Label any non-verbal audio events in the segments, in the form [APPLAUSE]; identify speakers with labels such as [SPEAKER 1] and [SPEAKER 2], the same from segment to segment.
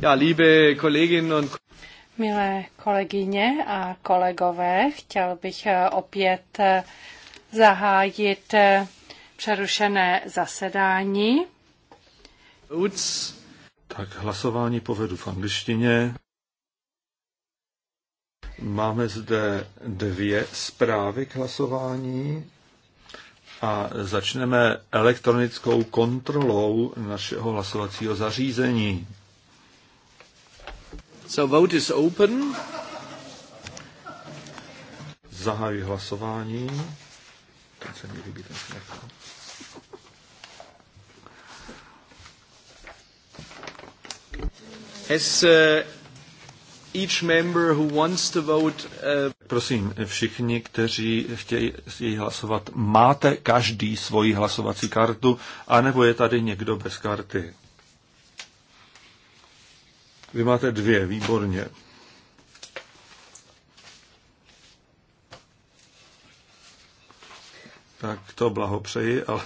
[SPEAKER 1] Ja, liebe Kolleginnen und
[SPEAKER 2] Milé kolegyně a kolegové, chtěl bych eh, opět eh, zahájit eh, přerušené zasedání.
[SPEAKER 3] Uc. Tak hlasování povedu v angličtině. Máme zde dvě zprávy k hlasování a začneme elektronickou kontrolou našeho hlasovacího zařízení. So vote is
[SPEAKER 1] open.
[SPEAKER 3] Zahajuji hlasování. Ten se mi líbí ten
[SPEAKER 1] uh, each member who wants to vote uh...
[SPEAKER 3] Prosím, všichni, kteří chtějí hlasovat, máte každý svoji hlasovací kartu, anebo je tady někdo bez karty? Vy máte dvě, výborně. Tak to blahopřeji, ale,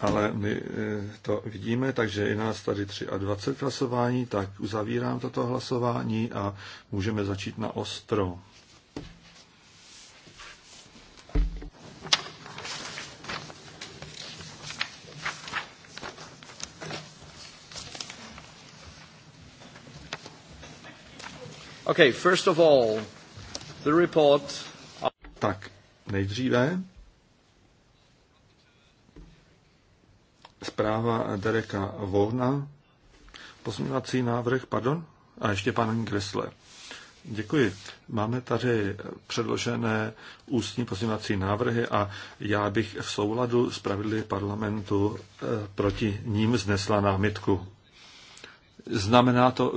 [SPEAKER 3] ale my eh, to vidíme, takže je nás tady 23 hlasování, tak uzavírám toto hlasování a můžeme začít na ostro.
[SPEAKER 1] Okay, first of all, the report... Tak, nejdříve zpráva
[SPEAKER 3] Dereka Vohna, pozměňovací návrh, pardon, a ještě pan Gressle. Děkuji. Máme tady předložené ústní pozměňovací návrhy a já bych v souladu s pravidly parlamentu eh, proti ním znesla námitku. Znamená to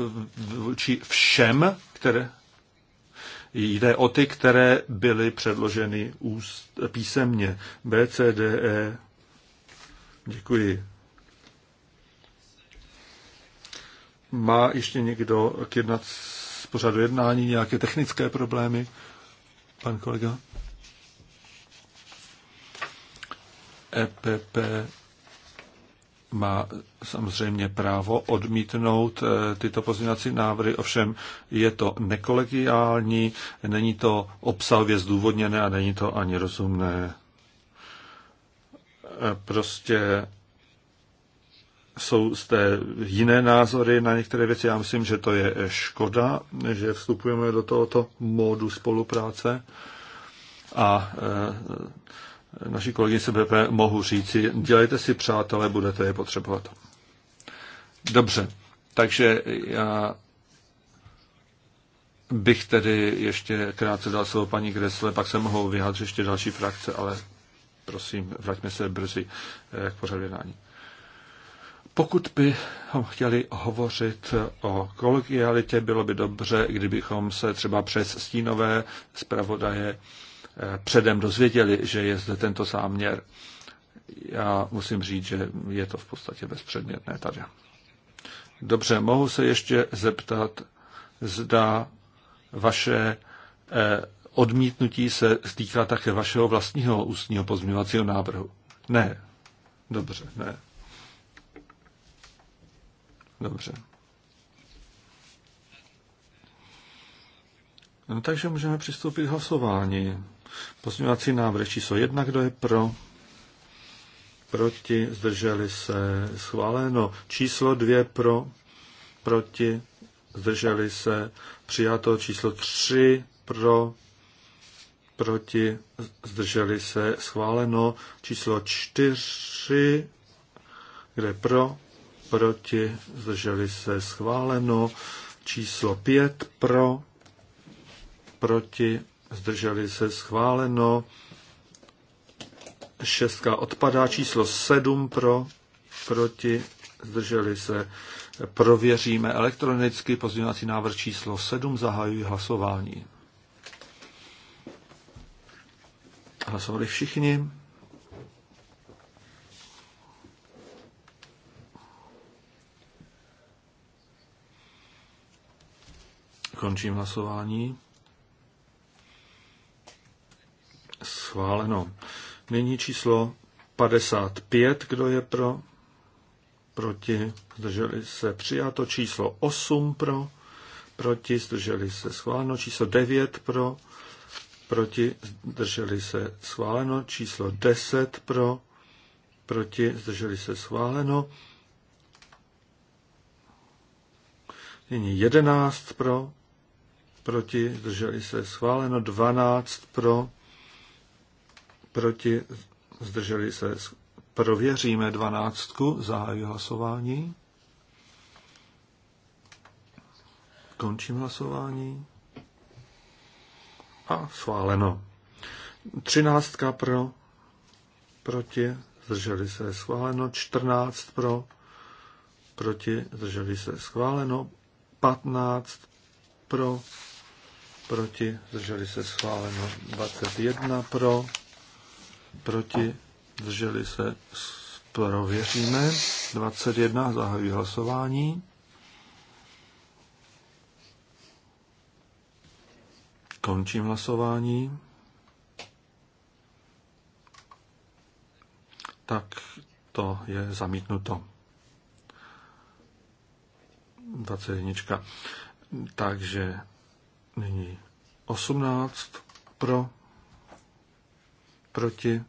[SPEAKER 3] vůči všem charakter. Jde o ty, které byly předloženy úst, písemně. B, C, D, E. Děkuji. Má ještě někdo k jednat z pořadu jednání nějaké technické problémy? Pan kolega? EPP má samozřejmě právo odmítnout eh, tyto pozměňovací návrhy, ovšem je to nekolegiální, není to obsahově zdůvodněné a není to ani rozumné. Eh, prostě jsou zde jiné názory na některé věci. Já myslím, že to je škoda, že vstupujeme do tohoto módu spolupráce a eh, naší kolegyně BP mohu říci, dělejte si přátelé, budete je potřebovat. Dobře, takže já bych tedy ještě krátce dal slovo paní Gresle, pak se mohou vyhádřit ještě další frakce, ale prosím, vraťme se brzy eh, k pořadu jednání. Pokud bychom chtěli hovořit o kolegialitě, bylo by dobře, kdybychom se třeba přes stínové zpravodaje předem dozvěděli, že je zde tento záměr. Já musím říct, že je to v podstatě bezpředmětné tady. Dobře, mohu se ještě zeptat, zda vaše eh, odmítnutí se stýká také vašeho vlastního ústního pozměňovacího návrhu. Ne. Dobře, ne. Dobře. No, takže můžeme přistoupit k hlasování. Pozměňovací návrh číslo jedna, kdo je pro? Proti, zdrželi se, schváleno. Číslo dvě pro, proti, zdrželi se, přijato. Číslo tři pro, proti, zdrželi se, schváleno. Číslo čtyři kde pro, proti, zdrželi se, schváleno. Číslo pět pro, proti, zdrželi se schváleno, šestka odpadá, číslo sedm pro, proti, zdrželi se, prověříme elektronicky pozměňovací návrh číslo sedm zahajují hlasování. Hlasovali všichni. Končím hlasování. schváleno. Nyní číslo 55, kdo je pro, proti, zdrželi se přijato, číslo 8 pro, proti, zdrželi se schváleno, číslo 9 pro, proti, zdrželi se schváleno, číslo 10 pro, proti, zdrželi se schváleno, nyní 11 pro, proti, zdrželi se schváleno, 12 pro, proti, zdrželi se. Prověříme dvanáctku, zahájí hlasování. Končím hlasování. A schváleno. Třináctka pro, proti, zdrželi se schváleno. Čtrnáct pro, proti, zdrželi se schváleno. Patnáct pro, proti, zdrželi se schváleno. Dvacet jedna pro, proti, zdrželi se, prověříme. 21, zahajuji hlasování. Končím hlasování. Tak to je zamítnuto. 21. Takže nyní 18 pro, proti,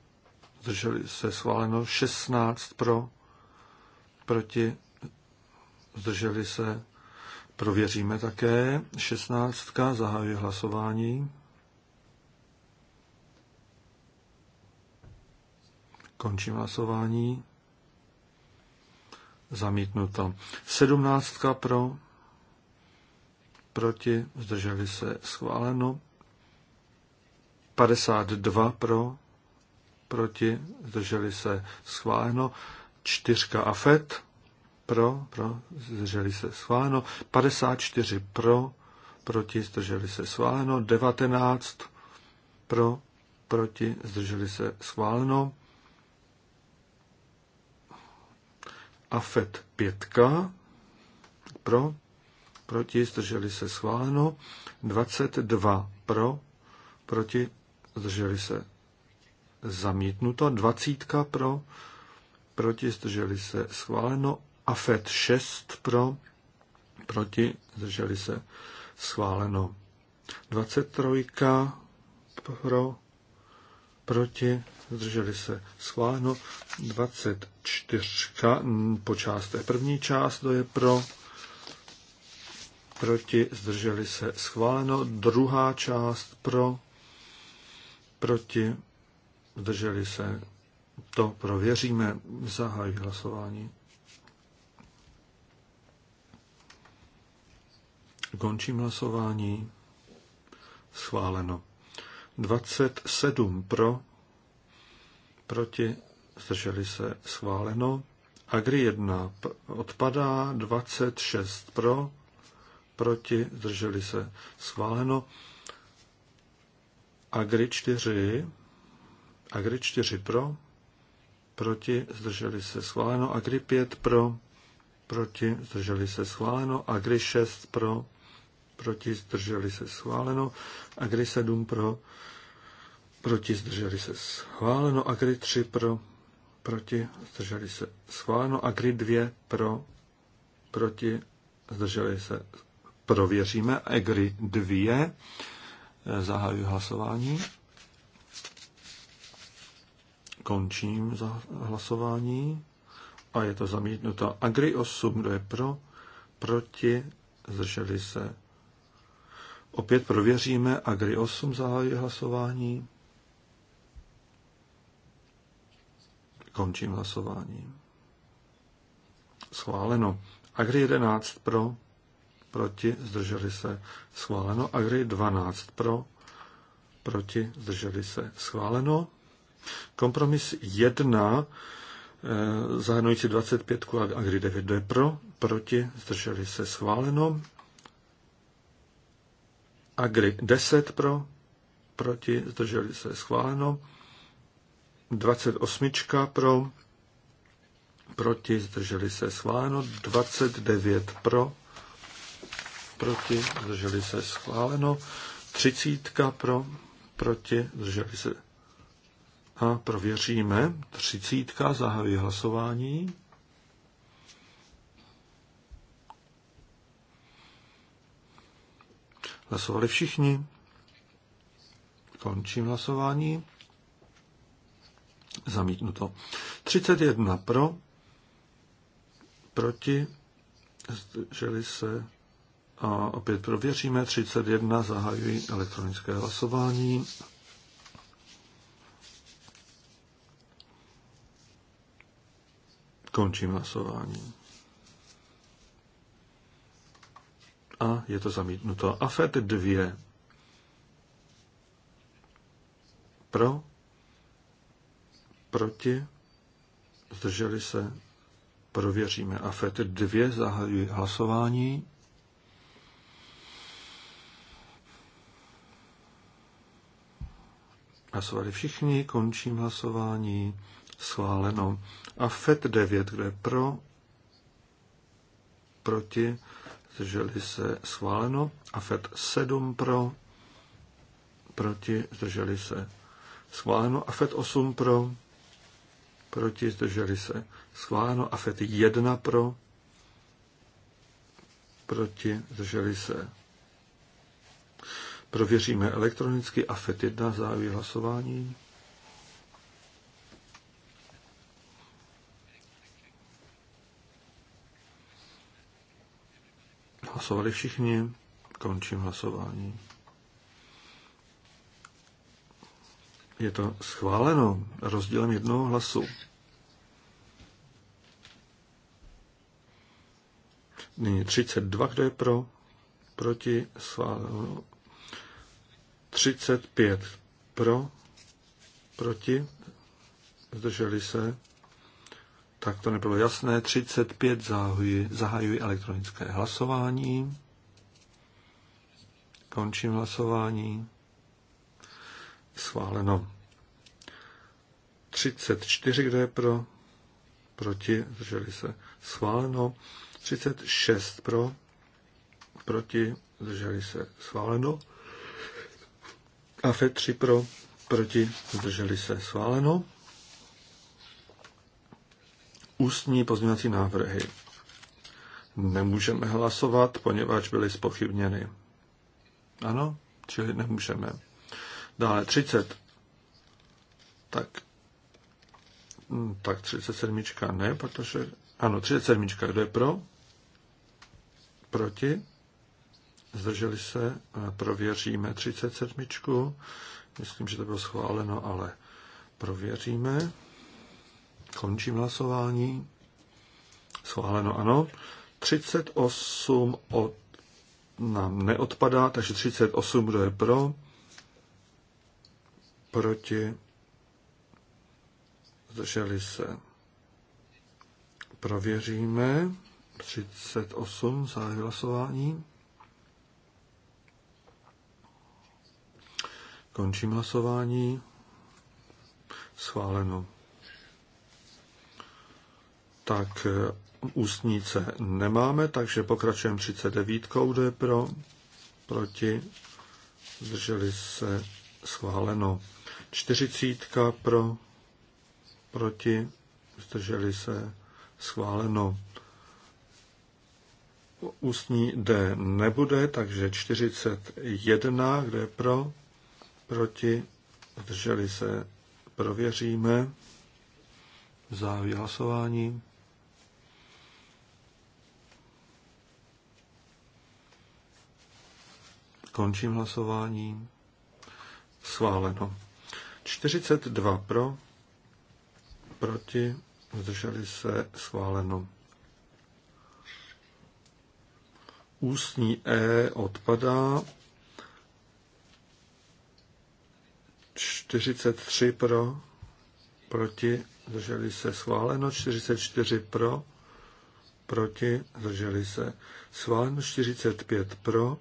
[SPEAKER 3] zdrželi se schváleno 16 pro, proti, zdrželi se, prověříme také, 16. zahajuje hlasování. Končím hlasování. Zamítnuto. 17 pro, proti, zdrželi se schváleno. 52 pro, proti, zdrželi se schváleno, čtyřka AFET, pro, pro, zdrželi se schváleno, 54 pro, proti, zdrželi se schváleno, 19 pro, proti, zdrželi se schváleno, AFET 5 pro, proti, zdrželi se schváleno, 22 pro, proti, zdrželi se zamítnuto, dvacítka pro, proti, zdrželi se, schváleno, AFET 6 pro, proti, zdrželi se, schváleno, 23 pro, proti, zdrželi se, schváleno, 24 po částech, první část, to je pro, proti, zdrželi se, schváleno, druhá část pro, proti, Zdrželi se? To prověříme. Zahajuji hlasování. Končím hlasování. Schváleno. 27 pro, proti, zdrželi se, schváleno. Agri 1 odpadá, 26 pro, proti, zdrželi se, schváleno. Agri 4 Agri 4 pro, proti, zdrželi se schváleno. Agri 5 pro, proti, zdrželi se schváleno. Agri 6 pro, proti, zdrželi se schváleno. Agri 7 pro, proti, zdrželi se schváleno. Agri 3 pro, proti, zdrželi se schváleno. Agri 2 pro, proti, zdrželi se prověříme. Agri 2, zahajuji hlasování. Končím za hlasování. A je to zamítnuto. Agri 8, kdo je pro, proti, zdrželi se. Opět prověříme. Agri 8 zahájí hlasování. Končím hlasování. Schváleno. Agri 11 pro, proti, zdrželi se. Schváleno. Agri 12 pro, proti, zdrželi se. Schváleno. Kompromis 1 eh, zahrnující 25 a kdy 9 jde pro, proti, zdrželi se schváleno. Agri 10 pro, proti, zdrželi se schváleno. 28 pro, proti, zdrželi se schváleno. 29 pro, proti, zdrželi se schváleno. 30 pro, proti, zdrželi se a prověříme. Třicítka, zahajuji hlasování. Hlasovali všichni. Končím hlasování. Zamítnuto. 31 pro, proti, zdrželi se a opět prověříme. 31 zahajuji elektronické hlasování. Končím hlasování. A je to zamítnuto. AFET 2. Pro. Proti. Zdrželi se. Prověříme. AFET 2. Zahajuji hlasování. Hlasovali všichni, končím hlasování, schváleno. A FET 9, kde pro, proti, zdrželi se schváleno. A FET 7 pro, proti, zdrželi se schváleno. A FET 8 pro, proti, zdrželi se schváleno. A FET 1 pro, proti, zdrželi se Prověříme elektronicky a FET 1 závěr hlasování. Hlasovali všichni. Končím hlasování. Je to schváleno rozdílem jednoho hlasu. Nyní 32, kdo je pro, proti, schváleno. 35 pro, proti, zdrželi se, tak to nebylo jasné. 35 zahajuji, zahajuji elektronické hlasování. Končím hlasování. Schváleno. 34, kdo je pro? Proti, zdrželi se. Schváleno. 36 pro, proti, zdrželi se. Schváleno. AFE 3 pro, proti, zdrželi se. Schváleno ústní pozměňovací návrhy. Nemůžeme hlasovat, poněvadž byly spochybněny. Ano, čili nemůžeme. Dále 30. Tak, hm, tak 37. ne, protože... Ano, 37. Kdo je pro? Proti? Zdrželi se? Prověříme 37. Myslím, že to bylo schváleno, ale prověříme. Končím hlasování. Schváleno ano. 38 od, nám neodpadá, takže 38, kdo je pro, proti, zdrželi se. Prověříme. 38 za hlasování. Končím hlasování. Schváleno tak e, ústnice nemáme, takže pokračujeme 39. Kdo je pro? Proti? Zdrželi se? Schváleno. 40. Pro? Proti? Zdrželi se? Schváleno. Ústní D nebude, takže 41. Kdo je pro? Proti? Zdrželi se? Prověříme. Závěr hlasování. Končím hlasování. Sváleno. 42 pro, proti, zdrželi se, schváleno. Ústní E odpadá. 43 pro, proti, zdrželi se, schváleno. 44 pro, proti, zdrželi se, schváleno. 45 pro,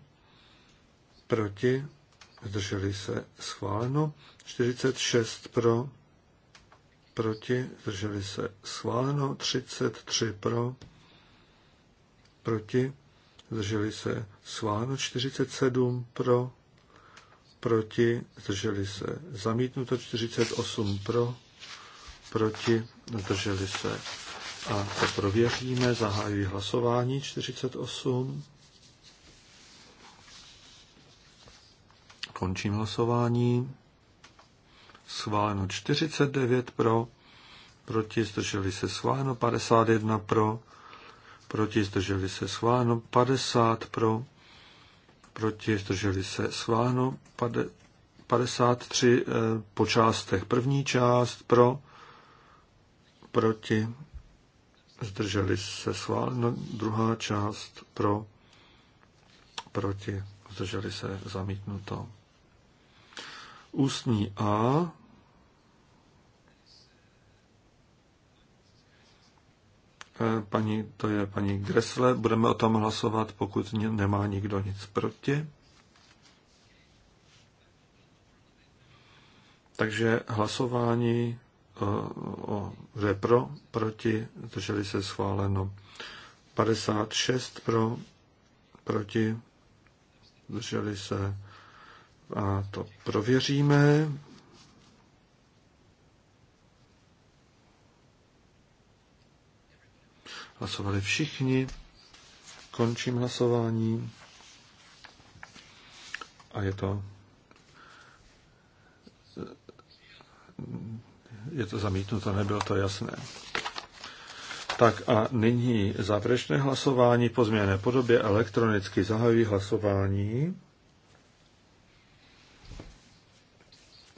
[SPEAKER 3] proti, zdrželi se, schváleno. 46 pro, proti, zdrželi se, schváleno. 33 pro, proti, zdrželi se, schváleno. 47 pro, proti, zdrželi se, zamítnuto. 48 pro, proti, zdrželi se. A to prověříme, zahájí hlasování 48. Končím hlasování. Schváleno 49 pro, proti zdrželi se schváleno 51 pro, proti zdrželi se schváleno 50 pro, proti zdrželi se schváleno 53 eh, po částech. První část pro, proti zdrželi se schváleno, druhá část pro, proti zdrželi se zamítnuto. Ústní A. E, paní, to je paní Gresle. Budeme o tom hlasovat, pokud nemá nikdo nic proti. Takže hlasování e, o, o pro, proti, drželi se schváleno. 56 pro, proti, drželi se a to prověříme. Hlasovali všichni. Končím hlasování. A je to je to zamítnuto, nebylo to jasné. Tak a nyní závěrečné hlasování po změněné podobě elektronicky zahajují hlasování.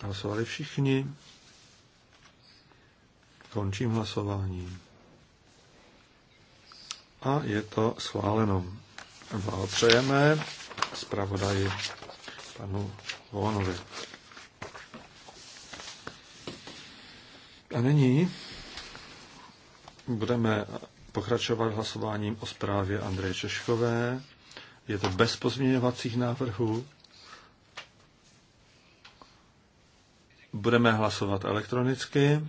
[SPEAKER 3] Hlasovali všichni. Končím hlasování. A je to schváleno. Blahopřejeme zpravodaji panu Vonovi. A nyní budeme pokračovat hlasováním o zprávě Andreje Češkové. Je to bez pozměňovacích návrhů. Budeme hlasovat elektronicky.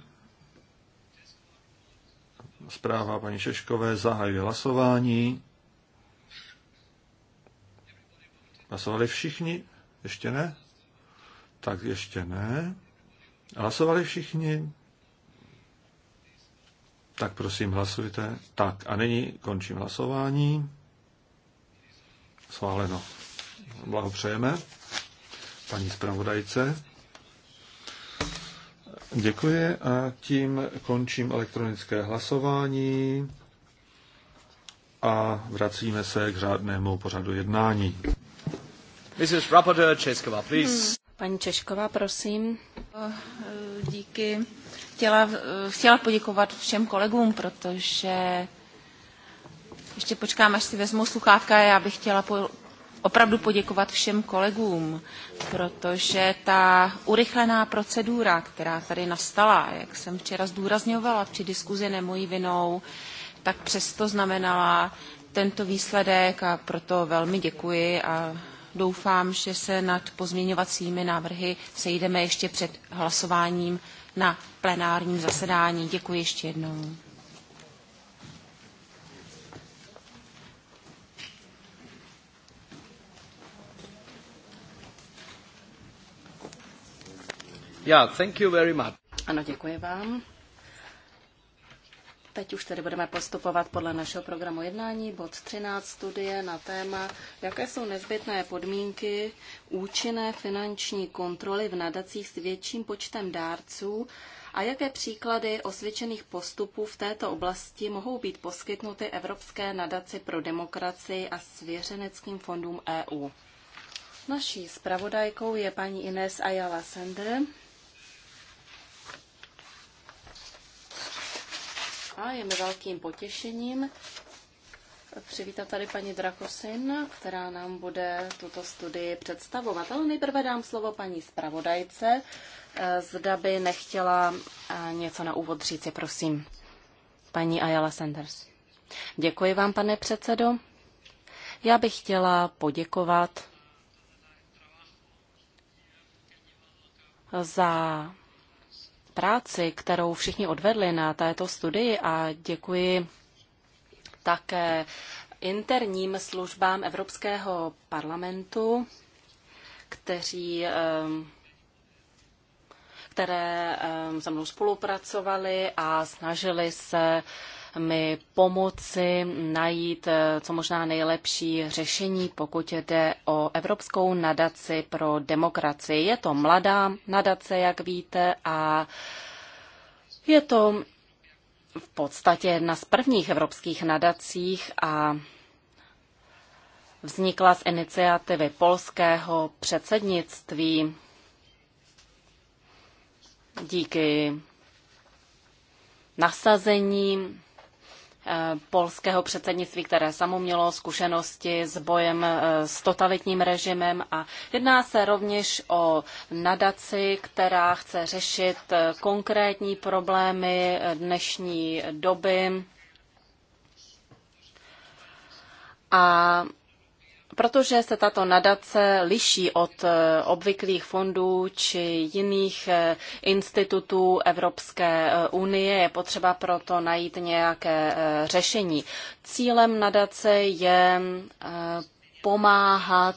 [SPEAKER 3] Zpráva paní Šeškové zahajuje hlasování. Hlasovali všichni? Ještě ne? Tak ještě ne. Hlasovali všichni? Tak prosím, hlasujte. Tak a nyní končím hlasování. Sváleno. Blahopřejeme paní zpravodajce. Děkuji a tím končím elektronické hlasování a vracíme se k řádnému pořadu jednání. Mrs.
[SPEAKER 1] Rapporteur Česková, please. Hmm.
[SPEAKER 4] Paní Češková, prosím. Eh, díky. Chtěla, eh, chtěla poděkovat všem kolegům, protože ještě počkám, až si vezmu sluchátka. Já bych chtěla opravdu poděkovat všem kolegům, protože ta urychlená procedura, která tady nastala, jak jsem včera zdůrazňovala při diskuzi nemojí vinou, tak přesto znamenala tento výsledek a proto velmi děkuji a doufám, že se nad pozměňovacími návrhy sejdeme ještě před hlasováním na plenárním zasedání. Děkuji ještě jednou.
[SPEAKER 1] Yeah, thank you very much.
[SPEAKER 4] Ano, děkuji vám. Teď už tedy budeme postupovat podle našeho programu jednání, bod 13 studie na téma, jaké jsou nezbytné podmínky účinné finanční kontroly v nadacích s větším počtem dárců a jaké příklady osvědčených postupů v této oblasti mohou být poskytnuty Evropské nadaci pro demokracii a svěřeneckým fondům EU. Naší zpravodajkou je paní Ines Ayala Sender. a je mi velkým potěšením přivítat tady paní Drakosin, která nám bude tuto studii představovat. Ale nejprve dám slovo paní zpravodajce. Eh, zda by nechtěla eh, něco na úvod říci, prosím. Paní Ayala Sanders. Děkuji vám, pane předsedo. Já bych chtěla poděkovat za práci, kterou všichni odvedli na této studii a děkuji také interním službám Evropského parlamentu, kteří ehm, které ehm, se mnou spolupracovali a snažili se mi pomoci najít eh, co možná nejlepší řešení, pokud jde o Evropskou nadaci pro demokracii. Je to mladá nadace, jak víte, a je to v podstatě jedna z prvních evropských nadacích a vznikla z iniciativy polského předsednictví díky nasazení polského předsednictví, které samo mělo zkušenosti s bojem eh, s totalitním režimem a jedná se rovněž o nadaci, která chce řešit eh, konkrétní problémy eh, dnešní doby a Protože se tato nadace liší od eh, obvyklých fondů či jiných eh, institutů Evropské eh, unie, je potřeba proto najít nějaké řešení. Cílem nadace je pomáhat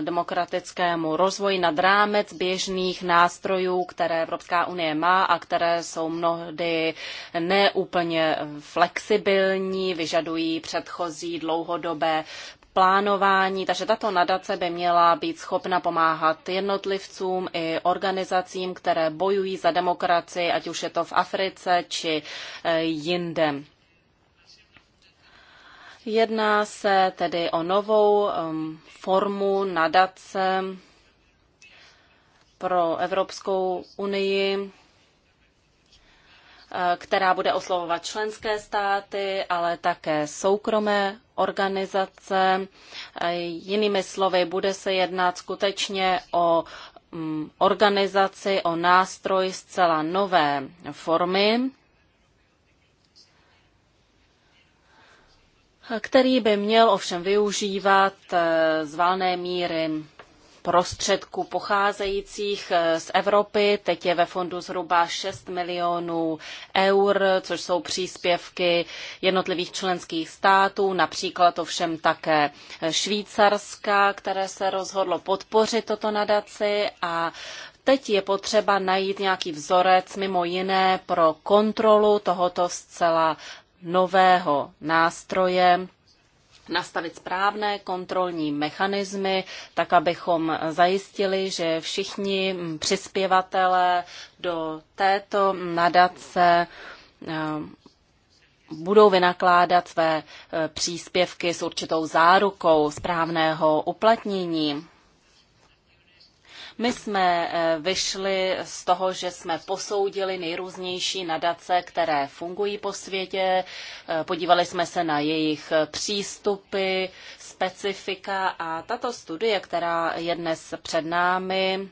[SPEAKER 4] demokratickému rozvoji nad rámec běžných nástrojů, které Evropská unie má a které jsou mnohdy neúplně flexibilní, vyžadují předchozí dlouhodobé plánování, takže tato nadace by měla být schopna pomáhat jednotlivcům i organizacím, které bojují za demokracii, ať už je to v Africe či eh, jinde. Jedná se tedy o novou ehm, formu nadace pro Evropskou unii Eh, která bude oslovovat členské státy, ale také soukromé organizace. Eh, jinými slovy, bude se jednat skutečně o mm, organizaci, o nástroj zcela nové formy, který by měl ovšem využívat eh, z valné míry prostředků pocházejících eh, z Evropy. Teď je ve fondu zhruba 6 milionů eur, což jsou příspěvky jednotlivých členských států, například ovšem také eh, Švýcarska, které se rozhodlo podpořit toto nadaci a Teď je potřeba najít nějaký vzorec mimo jiné pro kontrolu tohoto zcela nového nástroje, nastavit správné kontrolní mechanismy, tak abychom zajistili, že všichni mm, přispěvatelé do této nadace eh, budou vynakládat své eh, příspěvky s určitou zárukou správného uplatnění. My jsme eh, vyšli z toho, že jsme posoudili nejrůznější nadace, které fungují po světě, eh, podívali jsme se na jejich přístupy, specifika a tato studie, která je dnes před námi,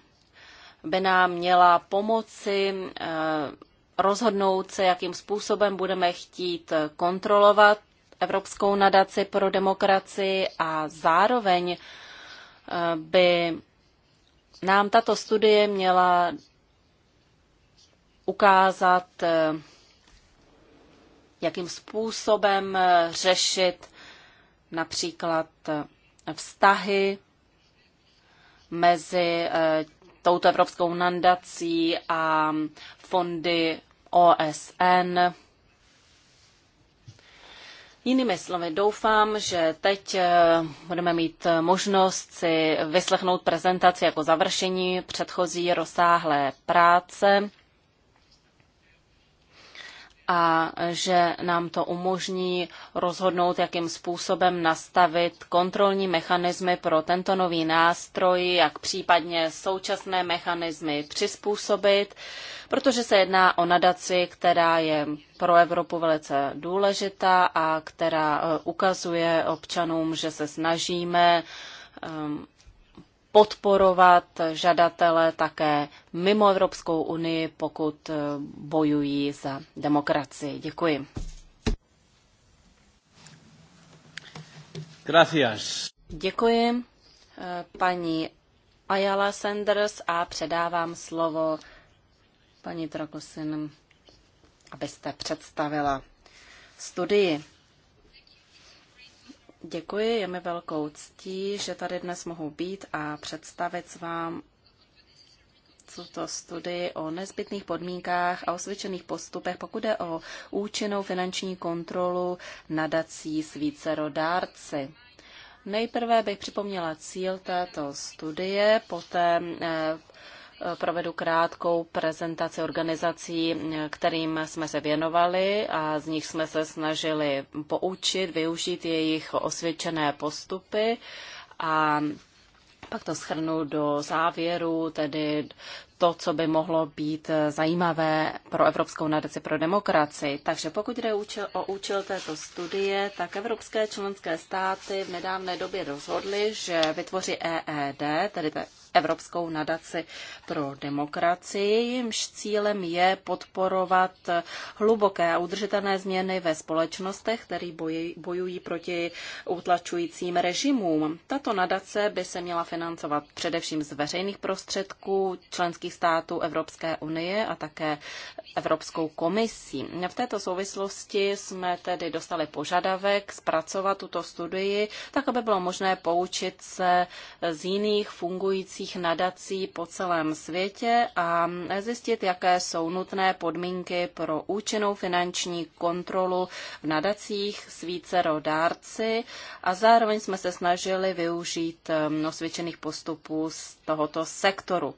[SPEAKER 4] by nám měla pomoci eh, rozhodnout se, jakým způsobem budeme chtít kontrolovat Evropskou nadaci pro demokracii a zároveň by nám tato studie měla ukázat, eh, jakým způsobem eh, řešit například eh, vztahy mezi touto Evropskou nandací a fondy OSN Jinými slovy, doufám, že teď eh, budeme mít možnost si vyslechnout prezentaci jako završení předchozí rozsáhlé práce a že nám to umožní rozhodnout, jakým způsobem nastavit kontrolní mechanismy pro tento nový nástroj, jak případně současné mechanismy přizpůsobit, protože se jedná o nadaci, která je pro Evropu velice důležitá a která eh, ukazuje občanům, že se snažíme ehm, podporovat žadatele také mimo Evropskou unii, pokud eh, bojují za demokracii. Děkuji.
[SPEAKER 1] Gracias.
[SPEAKER 4] Děkuji eh, paní Ayala Sanders a předávám slovo paní Dragosin, abyste představila studii. Děkuji, je mi velkou ctí, že tady dnes mohu být a představit vám tuto studii o nezbytných podmínkách a osvědčených postupech, pokud je o účinnou finanční kontrolu nadací s vícerodárci. Nejprve bych připomněla cíl této studie, poté eh, provedu krátkou prezentaci organizací, kterým jsme se věnovali a z nich jsme se snažili poučit, využít jejich osvědčené postupy a pak to schrnu do závěru, tedy to, co by mohlo být zajímavé pro Evropskou nadaci pro demokracii. Takže pokud jde o účel této studie, tak evropské členské státy v nedávné době rozhodly, že vytvoří EED, tedy Evropskou nadaci pro demokracii, jejímž cílem je podporovat hluboké a udržitelné změny ve společnostech, které bojují proti utlačujícím režimům. Tato nadace by se měla financovat především z veřejných prostředků členských států Evropské unie a také Evropskou komisí. V této souvislosti jsme tedy dostali požadavek zpracovat tuto studii, tak aby bylo možné poučit se z jiných fungujících fungujících nadací po celém světě a zjistit, jaké jsou nutné podmínky pro účinnou finanční kontrolu v nadacích s vícero dárci a zároveň jsme se snažili využít um, osvědčených postupů z tohoto sektoru.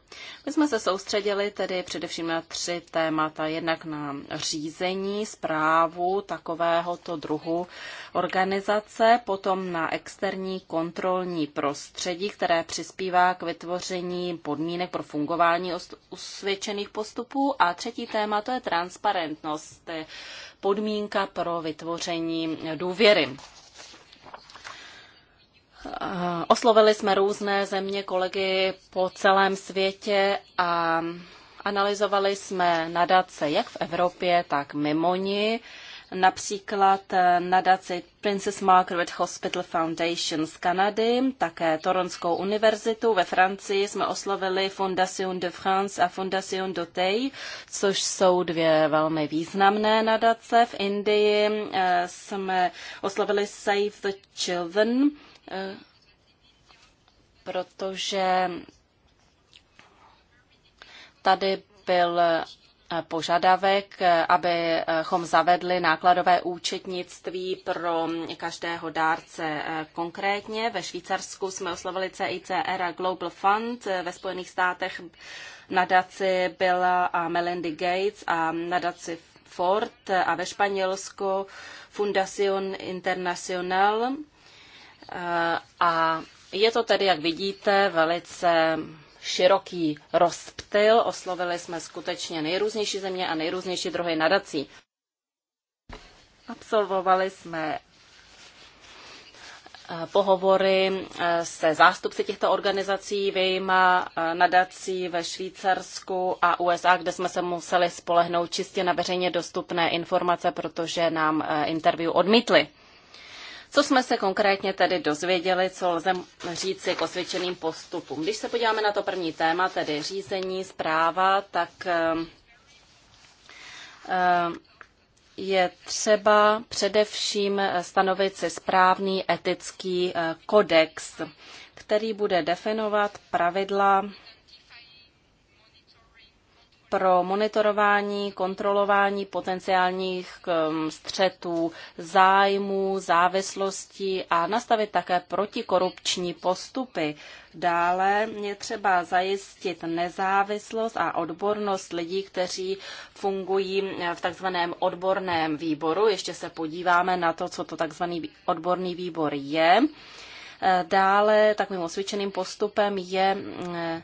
[SPEAKER 4] My jsme se soustředili tedy především na tři témata. Jednak na řízení, zprávu takovéhoto druhu organizace, potom na externí kontrolní prostředí, které přispívá k vytvoření podmínek pro fungování usvědčených postupů. A třetí téma to je transparentnost, podmínka pro vytvoření důvěry. Eh, oslovili jsme různé země, kolegy po celém světě a analyzovali jsme nadace jak v Evropě, tak mimo ní. Například eh, nadaci Princess Margaret Hospital Foundation z Kanady, také Toronskou univerzitu ve Francii jsme oslovili Fondation de France a Fondation Dotey, což jsou dvě velmi významné nadace. V Indii eh, jsme oslovili Save the Children, Eh, protože tady byl eh, požadavek, eh, abychom zavedli nákladové účetnictví pro každého dárce konkrétně. Ve Švýcarsku jsme oslovili CICR a Global Fund, ve Spojených státech nadaci byla a Melinda Gates a nadaci Ford a ve Španělsku Fundación Internacional a je to tedy, jak vidíte, velice široký rozptyl. Oslovili jsme skutečně nejrůznější země a nejrůznější druhy nadací. Absolvovali jsme eh, pohovory eh, se zástupci těchto organizací, vyjma eh, nadací ve Švýcarsku a USA, kde jsme se museli spolehnout čistě na veřejně dostupné informace, protože nám interview odmítli. Co jsme se konkrétně tedy dozvěděli, co lze říci k osvědčeným postupům? Když se podíváme na to první téma, tedy řízení, zpráva, tak ehm, ehm, je třeba především stanovit si správný etický eh, kodex, který bude definovat pravidla pro monitorování, kontrolování potenciálních mm, střetů zájmů, závislostí a nastavit také protikorupční postupy. Dále je třeba zajistit nezávislost a odbornost lidí, kteří fungují v takzvaném odborném výboru. Ještě se podíváme na to, co to takzvaný odborný výbor je. Dále takovým osvědčeným postupem je mm,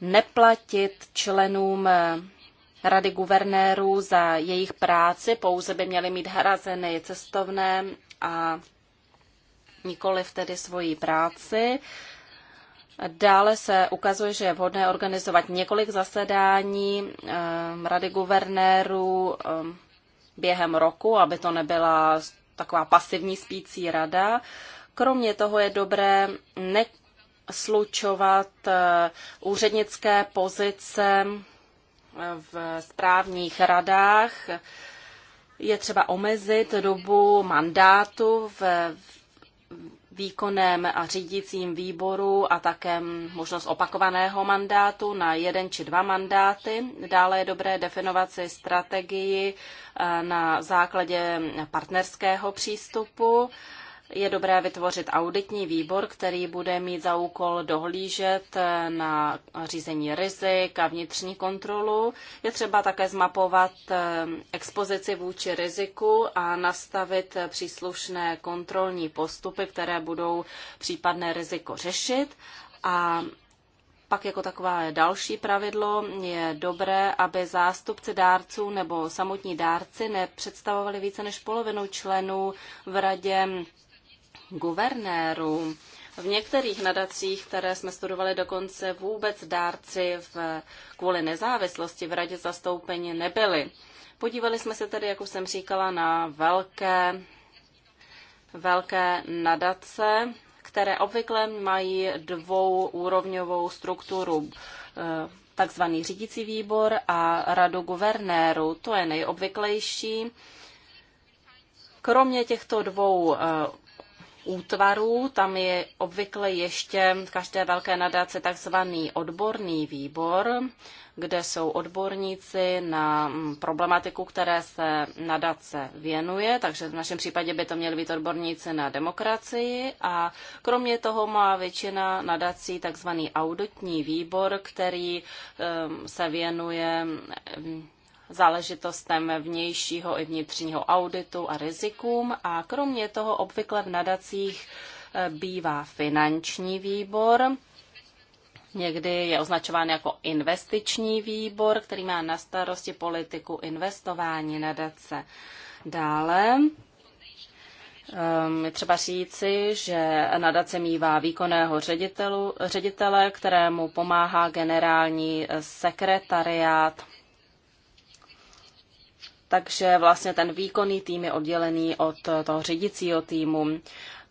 [SPEAKER 4] neplatit členům eh, rady guvernérů za jejich práci, pouze by měli mít hrazeny cestovné a nikoli tedy svoji práci. Dále se ukazuje, že je vhodné organizovat několik zasedání eh, rady guvernérů eh, během roku, aby to nebyla taková pasivní spící rada. Kromě toho je dobré ne slučovat eh, úřednické pozice eh, v správních radách. Je třeba omezit dobu mandátu v výkonném a řídícím výboru a také možnost opakovaného mandátu na jeden či dva mandáty. Dále je dobré definovat si strategii eh, na základě partnerského přístupu je dobré vytvořit auditní výbor, který bude mít za úkol dohlížet eh, na řízení rizik a vnitřní kontrolu. Je třeba také zmapovat eh, expozici vůči riziku a nastavit eh, příslušné kontrolní postupy, které budou případné riziko řešit. A pak jako takové další pravidlo je dobré, aby zástupci dárců nebo samotní dárci nepředstavovali více než polovinu členů v radě guvernérů. V některých nadacích, které jsme studovali dokonce, vůbec dárci v, kvůli nezávislosti v radě zastoupení nebyli. Podívali jsme se tedy, jak už jsem říkala, na velké, velké nadace, které obvykle mají dvouúrovňovou strukturu eh, takzvaný řídící výbor a radu guvernéru. To je nejobvyklejší. Kromě těchto dvou eh, útvarů. Tam je obvykle ještě v každé velké nadaci takzvaný odborný výbor, kde jsou odborníci na mm, problematiku, které se nadace věnuje, takže v našem případě by to měli být odborníci na demokracii a kromě toho má většina nadací takzvaný auditní výbor, který ehm, se věnuje mm, záležitostem vnějšího i vnitřního auditu a rizikům a kromě toho obvykle v nadacích e, bývá finanční výbor, Někdy je označován jako investiční výbor, který má na starosti politiku investování nadace. Dále ehm, je třeba říci, že nadace mývá výkonného ředitelu, ředitele, kterému pomáhá generální sekretariát takže vlastně ten výkonný tým je oddělený od toho řídicího týmu.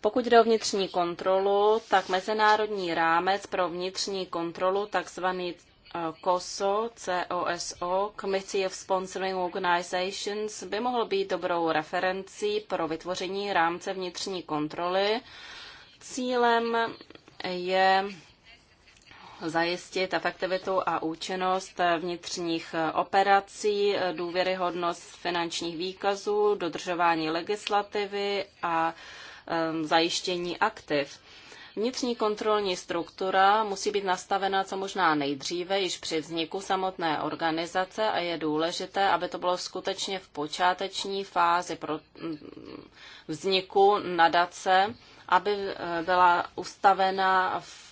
[SPEAKER 4] Pokud jde o vnitřní kontrolu, tak mezinárodní rámec pro vnitřní kontrolu, takzvaný eh, COSO, COSO, Committee of Sponsoring Organizations, by mohl být dobrou referencí pro vytvoření rámce vnitřní kontroly. Cílem je zajistit efektivitu a účinnost vnitřních operací, důvěryhodnost finančních výkazů, dodržování legislativy a zajištění aktiv. Vnitřní kontrolní struktura musí být nastavena co možná nejdříve, již při vzniku samotné organizace a je důležité, aby to bylo skutečně v počáteční fázi pro mm, vzniku nadace, aby e, byla ustavena v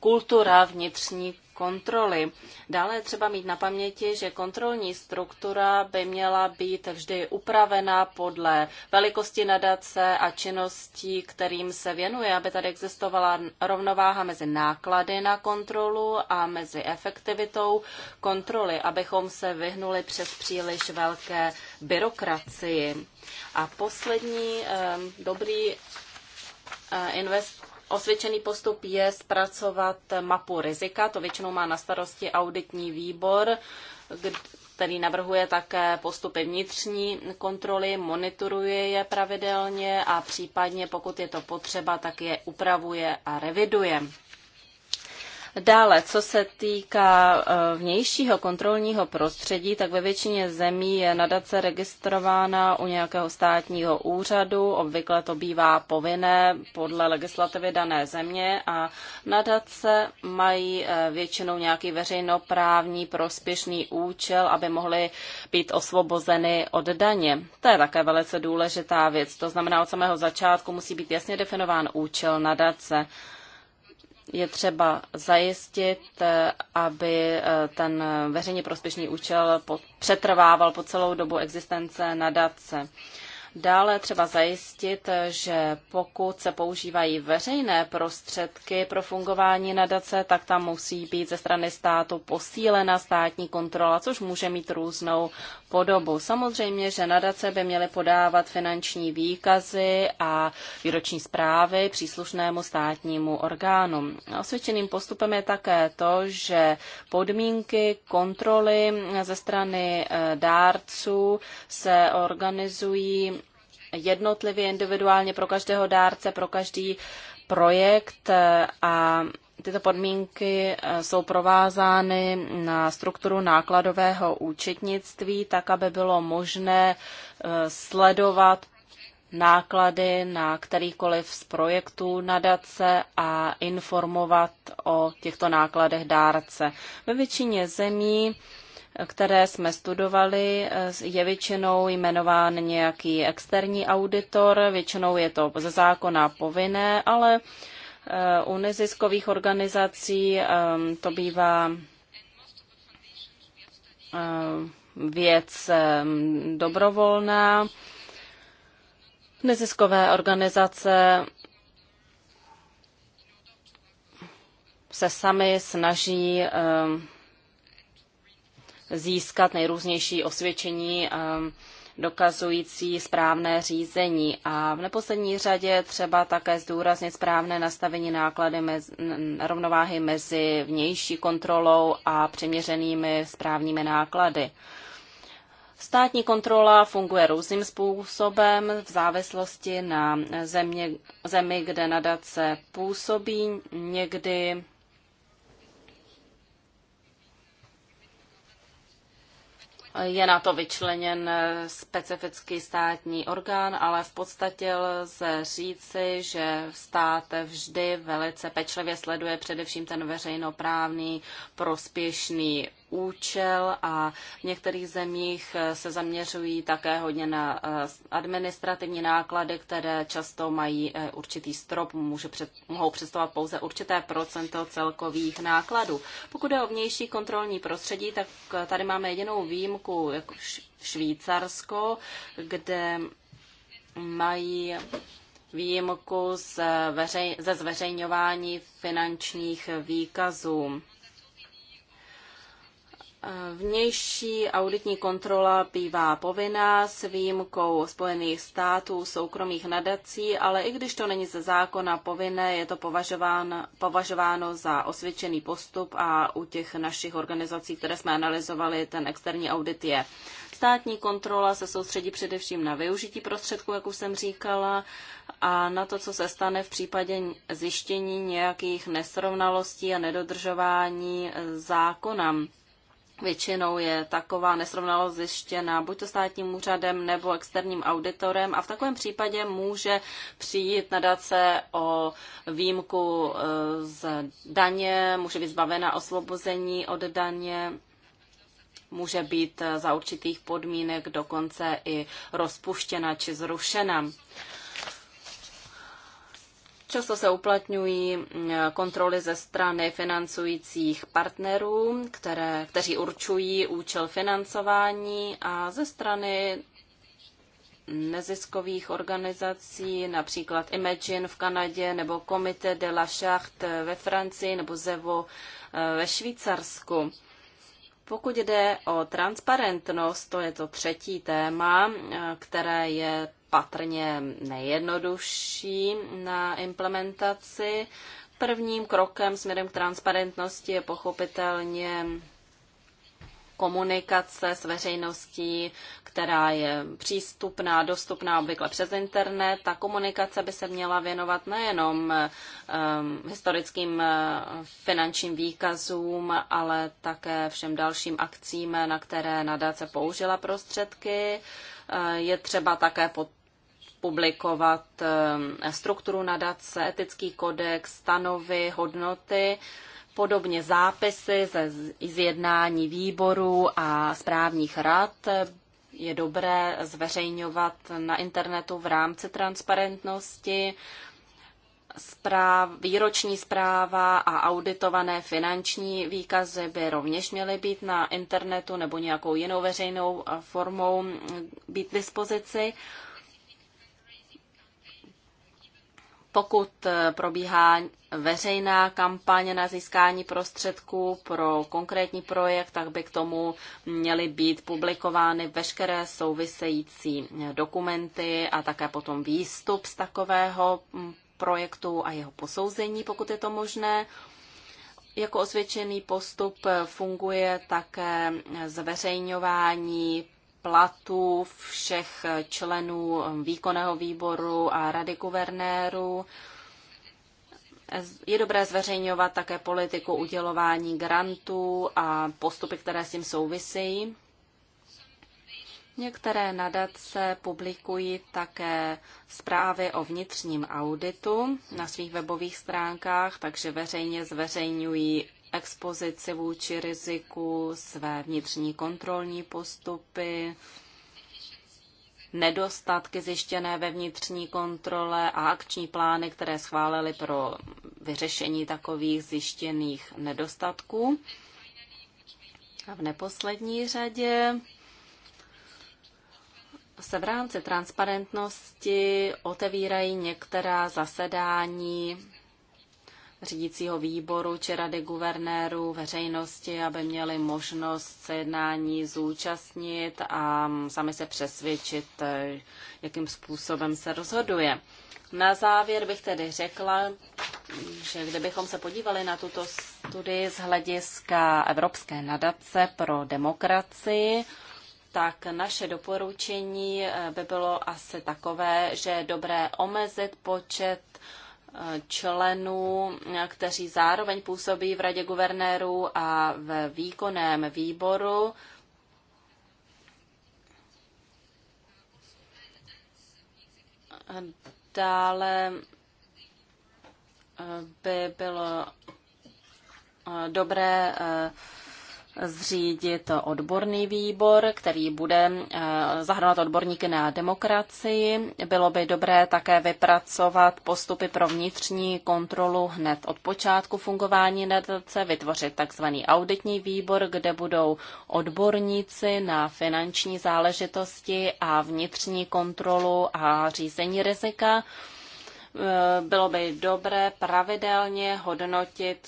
[SPEAKER 4] kultura vnitřní kontroly. Dále je třeba mít na paměti, že kontrolní struktura by měla být vždy upravena podle velikosti nadace a činností, kterým se věnuje, aby tady existovala rovnováha mezi náklady na kontrolu a mezi efektivitou kontroly, abychom se vyhnuli přes příliš velké byrokracii. A poslední eh, dobrý eh, invest Osvědčený postup je zpracovat mapu rizika, to většinou má na starosti auditní výbor, který navrhuje také postupy vnitřní kontroly, monitoruje je pravidelně a případně, pokud je to potřeba, tak je upravuje a reviduje. Dále, co se týká eh, vnějšího kontrolního prostředí, tak ve většině zemí je nadace registrována u nějakého státního úřadu, obvykle to bývá povinné podle legislativy dané země a nadace mají eh, většinou nějaký veřejnoprávní prospěšný účel, aby mohly být osvobozeny od daně. To je také velice důležitá věc. To znamená, od samého začátku musí být jasně definován účel nadace je třeba zajistit, eh, aby eh, ten veřejně prospěšný účel přetrvával po celou dobu existence nadace. Dále třeba zajistit, že pokud se používají veřejné prostředky pro fungování nadace, tak tam musí být ze strany státu posílena státní kontrola, což může mít různou podobu. Samozřejmě, že nadace by měly podávat finanční výkazy a výroční zprávy příslušnému státnímu orgánu. Osvědčeným postupem je také to, že podmínky kontroly ze strany eh, dárců se organizují jednotlivě, individuálně pro každého dárce, pro každý projekt eh, a tyto podmínky eh, jsou provázány na strukturu nákladového účetnictví, tak aby bylo možné eh, sledovat náklady na kterýkoliv z projektů nadace a informovat o těchto nákladech dárce. Ve většině zemí které jsme studovali, eh, je většinou jmenován nějaký externí auditor, většinou je to ze zákona povinné, ale eh, u neziskových organizací eh, to bývá věc dobrovolná. Neziskové organizace se sami snaží získat nejrůznější osvědčení ehm, dokazující správné řízení. A v neposlední řadě třeba také zdůraznit správné nastavení náklady mezi, rovnováhy mezi vnější kontrolou a přiměřenými správními náklady. Státní kontrola funguje různým způsobem v závislosti na země, zemi, kde nadace působí. Někdy Je na to vyčleněn eh, specifický státní orgán, ale v podstatě lze říci, že stát vždy velice pečlivě sleduje především ten veřejnoprávný prospěšný účel a v některých zemích eh, se zaměřují také hodně na eh, administrativní náklady, které často mají eh, určitý strop, může před, mohou představovat pouze určité procento celkových nákladů. Pokud je o vnější kontrolní prostředí, tak tady máme jedinou výjimku, jako Švýcarsko, kde mají výjimku ze, ze zveřejňování finančních výkazů. Vnější auditní kontrola bývá povinná s výjimkou Spojených států, soukromých nadací, ale i když to není ze zákona povinné, je to považováno, považováno za osvědčený postup a u těch našich organizací, které jsme analyzovali, ten externí audit je. Státní kontrola se soustředí především na využití prostředků, jak už jsem říkala, a na to, co se stane v případě zjištění nějakých nesrovnalostí a nedodržování zákonem Většinou je taková nesrovnalost zjištěna buď to státním úřadem nebo externím auditorem a v takovém případě může přijít nadace o výjimku eh, z daně, může být zbavena osvobození od daně, může být eh, za určitých podmínek dokonce i rozpuštěna či zrušena. Často se uplatňují mm, kontroly ze strany financujících partnerů, které, kteří určují účel financování a ze strany neziskových organizací, například Imagine v Kanadě nebo Comité de la Charte ve Francii nebo ZEVO eh, ve Švýcarsku. Pokud jde o transparentnost, to je to třetí téma, eh, které je patrně nejjednodušší na implementaci. Prvním krokem směrem k transparentnosti je pochopitelně komunikace s veřejností, která je přístupná, dostupná obvykle přes internet. Ta komunikace by se měla věnovat nejenom um, historickým eh, finančním výkazům, ale také všem dalším akcím, na které nadace použila prostředky. Eh, je třeba také pod publikovat ehm, strukturu nadace, etický kodex, stanovy, hodnoty. Podobně zápisy ze zjednání výboru výborů a správních rad je dobré zveřejňovat na internetu v rámci transparentnosti. Správ, výroční zpráva a auditované finanční výkazy by rovněž měly být na internetu nebo nějakou jinou veřejnou formou být k dispozici. pokud eh, probíhá veřejná kampaně na získání prostředků pro konkrétní projekt, tak by k tomu měly být publikovány veškeré související eh, dokumenty a také potom výstup z takového mm, projektu a jeho posouzení, pokud je to možné. Jako osvědčený postup eh, funguje také zveřejňování platů všech členů výkonného výboru a rady guvernérů. Je dobré zveřejňovat také politiku udělování grantů a postupy, které s tím souvisejí. Některé nadace publikují také zprávy o vnitřním auditu na svých webových stránkách, takže veřejně zveřejňují expozici vůči riziku, své vnitřní kontrolní postupy, nedostatky zjištěné ve vnitřní kontrole a akční plány, které schválili pro vyřešení takových zjištěných nedostatků. A v neposlední řadě se v rámci transparentnosti otevírají některá zasedání řídícího výboru či rady guvernérů veřejnosti, aby měli možnost se jednání zúčastnit a sami se přesvědčit, eh, jakým způsobem se rozhoduje. Na závěr bych tedy řekla, že kdybychom se podívali na tuto studii z hlediska Evropské nadace pro demokracii, tak naše doporučení eh, by bylo asi takové, že je dobré omezit počet členů, kteří zároveň působí v Radě guvernérů a ve výkonném výboru. Dále eh, by bylo eh, dobré eh, zřídit odborný výbor, který bude eh, zahrnovat odborníky na demokracii. Bylo by dobré také vypracovat postupy pro vnitřní kontrolu hned od počátku fungování nadace, vytvořit takzvaný auditní výbor, kde budou odborníci na finanční záležitosti a vnitřní kontrolu a řízení rizika. Eh, bylo by dobré pravidelně hodnotit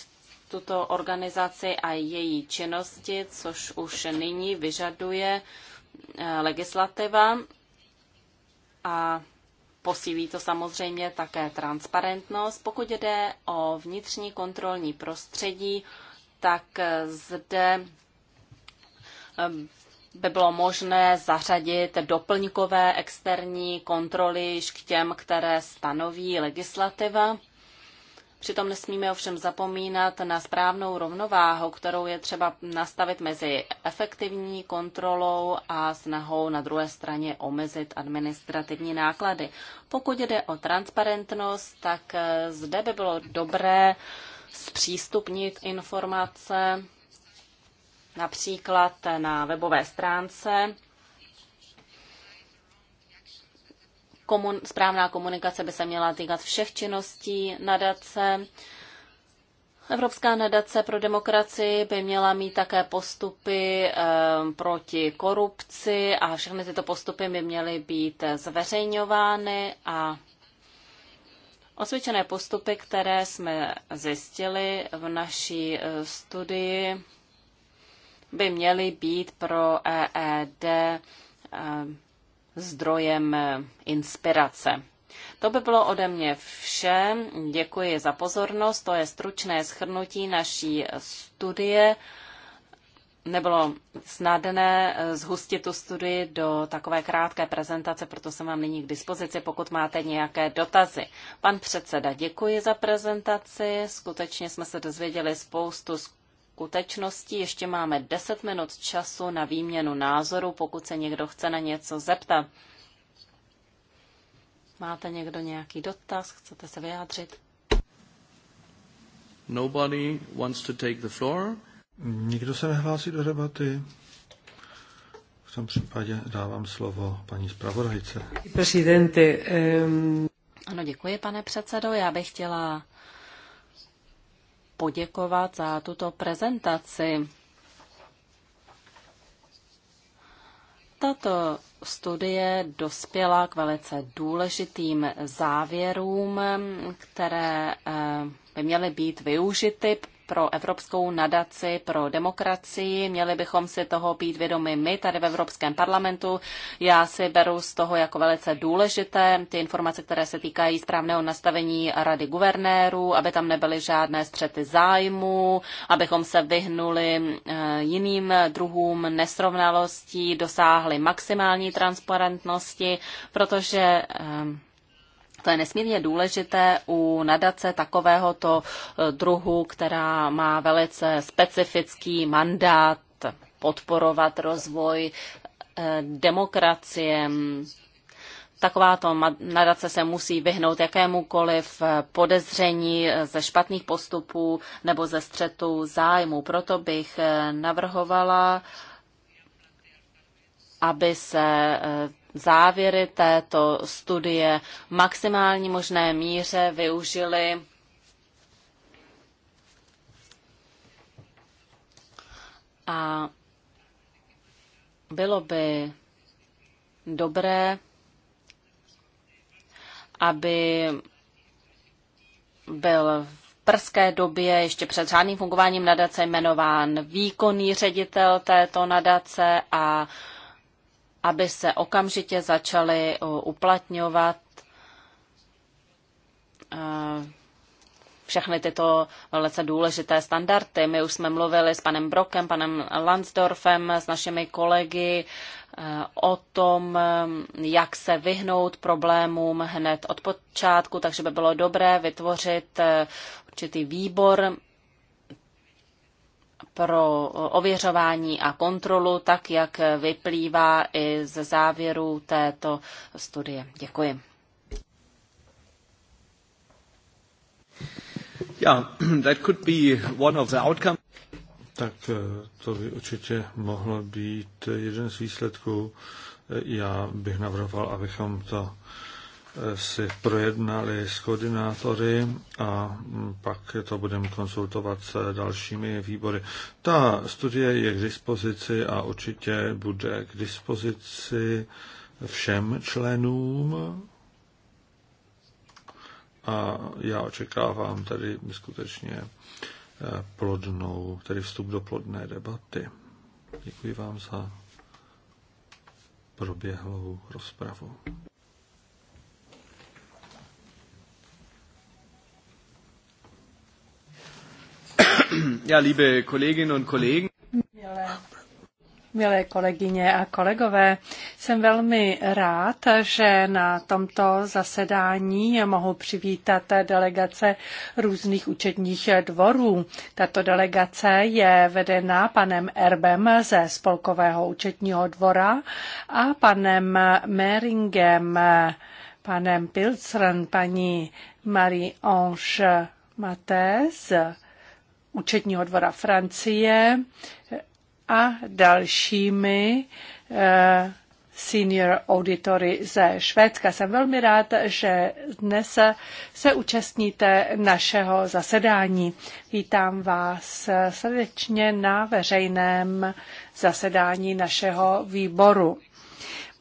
[SPEAKER 4] tuto organizaci a její činnosti, což už nyní vyžaduje eh, legislativa a posílí to samozřejmě také transparentnost. Pokud jde o vnitřní kontrolní prostředí, tak eh, zde eh, by bylo možné zařadit doplňkové externí kontroly k těm, které stanoví legislativa. Přitom nesmíme ovšem zapomínat na správnou rovnováhu, kterou je třeba nastavit mezi efektivní kontrolou a snahou na druhé straně omezit administrativní náklady. Pokud jde o transparentnost, tak eh, zde by bylo dobré zpřístupnit informace například na webové stránce komun- správná komunikace by se měla týkat všech činností nadace. Evropská nadace pro demokracii by měla mít také postupy eh, proti korupci a všechny tyto postupy by měly být zveřejňovány a osvědčené postupy, které jsme zjistili v naší eh, studii, by měly být pro EED eh, zdrojem eh, inspirace. To by bylo ode mě vše. Děkuji za pozornost. To je stručné schrnutí naší studie. Nebylo snadné eh, zhustit tu studii do takové krátké prezentace, proto jsem vám nyní k dispozici, pokud máte nějaké dotazy. Pan předseda, děkuji za prezentaci. Skutečně jsme se dozvěděli spoustu skutečnosti. Ještě máme 10 minut času na výměnu názoru, pokud se někdo chce na něco zeptat. Máte někdo nějaký dotaz? Chcete se vyjádřit?
[SPEAKER 1] Nobody wants to take the floor.
[SPEAKER 3] Nikdo se nehlásí do debaty. V tom případě dávám slovo paní zpravodajce.
[SPEAKER 4] Ano, děkuji, pane předsedo. Já bych chtěla poděkovat za tuto prezentaci. Tato studie dospěla k velice důležitým závěrům, které eh, by měly být využity pro Evropskou nadaci pro demokracii. Měli bychom si toho být vědomi my tady v Evropském parlamentu. Já si beru z toho jako velice důležité ty informace, které se týkají správného nastavení rady guvernérů, aby tam nebyly žádné střety zájmu, abychom se vyhnuli eh, jiným druhům nesrovnalostí, dosáhli maximální transparentnosti, protože eh, to je nesmírně důležité u nadace takovéhoto eh, druhu, která má velice specifický mandát podporovat rozvoj eh, demokracie. Takováto nadace se musí vyhnout jakémukoliv eh, podezření ze špatných postupů nebo ze střetu zájmu. Proto bych navrhovala, aby se závěry této studie v maximální možné míře využili a bylo by dobré, aby byl v prské době ještě před řádným fungováním nadace jmenován výkonný ředitel této nadace a aby se okamžitě začaly uh, uplatňovat uh, všechny tyto velice důležité standardy. My už jsme mluvili s panem Brokem, panem Landsdorfem, s našimi kolegy uh, o tom, um, jak se vyhnout problémům hned od počátku, takže by bylo dobré vytvořit určitý výbor pro ověřování a kontrolu, tak jak vyplývá i ze závěru této studie. Děkuji.
[SPEAKER 1] Yeah, [CLEARS THROAT] that could be one of the outcomes.
[SPEAKER 3] Tak eh, to by určitě mohlo být jeden z výsledků. Eh, já bych navrhoval, abychom to si projednali s koordinátory a pak to budeme konsultovat s dalšími výbory. Ta studie je k dispozici a určitě bude k dispozici všem členům. A já očekávám tady skutečně eh, plodnou, tedy vstup do plodné debaty. Děkuji vám za
[SPEAKER 1] proběhlou rozpravu. Ja, liebe Kolleginnen und Kollegen. Milé,
[SPEAKER 2] milé kolegyně a kolegové, jsem velmi rád, že na tomto zasedání mohu přivítat delegace různých účetních dvorů. Tato delegace je vedena panem Erbem ze Spolkového účetního dvora a panem Meringem, panem Pilcrem, paní Marie-Ange Matez účetního dvora Francie a dalšími eh, senior auditory ze Švédska. Jsem velmi rád, že dnes se účastníte našeho zasedání. Vítám vás srdečně na veřejném zasedání našeho výboru.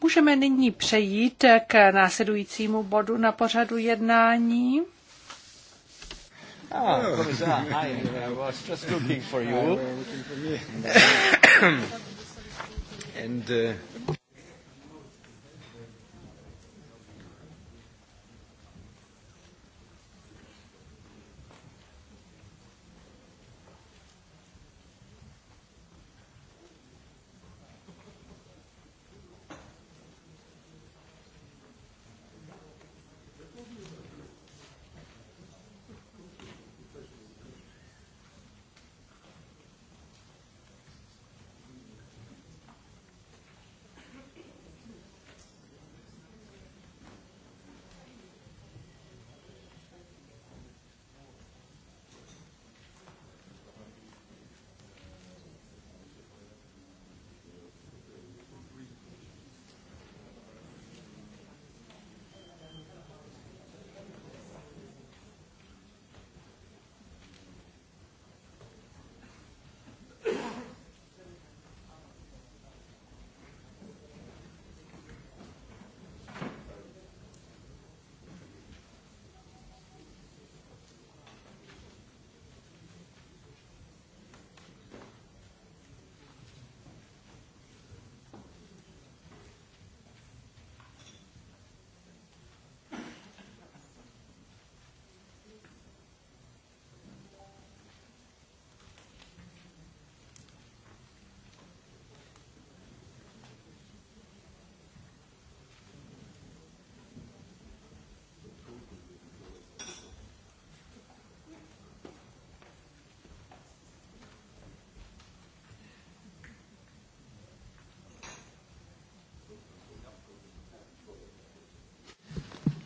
[SPEAKER 2] Můžeme nyní přejít k následujícímu bodu na pořadu jednání.
[SPEAKER 1] Ah, oh. Commissar, hi. I was just looking for you. Uh, looking for
[SPEAKER 5] me. [COUGHS]
[SPEAKER 1] and uh,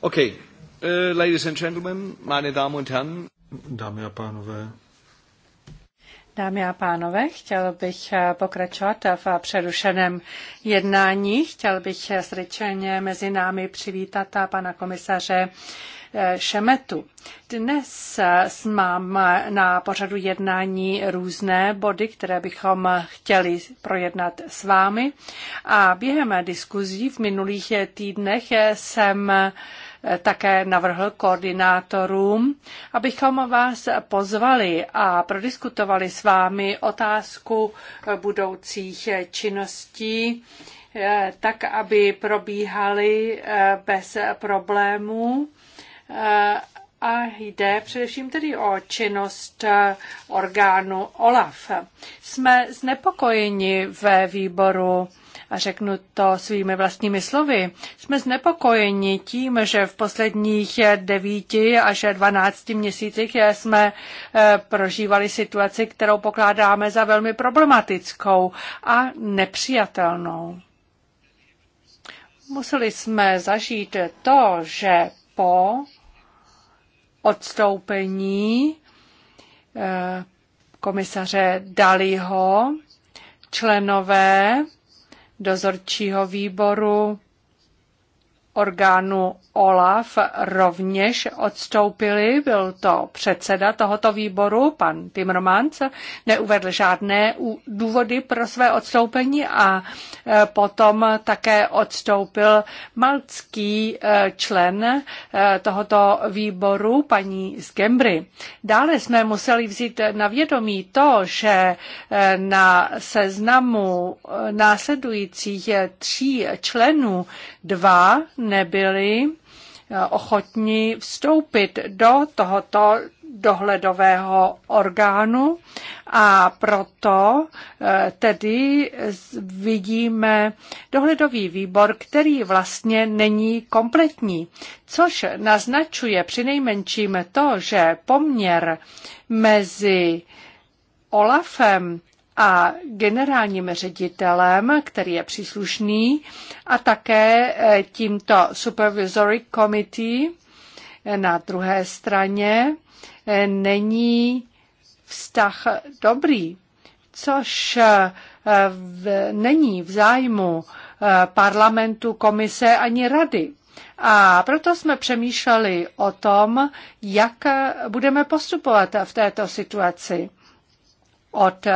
[SPEAKER 1] Okay. Uh, ladies and gentlemen, meine Damen und Herren. Dámy a pánové.
[SPEAKER 2] Dámy a pánové, chtěl bych eh, pokračovat v eh, přerušeném jednání. Chtěl bych eh, srdečně mezi námi přivítat pana komisaře Šemetu. Dnes mám na pořadu jednání různé body, které bychom chtěli projednat s vámi. A během diskuzí v minulých týdnech jsem také navrhl koordinátorům, abychom vás pozvali a prodiskutovali s vámi otázku budoucích činností tak, aby probíhaly eh, bez problémů. Eh, a jde především tedy o činnost eh, orgánu OLAF. Jsme znepokojeni ve výboru a řeknu to svými vlastními slovy, jsme znepokojeni tím, že v posledních devíti až dvanácti měsících jsme e, prožívali situaci, kterou pokládáme za velmi problematickou a nepřijatelnou. Museli jsme zažít to, že po odstoupení e, komisaře Dalího členové dozorčího výboru orgánu OLAF rovněž odstoupili. Byl to předseda tohoto výboru, pan Timmermans, neuvedl žádné důvody pro své odstoupení a e, potom také odstoupil malcký e, člen e, tohoto výboru, paní z Gembry. Dále jsme museli vzít na vědomí to, že na seznamu následujících tří členů dva nebyli eh, ochotni vstoupit do tohoto dohledového orgánu a proto eh, tedy vidíme dohledový výbor, který vlastně není kompletní, což naznačuje přinejmenším to, že poměr mezi Olafem a generálním ředitelem, který je příslušný, a také eh, tímto Supervisory Committee eh, na druhé straně eh, není vztah dobrý, což není v zájmu parlamentu, komise ani rady. A proto jsme přemýšleli o tom, jak budeme postupovat v této situaci. Od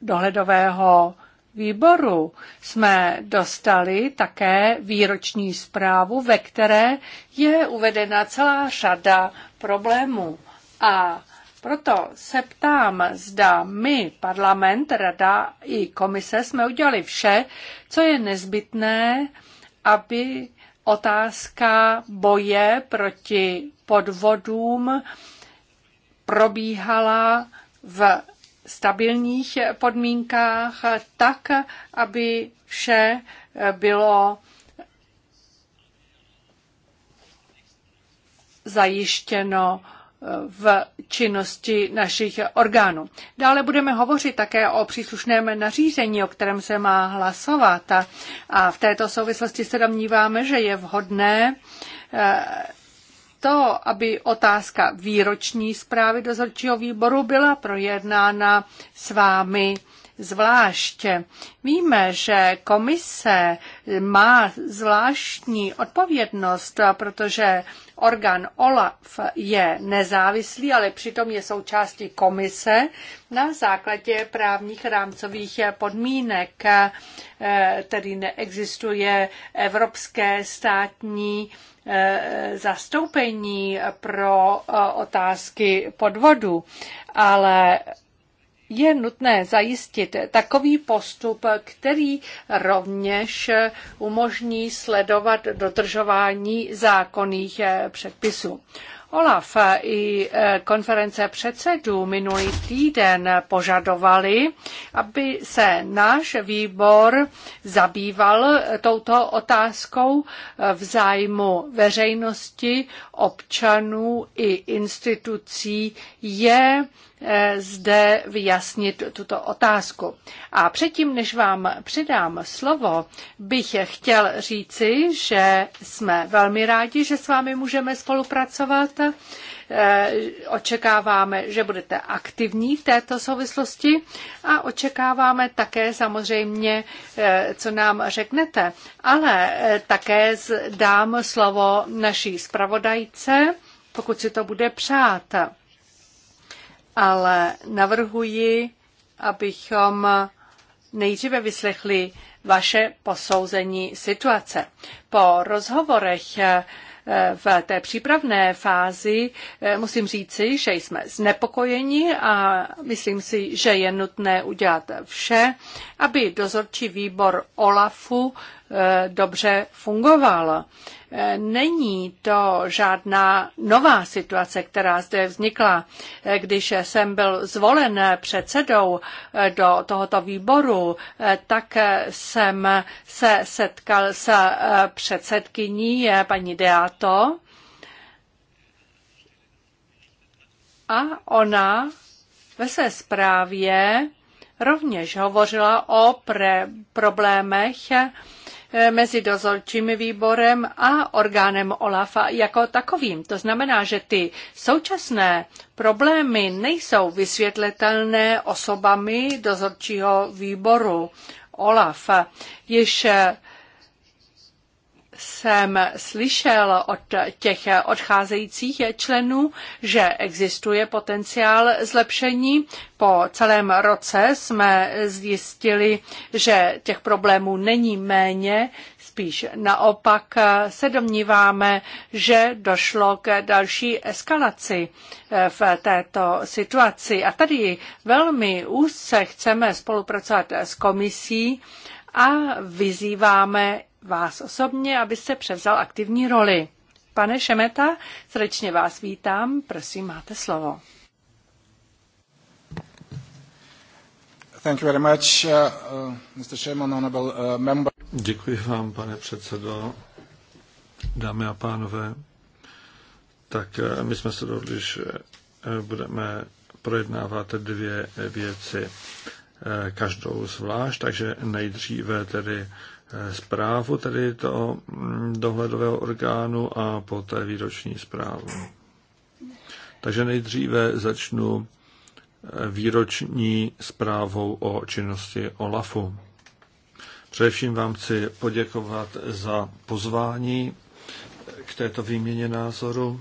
[SPEAKER 2] dohledového výboru jsme dostali také výroční zprávu, ve které je uvedena celá řada problémů. A proto se ptám, zda my, parlament, rada i komise jsme udělali vše, co je nezbytné, aby otázka boje proti podvodům probíhala v stabilních podmínkách, tak, aby vše bylo zajištěno eh, v činnosti našich orgánů. Dále budeme hovořit také o příslušném nařízení, o kterém se má hlasovat. A v této souvislosti se domníváme, že je vhodné eh, to, aby otázka výroční zprávy dozorčího výboru byla projednána s vámi zvláště. Víme, že komise má zvláštní odpovědnost, protože orgán OLAF je nezávislý, ale přitom je součástí komise na základě právních rámcových podmínek, eh, tedy neexistuje evropské státní zastoupení pro eh, otázky podvodu, ale je nutné zajistit takový postup, který rovněž umožní sledovat dodržování zákonných eh, předpisů. Olaf i e, konference předsedů minulý týden požadovali, aby se náš výbor zabýval touto otázkou v zájmu veřejnosti, občanů i institucí je Eh, zde vyjasnit tuto otázku. A předtím, než vám předám slovo, bych chtěl říci, že jsme velmi rádi, že s vámi můžeme spolupracovat. Eh, očekáváme, že budete aktivní v této souvislosti a očekáváme také samozřejmě, eh, co nám řeknete, ale také dám slovo naší zpravodajce, pokud si to bude přát ale navrhuji, abychom nejdříve vyslechli vaše posouzení situace. Po rozhovorech eh, v té přípravné fázi eh, musím říci, že jsme znepokojeni a myslím si, že je nutné udělat vše, aby dozorčí výbor OLAFu eh, dobře fungoval. E, není to žádná nová situace, která zde vznikla. E, když jsem byl zvolen předsedou e, do tohoto výboru, tak jsem se setkal s předsedkyní paní Deato a ona ve své zprávě rovněž hovořila o pre- problémech, Eh, mezi dozorčím výborem a orgánem OLAF jako takovým. To znamená, že ty současné problémy nejsou vysvětletelné osobami dozorčího výboru OLAF. jež eh, jsem slyšel od těch odcházejících členů, že existuje potenciál zlepšení. Po celém roce jsme zjistili, že těch problémů není méně, spíš naopak se domníváme, že došlo k další eskalaci v této situaci. A tady velmi úzce chceme spolupracovat s komisí a vyzýváme vás osobně, abyste převzal aktivní roli. Pane Šemeta, srdečně vás vítám,
[SPEAKER 6] prosím, máte slovo. Thank you very much, uh, uh Mr. Chairman, honorable uh, member.
[SPEAKER 3] Děkuji vám, pane
[SPEAKER 6] předsedo,
[SPEAKER 3] dámy a pánové. Tak
[SPEAKER 6] uh, my jsme se dohodli,
[SPEAKER 3] že uh, budeme projednávat dvě věci, každou zvlášť, takže nejdříve tedy zprávu tedy toho mm, dohledového orgánu a poté výroční zprávu. Takže nejdříve začnu eh, výroční zprávou o činnosti OLAFu. Především vám chci poděkovat za pozvání eh, k této výměně názoru.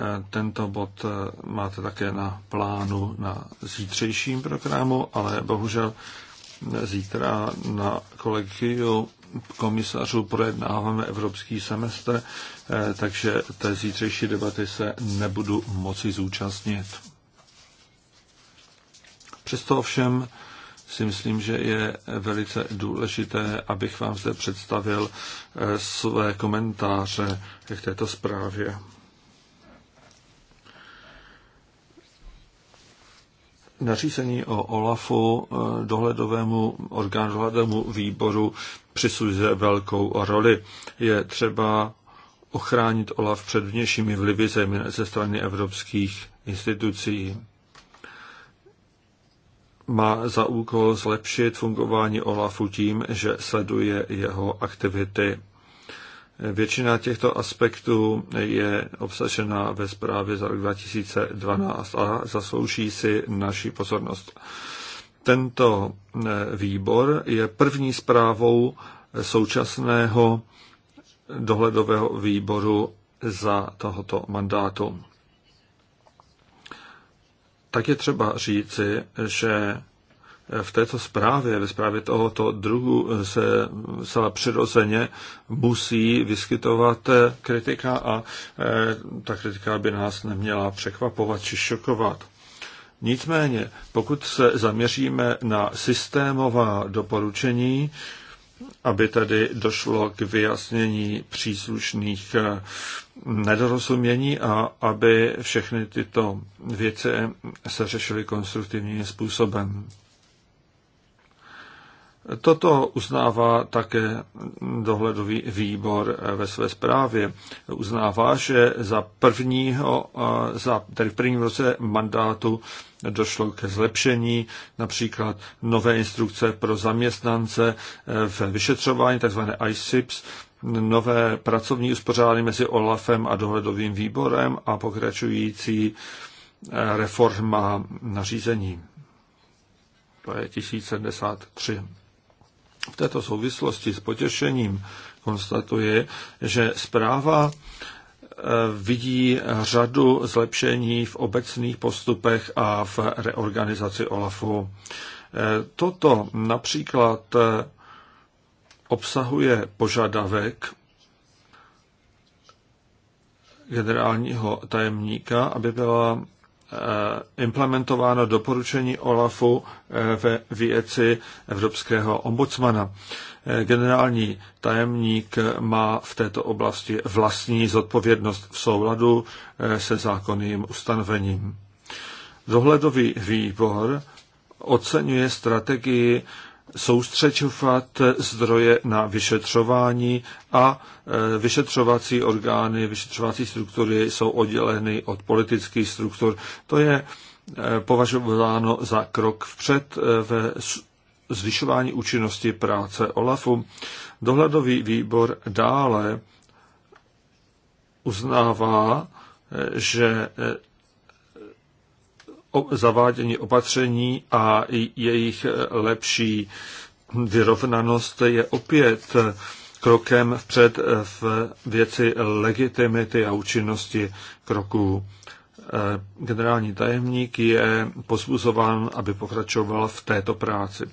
[SPEAKER 3] Eh, tento bod máte také na plánu na zítřejším programu, ale bohužel Zítra na kolegiu komisařů projednáváme evropský semestr, eh, takže té zítřejší debaty se nebudu moci zúčastnit. Přesto ovšem si myslím, že je velice důležité, abych vám zde představil eh, své komentáře k této zprávě. nařízení o OLAFu eh, dohledovému orgánu dohledovému výboru přisuzuje velkou roli. Je třeba ochránit OLAF před vnějšími vlivy, zejména ze strany evropských institucí. Má za úkol zlepšit fungování OLAFu tím, že sleduje jeho aktivity. Většina těchto aspektů je obsažena ve zprávě za rok 2012 a zaslouží si naši pozornost. Tento eh, výbor je první zprávou současného dohledového výboru za tohoto mandátu. Tak je třeba říci, že v této zprávě, ve zprávě tohoto druhu se celá přirozeně musí vyskytovat kritika a eh, ta kritika by nás neměla překvapovat či šokovat. Nicméně, pokud se zaměříme na systémová doporučení, aby tedy došlo k vyjasnění příslušných eh, nedorozumění a aby všechny tyto věci se řešily konstruktivním způsobem. Toto uznává také dohledový výbor ve své zprávě. Uznává, že za, prvního, za tedy v prvním roce mandátu došlo ke zlepšení, například nové instrukce pro zaměstnance e, v vyšetřování, takzvané ISIPS, nové pracovní uspořádání mezi OLAFem a dohledovým výborem a pokračující e, reforma nařízení. To je 1073. V této souvislosti s potěšením konstatuje, že zpráva eh, vidí řadu zlepšení v obecných postupech a v reorganizaci OLAFu. Eh, toto například eh, obsahuje požadavek generálního tajemníka, aby byla Eh, implementováno doporučení OLAFu eh, ve věci evropského ombudsmana. Eh, generální tajemník má v této oblasti vlastní zodpovědnost v souladu se zákonným ustanovením. Dohledový výbor oceňuje strategii soustřečovat zdroje na vyšetřování a e, vyšetřovací orgány, vyšetřovací struktury jsou odděleny od politických struktur. To je e, považováno za krok vpřed e, ve zvyšování účinnosti práce OLAFu. Dohledový výbor dále uznává, že zavádění opatření a jejich e, lepší vyrovnanost je opět e, krokem vpřed e, v věci legitimity a účinnosti kroků. Generální tajemník je pozbuzován, aby pokračoval v této práci.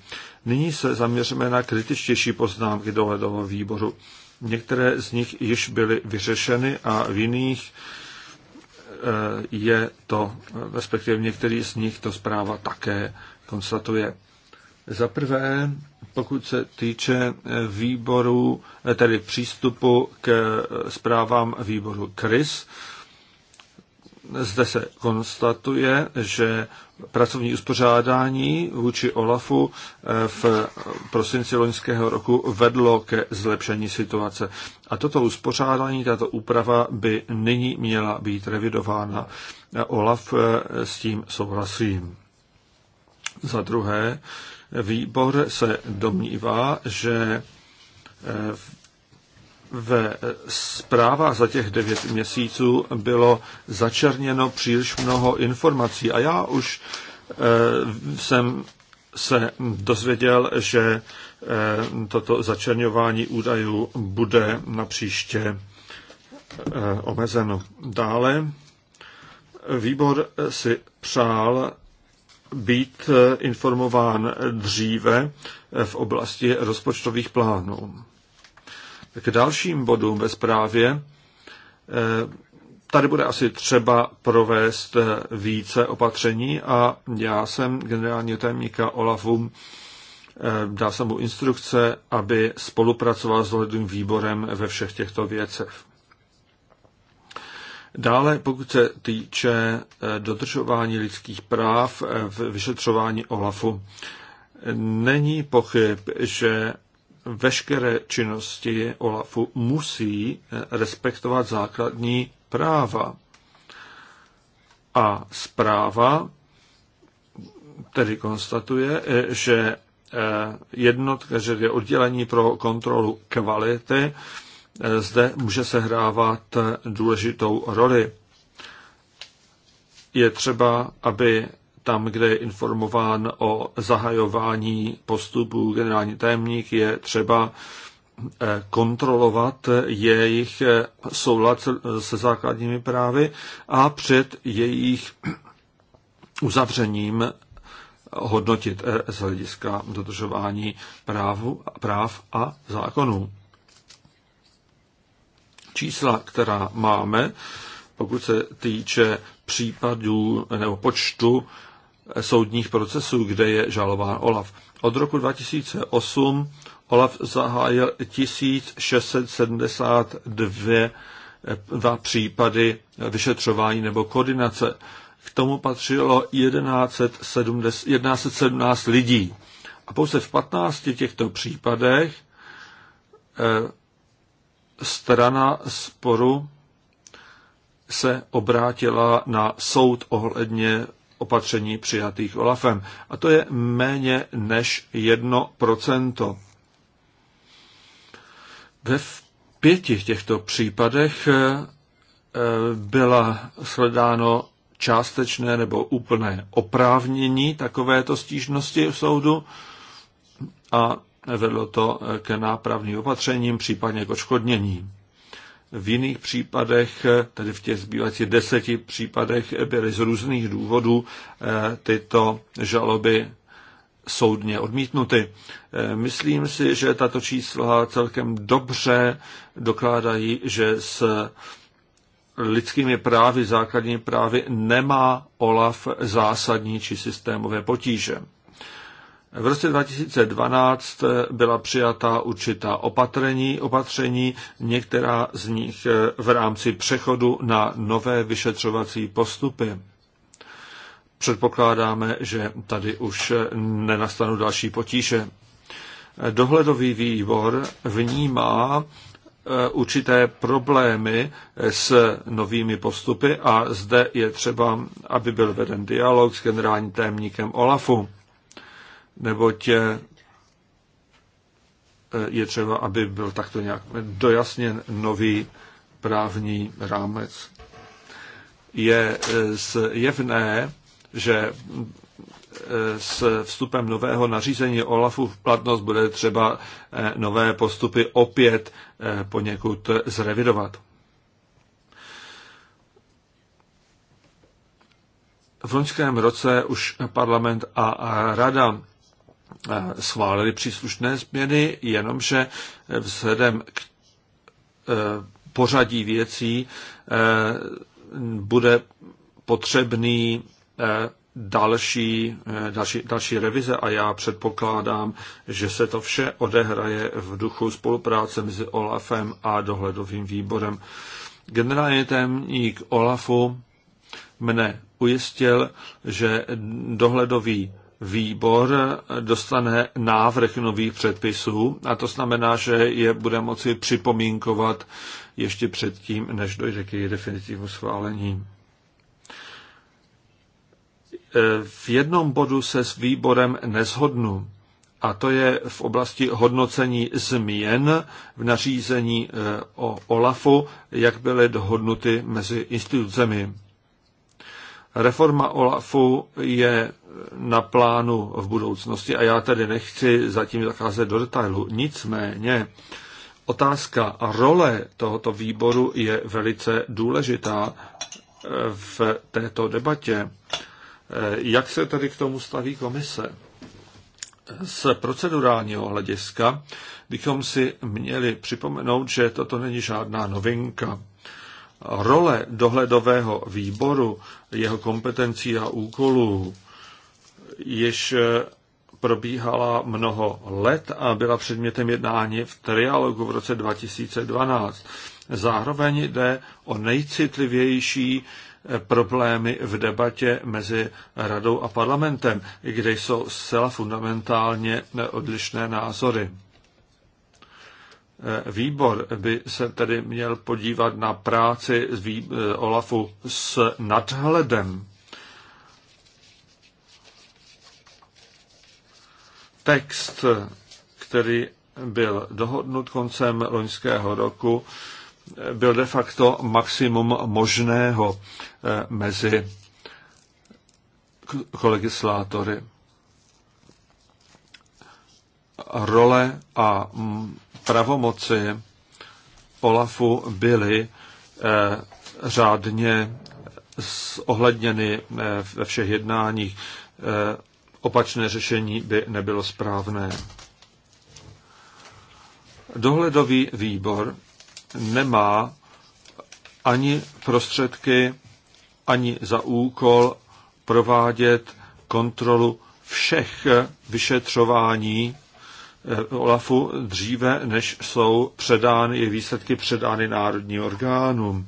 [SPEAKER 3] Nyní se zaměříme na kritičtější poznámky dohledového výboru. Některé z nich již byly vyřešeny a v jiných Eh, je to, respektive některý z nich to zpráva také konstatuje. Za prvé, pokud se týče eh, výboru, eh, tedy přístupu k zprávám výboru KRIS, zde se konstatuje, že pracovní uspořádání vůči OLAFu eh, v prosinci loňského roku vedlo ke zlepšení situace. A toto uspořádání, tato úprava by nyní měla být revidována. OLAF eh, s tím souhlasí. Za druhé, eh, výbor se domnívá, že ve zprávách za těch devět měsíců bylo začerněno příliš mnoho informací a já už eh, jsem se dozvěděl, že eh, toto začerňování údajů bude na příště eh, omezeno. Dále výbor si přál být informován dříve v oblasti rozpočtových plánů. K dalším bodům ve zprávě eh, tady bude asi třeba provést eh, více opatření a já jsem generálního tajemníka Olafu eh, dal jsem mu instrukce, aby spolupracoval s dohledným výborem ve všech těchto věcech. Dále, pokud se týče dodržování lidských práv v vyšetřování OLAFu, není pochyb, že veškeré činnosti OLAFu musí eh, respektovat základní práva. A zpráva tedy konstatuje, eh, že eh, jednotka, že je oddělení pro kontrolu kvality, zde může sehrávat důležitou roli. Je třeba, aby tam, kde je informován o zahajování postupů generální tajemník, je třeba eh, kontrolovat jejich eh, soulad se základními právy a před jejich [CLEARS THROAT] uzavřením hodnotit eh, z hlediska dodržování právu, práv a zákonů. Čísla, která máme, pokud se týče případů nebo počtu soudních procesů, kde je žalován OLAF. Od roku 2008 OLAF zahájil 1672 eh, případy vyšetřování nebo koordinace. K tomu patřilo 1117 lidí. A pouze v 15 těchto případech eh, strana sporu se obrátila na soud ohledně opatření přijatých OLAFem. A to je méně než 1%. Ve pěti těchto případech eh, byla sledáno částečné nebo úplné oprávnění takovéto stížnosti v soudu a vedlo to eh, ke nápravným opatřením, případně k odškodnění v jiných případech, tedy v těch zbývajících deseti případech, byly z různých důvodů eh, tyto žaloby soudně odmítnuty. Eh, myslím si, že tato čísla celkem dobře dokládají, že s lidskými právy, základními právy nemá OLAF zásadní či systémové potíže. V roce 2012 byla přijata určitá opatření, opatření, některá z nich eh, v rámci přechodu na nové vyšetřovací postupy. Předpokládáme, že tady už eh, nenastanou další potíže. Dohledový výbor vnímá eh, určité problémy s novými postupy a zde je třeba, aby byl veden dialog s generálním témníkem OLAFu neboť eh, eh, je třeba, aby byl takto nějak dojasněn nový právní rámec. Je eh, zjevné, že s vstupem nového nařízení OLAFu v platnost bude třeba nové postupy opět poněkud zrevidovat. V loňském roce už parlament a rada Eh, schválili příslušné změny, jenomže vzhledem k eh, pořadí věcí eh, bude potřebný další, další, další revize a já předpokládám, že se to vše odehraje v duchu spolupráce mezi OLAFem a dohledovým výborem. Generální tajemník OLAFu mne ujistil, že dohledový výbor dostane návrh nových předpisů a to znamená, že je bude moci připomínkovat ještě předtím, než dojde k její definitivnímu schválení. E, v jednom bodu se s výborem nezhodnu a to je v oblasti hodnocení změn v nařízení e, o OLAFu, jak byly dohodnuty mezi institucemi. Reforma OLAFu je na plánu v budoucnosti a já tady nechci zatím zacházet do detailu. Nicméně otázka role tohoto výboru je velice důležitá eh, v této debatě. Eh, jak se tedy k tomu staví komise? Z procedurálního hlediska bychom si měli připomenout, že toto není žádná novinka role dohledového výboru, jeho kompetencí a úkolů již eh, probíhala mnoho let a byla předmětem jednání v trialogu v roce 2012. Zároveň jde o nejcitlivější eh, problémy v debatě mezi radou a parlamentem, kde jsou zcela fundamentálně eh, odlišné názory. Eh, výbor by se tedy měl podívat na práci z eh, Olafu s nadhledem. Text, který byl dohodnut koncem loňského roku, eh, byl de facto maximum možného mezi kolegislátory. Role a pravomoci Olafu byly eh, řádně ohledněny eh, ve všech jednáních. Eh, opačné řešení by nebylo správné. Dohledový výbor nemá ani prostředky, ani za úkol provádět kontrolu všech vyšetřování Eh, OLAFu dříve, než jsou předány je výsledky předány národní orgánům.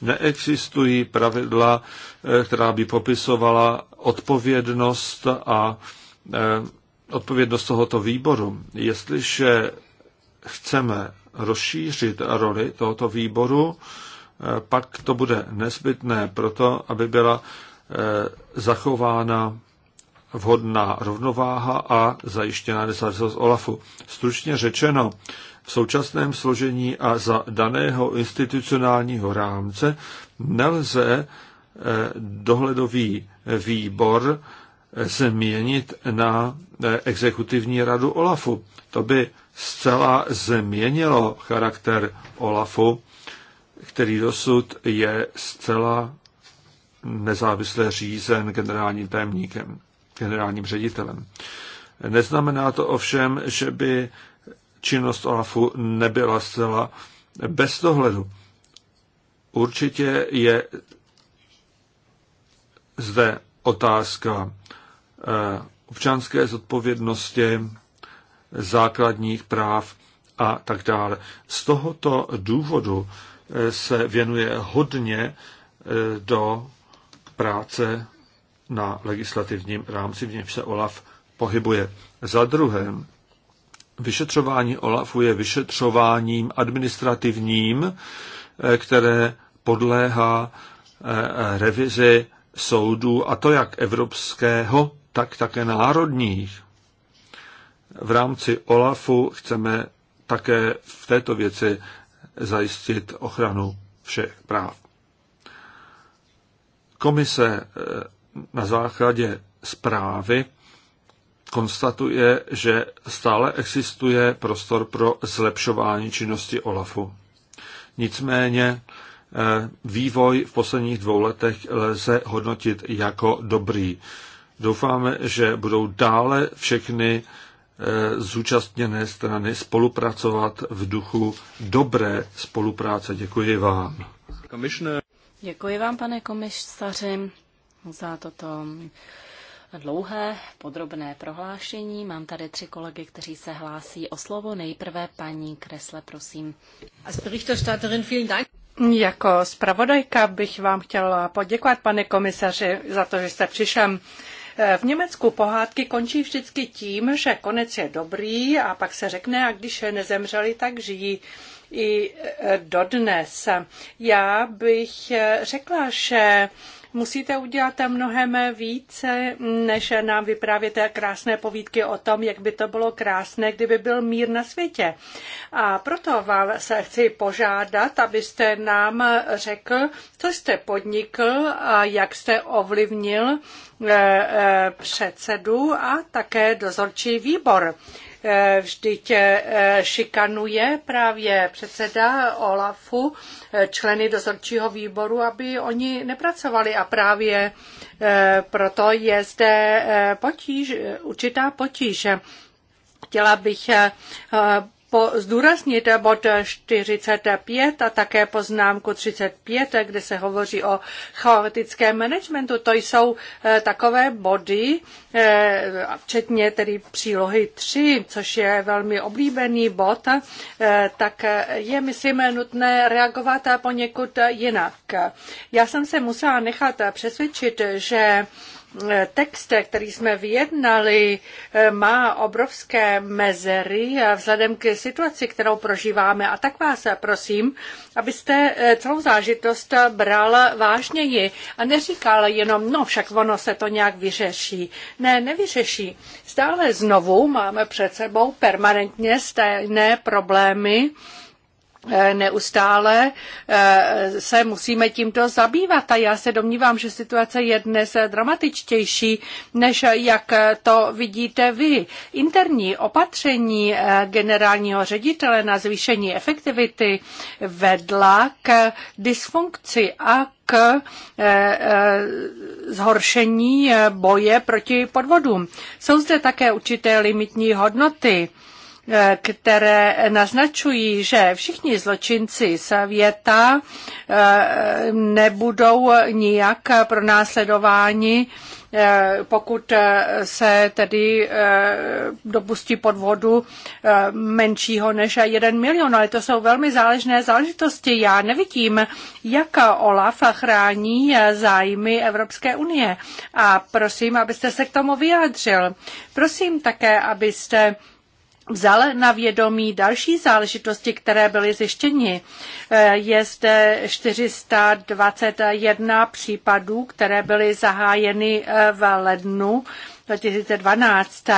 [SPEAKER 3] Neexistují pravidla, eh, která by popisovala odpovědnost a eh, odpovědnost tohoto výboru. Jestliže chceme rozšířit roli tohoto výboru, pak to bude nezbytné proto, aby byla zachována vhodná rovnováha a zajištěná nezávislost OLAFu. Stručně řečeno, v současném složení a za daného institucionálního rámce nelze eh, dohledový výbor eh, změnit na eh, exekutivní radu OLAFu. To by zcela změnilo charakter OLAFu, který dosud je zcela nezávisle řízen generálním tajemníkem generálním ředitelem. Neznamená to ovšem, že by činnost OLAFu nebyla zcela bez dohledu. Určitě je zde otázka eh, občanské zodpovědnosti, základních práv a tak dále. Z tohoto důvodu eh, se věnuje hodně eh, do práce na legislativním rámci, v němž se OLAF pohybuje. Za druhé, vyšetřování OLAFu je vyšetřováním administrativním, eh, které podléhá eh, revizi soudů, a to jak evropského, tak také národních. V rámci OLAFu chceme také v této věci zajistit ochranu všech práv. Komise eh, na základě zprávy konstatuje, že stále existuje prostor pro zlepšování činnosti OLAFu. Nicméně eh, vývoj v posledních dvou letech lze hodnotit jako dobrý. Doufáme, že budou dále všechny eh, zúčastněné strany spolupracovat v duchu dobré spolupráce. Děkuji vám.
[SPEAKER 1] Děkuji
[SPEAKER 4] vám, pane komisaři za toto dlouhé podrobné prohlášení. Mám tady tři kolegy, kteří se hlásí o slovo. Nejprve paní Kresle, prosím.
[SPEAKER 2] Jako zpravodajka bych vám chtěla poděkovat, pane komisaři, za to, že jste přišel. Eh, v Německu pohádky končí vždycky tím, že konec je dobrý a pak se řekne, a když nezemřeli, tak žijí i eh, dodnes. Já bych eh, řekla, že Musíte udělat mnohem více, než nám vyprávěte krásné povídky o tom, jak by to bylo krásné, kdyby byl mír na světě. A proto vám se chci požádat, abyste nám řekl, co jste podnikl a jak jste ovlivnil eh, eh, předsedu a také dozorčí výbor. Eh, vždyť eh, šikanuje právě předseda OLAFu eh, členy dozorčího výboru, aby oni nepracovali a právě proto je zde potíž, určitá potíž. Chtěla bych po, zdůraznění bod 45 a také poznámku 35, kde se hovoří o chaotickém managementu. To jsou eh, takové body, eh, včetně tedy přílohy 3, což je velmi oblíbený bod, eh, tak je, myslím, nutné reagovat poněkud jinak. Já jsem se musela nechat přesvědčit, že text, který jsme vyjednali, eh, má obrovské mezery vzhledem k situaci, kterou prožíváme. A tak vás prosím, abyste eh, celou zážitost bral vážněji a neříkal jenom, no však ono se to nějak vyřeší. Ne, nevyřeší. Stále znovu máme před sebou permanentně stejné problémy, Eh, neustále eh, se musíme tímto zabývat a já se domnívám, že situace je dnes dramatičtější, než jak to vidíte vy. Interní opatření eh, generálního ředitele na zvýšení efektivity vedla k dysfunkci a k zhoršení boje proti podvodům. Jsou zde také určité limitní hodnoty které naznačují, že všichni zločinci světa eh, nebudou nijak pronásledováni eh, pokud eh, se tedy dopustí podvodu menšího než 1 milion. Ale to jsou velmi záležné záležitosti. Já nevidím, jak OLAF chrání zájmy Evropské unie. A prosím, abyste se k tomu vyjádřil. Prosím také, abyste vzal na vědomí další záležitosti, které byly zjištěny. Eh, je zde 421 případů, které byly zahájeny eh, v lednu 2012.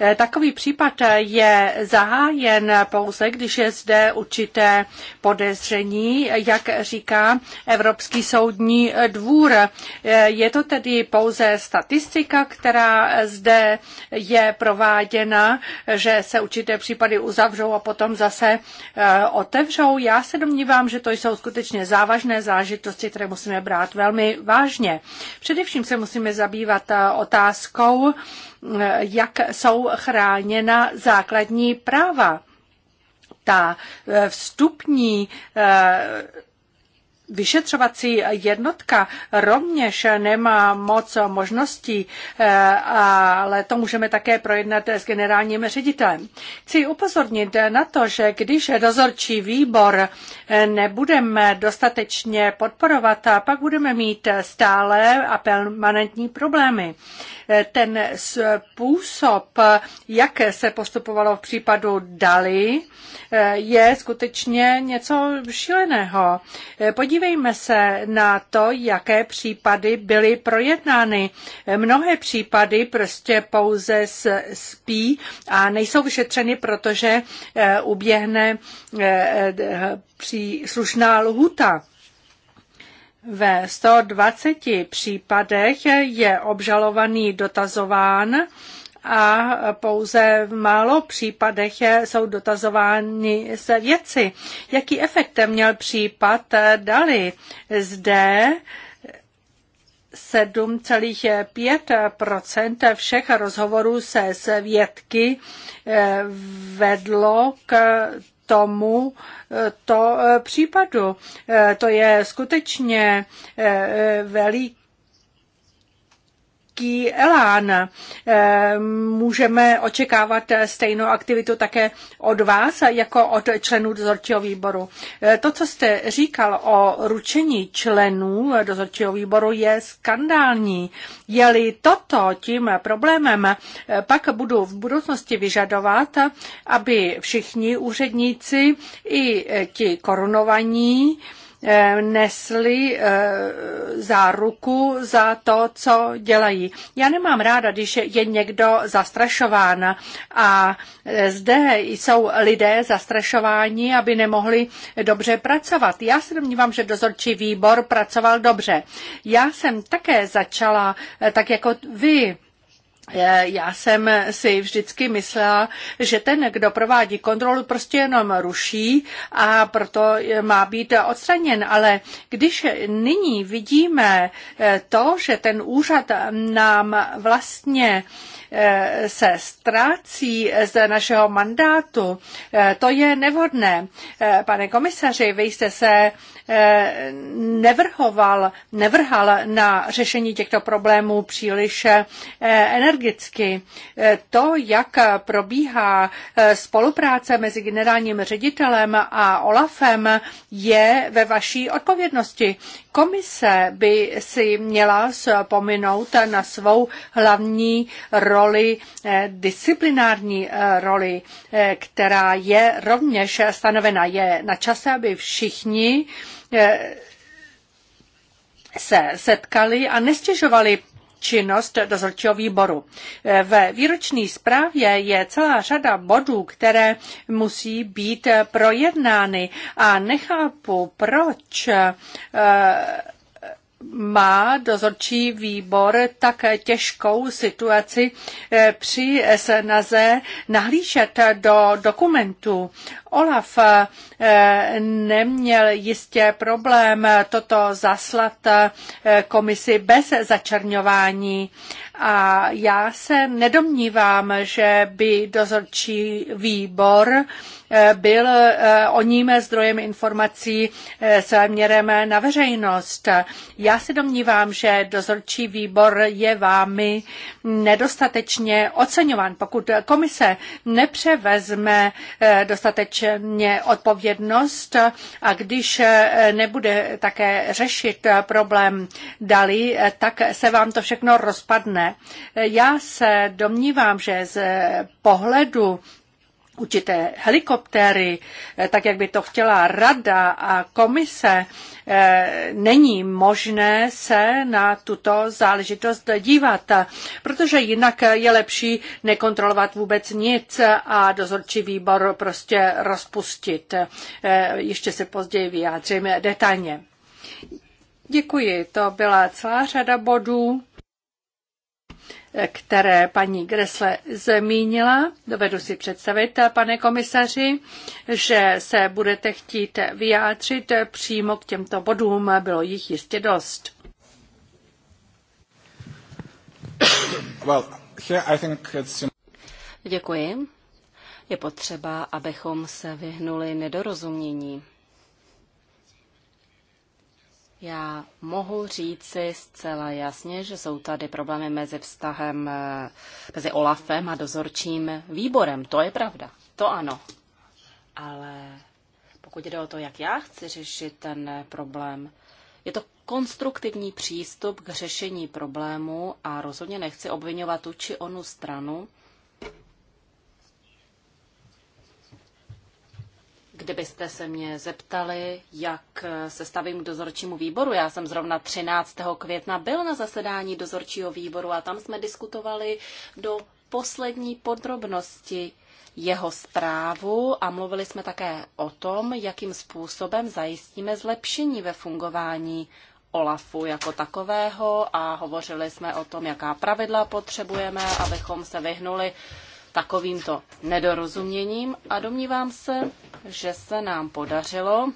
[SPEAKER 2] Eh, takový případ je zahájen pouze, když je zde určité podezření, jak říká Evropský soudní dvůr. Eh, je to tedy pouze statistika, která zde je prováděna, že se určité případy uzavřou a potom zase eh, otevřou. Já se domnívám, že to jsou skutečně závažné zážitosti, které musíme brát velmi vážně. Především se musíme zabývat otázkou, jak jsou chráněna základní práva. Ta eh, vstupní eh, Vyšetřovací jednotka rovněž nemá moc možností, eh, ale to můžeme také projednat s generálním ředitelem. Chci upozornit na to, že když dozorčí výbor nebudeme dostatečně podporovat, pak budeme mít stále a permanentní problémy ten způsob, jak se postupovalo v případu Dali, je skutečně něco šíleného. Podívejme se na to, jaké případy byly projednány. Mnohé případy prostě pouze spí a nejsou vyšetřeny, protože eh, uběhne eh, příslušná lhuta. Ve 120 případech je obžalovaný dotazován a pouze v málo případech jsou dotazovány se věci. Jaký efekt měl případ Dali? Zde 7,5 všech rozhovorů se svědky eh, vedlo k tomu eh, to eh, případu. Eh, to je skutečně veliký obrovský elán. Eh, můžeme očekávat stejnou aktivitu také od vás, jako od členů dozorčího výboru. Eh, to, co jste říkal o ručení členů dozorčího výboru, je skandální. Je-li toto tím problémem, eh, pak budu v budoucnosti vyžadovat, aby všichni úředníci i ti korunovaní Eh, nesli eh, záruku za to, co dělají. Já nemám ráda, když je někdo zastrašován a eh, zde jsou lidé zastrašováni, aby nemohli dobře pracovat. Já se domnívám, že dozorčí výbor pracoval dobře. Já jsem také začala tak jako vy Eh, já jsem si vždycky myslela, že ten, kdo provádí kontrolu, prostě jenom ruší a proto eh, má být odstraněn. Ale když nyní vidíme eh, to, že ten úřad nám vlastně Eh, se ztrácí z našeho mandátu, eh, to je nevhodné. Eh, pane komisaři, vy jste se nevrhoval, nevrhal na řešení těchto problémů příliš energicky. To, jak probíhá spolupráce mezi generálním ředitelem a OLAFem, je ve vaší odpovědnosti. Komise by si měla spominout na svou hlavní roli roli, eh, disciplinární eh, roli, eh, která je rovněž stanovena. Je na čase, aby všichni se setkali a nestěžovali činnost dozorčího výboru. Ve výroční zprávě je celá řada bodů, které musí být projednány a nechápu, proč má dozorčí výbor tak těžkou situaci eh, při snaze nahlížet do dokumentů. Olaf eh, neměl jistě problém toto zaslat eh, komisi bez začerňování a já se nedomnívám, že by dozorčí výbor byl eh, o ním zdrojem informací eh, měrem na veřejnost. Já se domnívám, že dozorčí výbor je vámi nedostatečně oceňován. Pokud komise nepřevezme eh, dostatečně odpovědnost a když nebude také řešit problém dali, tak se vám to všechno rozpadne. Já se domnívám, že z pohledu určité helikoptéry, eh, tak jak by to chtěla rada a komise, eh, není možné se na tuto záležitost dívat, protože jinak je lepší nekontrolovat vůbec nic a dozorčí výbor prostě rozpustit. Eh, ještě se později vyjádřím detailně. Děkuji, to byla celá řada bodů které paní Gresle zmínila. Dovedu si představit, pane komisaři, že se budete chtít vyjádřit přímo k těmto bodům. Bylo jich jistě dost.
[SPEAKER 6] Well, here I think it's...
[SPEAKER 4] Děkuji. Je potřeba, abychom se vyhnuli nedorozumění. Já mohu říci zcela jasně, že jsou tady problémy mezi vztahem, eh, mezi Olafem a dozorčím výborem. To je pravda. To ano. Ale pokud jde o to, jak já chci řešit ten problém, je to konstruktivní přístup k řešení problému a rozhodně nechci obvinovat tu či onu stranu. kdybyste se mě zeptali, jak se stavím k dozorčímu výboru. Já jsem zrovna 13. května byl na zasedání dozorčího výboru a tam jsme diskutovali do poslední podrobnosti jeho zprávu a mluvili jsme také o tom, jakým způsobem zajistíme zlepšení ve fungování OLAFu jako takového a hovořili jsme o tom, jaká pravidla potřebujeme, abychom se vyhnuli takovýmto nedorozuměním a domnívám se, že se nám podařilo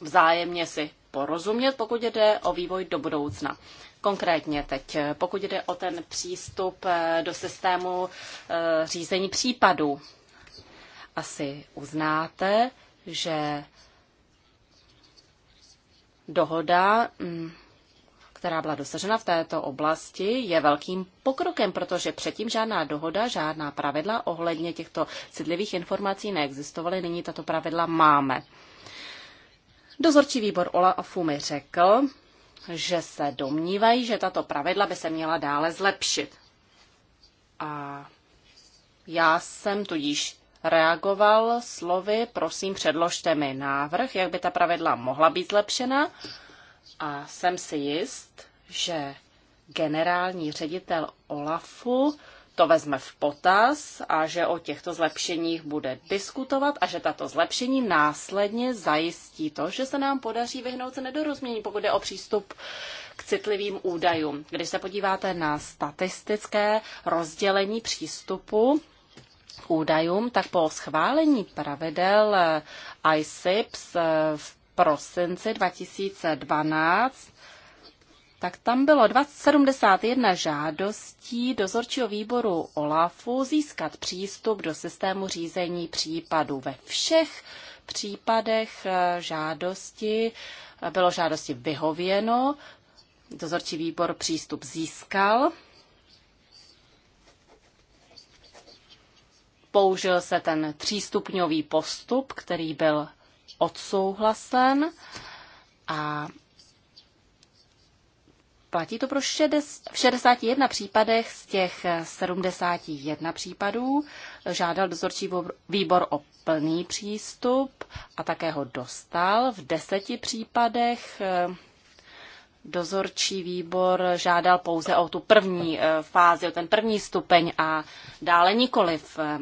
[SPEAKER 4] vzájemně si porozumět, pokud jde o vývoj do budoucna. Konkrétně teď, pokud jde o ten přístup eh, do systému eh, řízení případů, asi uznáte, že dohoda mm, která byla dosažena v této oblasti, je velkým pokrokem, protože předtím žádná dohoda, žádná pravidla ohledně těchto citlivých informací neexistovaly. Nyní tato pravidla máme. Dozorčí výbor OLAFu mi řekl, že se domnívají, že tato pravidla by se měla dále zlepšit. A já jsem tudíž reagoval slovy, prosím předložte mi návrh, jak by ta pravidla mohla být zlepšena a jsem si jist, že generální ředitel OLAFu to vezme v potaz a že o těchto zlepšeních bude diskutovat a že tato zlepšení následně zajistí to, že se nám podaří vyhnout se nedorozumění, pokud jde o přístup k citlivým údajům. Když se podíváte na statistické rozdělení přístupu k údajům, tak po schválení pravidel ISIPS eh, v prosince 2012, tak tam bylo 71 žádostí dozorčího výboru OLAFu získat přístup do systému řízení případů. Ve všech případech eh, žádosti eh, bylo žádosti vyhověno, dozorčí výbor přístup získal. Použil se ten třístupňový postup, který byl odsouhlasen a platí to pro šedes, v 61 případech z těch 71 případů. Žádal dozorčí výbor o plný přístup a také ho dostal. V deseti případech eh, dozorčí výbor žádal pouze o tu první eh, fázi, o ten první stupeň a dále nikoliv. Eh,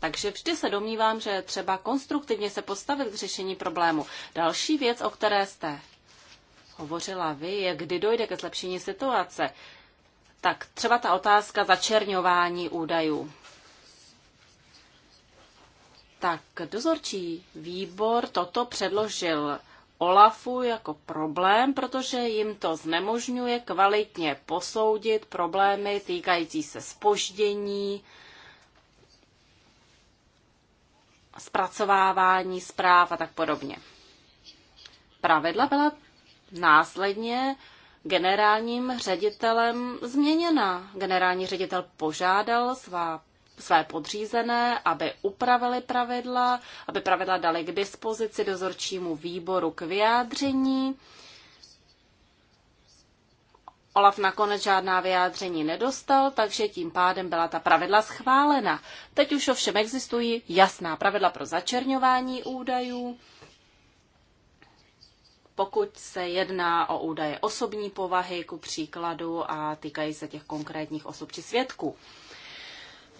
[SPEAKER 4] takže vždy se domnívám, že je třeba konstruktivně se postavit k řešení problému. Další věc, o které jste hovořila vy, je, kdy dojde ke zlepšení situace. Tak třeba ta otázka začerňování údajů. Tak dozorčí výbor toto předložil Olafu jako problém, protože jim to znemožňuje kvalitně posoudit problémy týkající se spoždění, zpracovávání zpráv a tak podobně. Pravidla byla následně generálním ředitelem změněna. Generální ředitel požádal svá, své podřízené, aby upravili pravidla, aby pravidla dali k dispozici dozorčímu výboru k vyjádření. Olaf nakonec žádná vyjádření nedostal, takže tím pádem byla ta pravidla schválena. Teď už ovšem existují jasná pravidla pro začerňování údajů, pokud se jedná o údaje osobní povahy, ku příkladu, a týkají se těch konkrétních osob či svědků.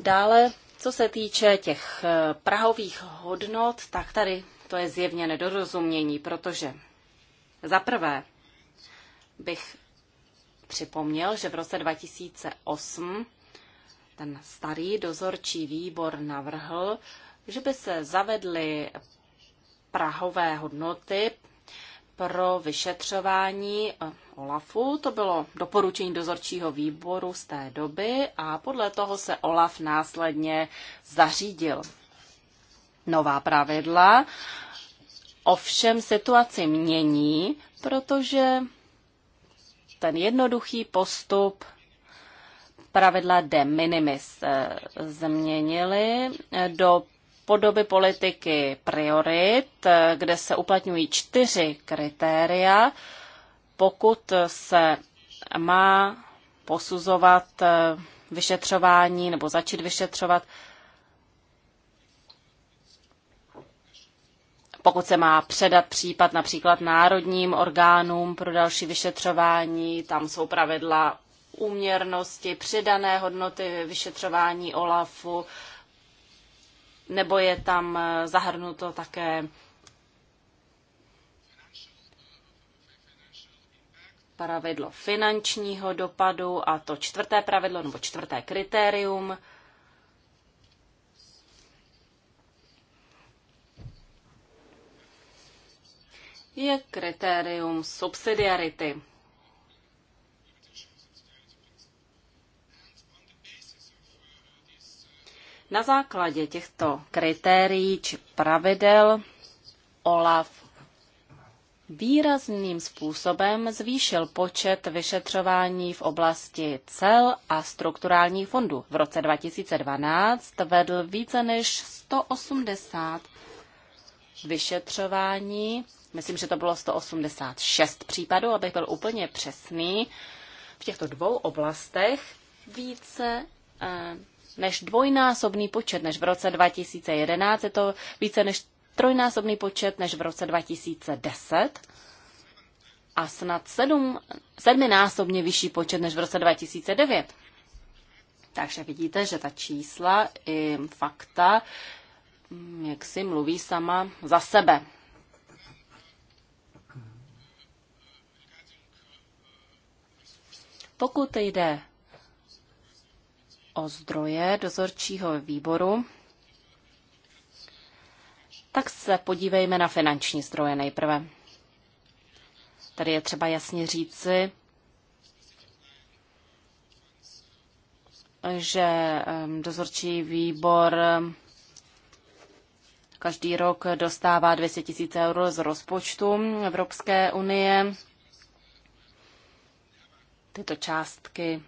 [SPEAKER 4] Dále, co se týče těch eh, prahových hodnot, tak tady to je zjevně nedorozumění, protože za prvé bych připomněl, že v roce 2008 ten starý dozorčí výbor navrhl, že by se zavedly prahové hodnoty pro vyšetřování eh, OLAFu. To bylo doporučení dozorčího výboru z té doby a podle toho se OLAF následně zařídil. Nová pravidla ovšem situaci mění, protože ten jednoduchý postup pravidla de minimis eh, změnili eh, do podoby politiky priorit, eh, kde se uplatňují čtyři kritéria, pokud se má posuzovat vyšetřování nebo začít vyšetřovat pokud se má předat případ například národním orgánům pro další vyšetřování, tam jsou pravidla úměrnosti, přidané hodnoty vyšetřování OLAFu, nebo je tam eh, zahrnuto také pravidlo finančního dopadu a to čtvrté pravidlo nebo čtvrté kritérium – je kritérium subsidiarity. Na základě těchto kritérií či pravidel OLAF výrazným způsobem zvýšil počet vyšetřování v oblasti cel a strukturálních fondů. V roce 2012 vedl více než 180 vyšetřování myslím, že to bylo 186 případů, abych byl úplně přesný, v těchto dvou oblastech více eh, než dvojnásobný počet než v roce 2011, je to více než trojnásobný počet než v roce 2010 a snad sedm, sedminásobně vyšší počet než v roce 2009. Takže vidíte, že ta čísla i fakta mm, jak si mluví sama za sebe. Pokud jde o zdroje dozorčího výboru, tak se podívejme na finanční zdroje nejprve. Tady je třeba jasně říci, že dozorčí výbor každý rok dostává 200 000 eur z rozpočtu Evropské unie. Tyto částky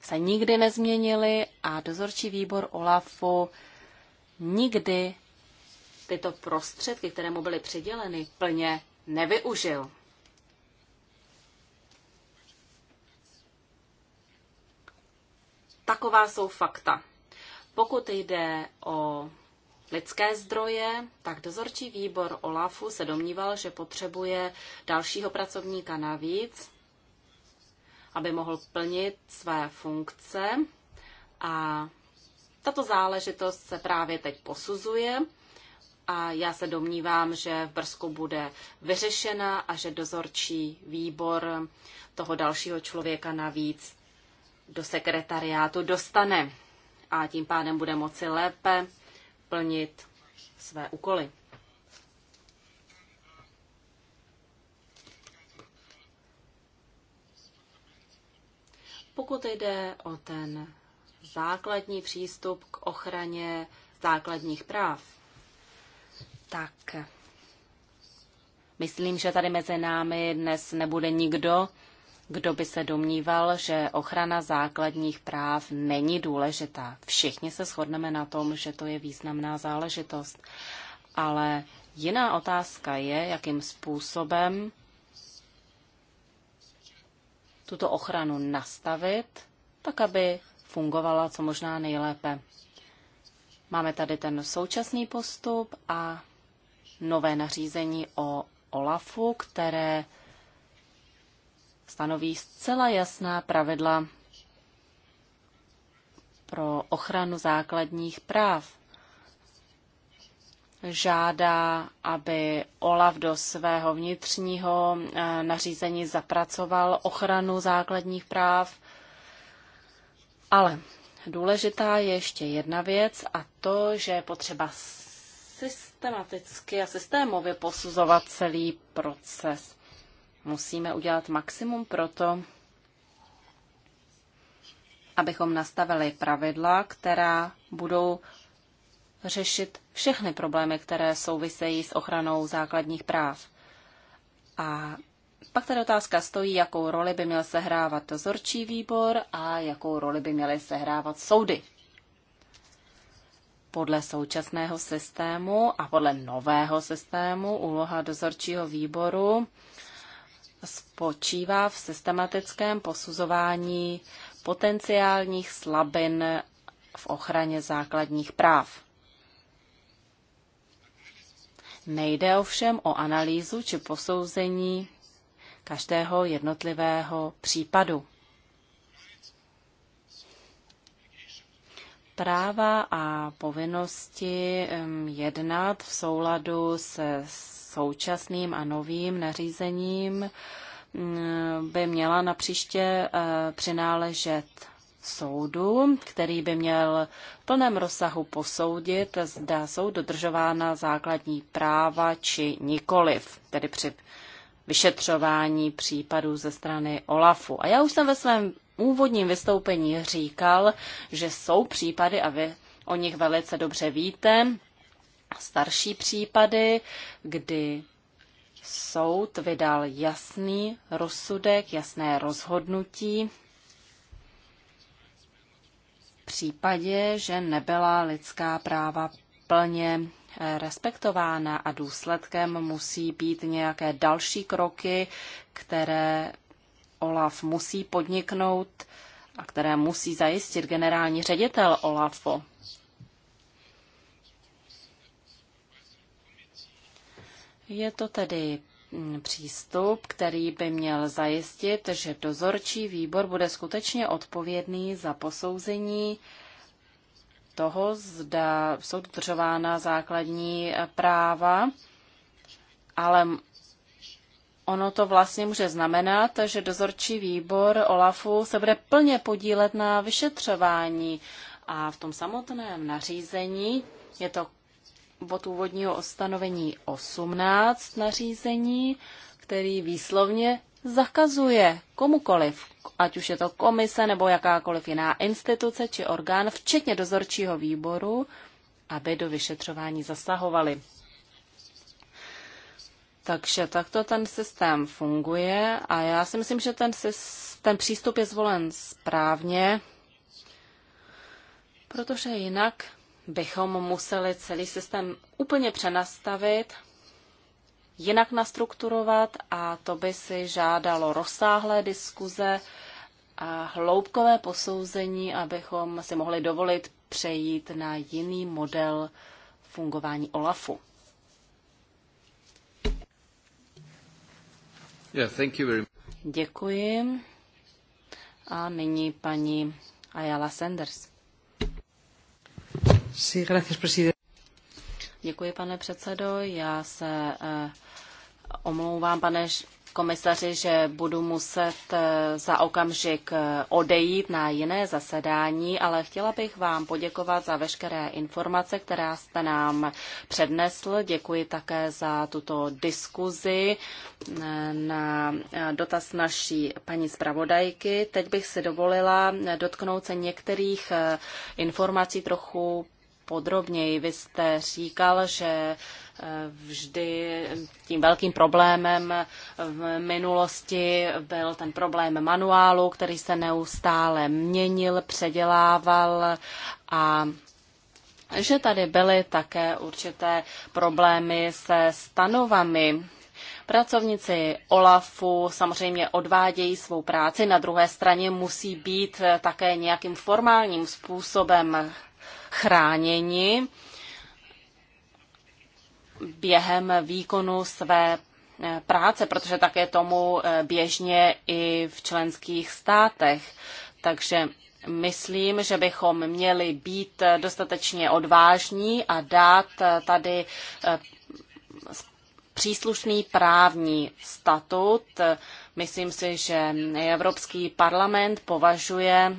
[SPEAKER 4] se nikdy nezměnily a dozorčí výbor OLAFu nikdy tyto prostředky, které mu byly přiděleny, plně nevyužil. Taková jsou fakta. Pokud jde o lidské zdroje, tak dozorčí výbor OLAFu se domníval, že potřebuje dalšího pracovníka navíc aby mohl plnit své funkce. A tato záležitost se právě teď posuzuje a já se domnívám, že v Brzku bude vyřešena a že dozorčí výbor toho dalšího člověka navíc do sekretariátu dostane a tím pádem bude moci lépe plnit své úkoly. Pokud jde o ten základní přístup k ochraně základních práv, tak myslím, že tady mezi námi dnes nebude nikdo, kdo by se domníval, že ochrana základních práv není důležitá. Všichni se shodneme na tom, že to je významná záležitost. Ale jiná otázka je, jakým způsobem tuto ochranu nastavit, tak aby fungovala co možná nejlépe. Máme tady ten současný postup a nové nařízení o OLAFu, které stanoví zcela jasná pravidla pro ochranu základních práv žádá, aby OLAF do svého vnitřního eh, nařízení zapracoval ochranu základních práv. Ale důležitá je ještě jedna věc a to, že je potřeba systematicky a systémově posuzovat celý proces. Musíme udělat maximum pro to, abychom nastavili pravidla, která budou řešit všechny problémy, které souvisejí s ochranou základních práv. A pak ta otázka stojí, jakou roli by měl sehrávat dozorčí výbor a jakou roli by měly sehrávat soudy. Podle současného systému a podle nového systému úloha dozorčího výboru spočívá v systematickém posuzování potenciálních slabin v ochraně základních práv. Nejde ovšem o analýzu či posouzení každého jednotlivého případu. Práva a povinnosti jednat v souladu se současným a novým nařízením mm, by měla napříště eh, přináležet soudu, který by měl v plném rozsahu posoudit, zda jsou dodržována základní práva či nikoliv, tedy při vyšetřování případů ze strany OLAFu. A já už jsem ve svém úvodním vystoupení říkal, že jsou případy, a vy o nich velice dobře víte, starší případy, kdy soud vydal jasný rozsudek, jasné rozhodnutí případě, že nebyla lidská práva plně eh, respektována a důsledkem musí být nějaké další kroky, které OLAF musí podniknout a které musí zajistit generální ředitel Olafo. Je to tedy přístup, který by měl zajistit, že dozorčí výbor bude skutečně odpovědný za posouzení toho, zda jsou dodržována základní práva, ale ono to vlastně může znamenat, že dozorčí výbor OLAFu se bude plně podílet na vyšetřování a v tom samotném nařízení je to od úvodního ostanovení 18 nařízení, který výslovně zakazuje komukoliv, ať už je to komise nebo jakákoliv jiná instituce či orgán, včetně dozorčího výboru, aby do vyšetřování zasahovali. Takže takto ten systém funguje a já si myslím, že ten, systém, ten přístup je zvolen správně, protože jinak bychom museli celý systém úplně přenastavit, jinak nastrukturovat a to by si žádalo rozsáhlé diskuze a hloubkové posouzení, abychom si mohli dovolit přejít na jiný model fungování OLAFu.
[SPEAKER 1] Yeah, thank you very much.
[SPEAKER 4] Děkuji. A nyní paní Ayala Sanders.
[SPEAKER 5] Sí, gracias, presidente.
[SPEAKER 4] Děkuji, pane předsedo. Já se eh, omlouvám, pane komisaři, že budu muset eh, za okamžik eh, odejít na jiné zasedání, ale chtěla bych vám poděkovat za veškeré informace, která jste nám přednesl. Děkuji také za tuto diskuzi na dotaz naší paní zpravodajky. Teď bych si dovolila dotknout se některých informací trochu podrobněji. Vy jste říkal, že eh, vždy tím velkým problémem v minulosti byl ten problém manuálu, který se neustále měnil, předělával a že tady byly také určité problémy se stanovami. Pracovníci OLAFu samozřejmě odvádějí svou práci, na druhé straně musí být také nějakým formálním způsobem chráněni během výkonu své eh, práce, protože také tomu eh, běžně i v členských státech. Takže myslím, že bychom měli být eh, dostatečně odvážní a dát tady příslušný právní statut. Myslím si, že Evropský parlament považuje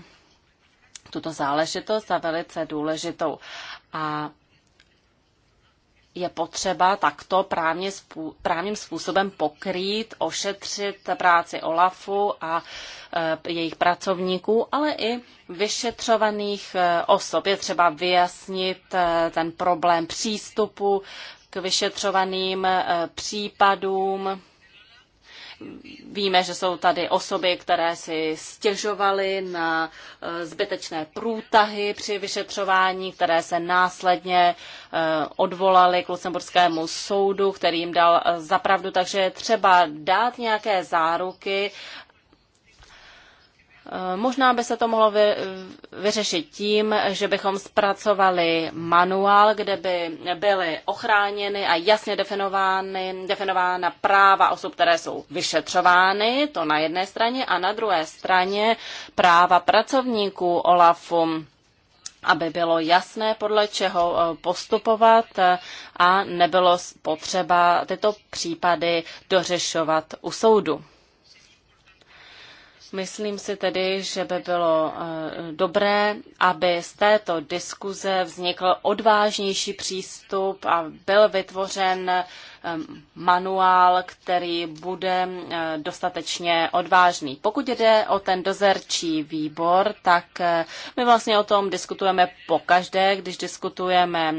[SPEAKER 4] tuto záležitost za velice důležitou. A je potřeba takto právně, právním způsobem pokrýt, ošetřit práci OLAFu a e, jejich pracovníků, ale i vyšetřovaných e, osob. Je třeba vyjasnit e, ten problém přístupu k vyšetřovaným e, případům Víme, že jsou tady osoby, které si stěžovaly na eh, zbytečné průtahy při vyšetřování, které se následně eh, odvolaly k Lucemburskému soudu, který jim dal eh, zapravdu. Takže je třeba dát nějaké záruky Eh, možná by se to mohlo vy, vyřešit tím, že bychom zpracovali manuál, kde by byly ochráněny a jasně definovány, definována práva osob, které jsou vyšetřovány, to na jedné straně, a na druhé straně práva pracovníků OLAFu aby bylo jasné, podle čeho eh, postupovat eh, a nebylo potřeba tyto případy dořešovat u soudu. Myslím si tedy, že by bylo eh, dobré, aby z této diskuze vznikl odvážnější přístup a byl vytvořen manuál, který bude dostatečně odvážný. Pokud jde o ten dozerčí výbor, tak eh, my vlastně o tom diskutujeme pokaždé, když diskutujeme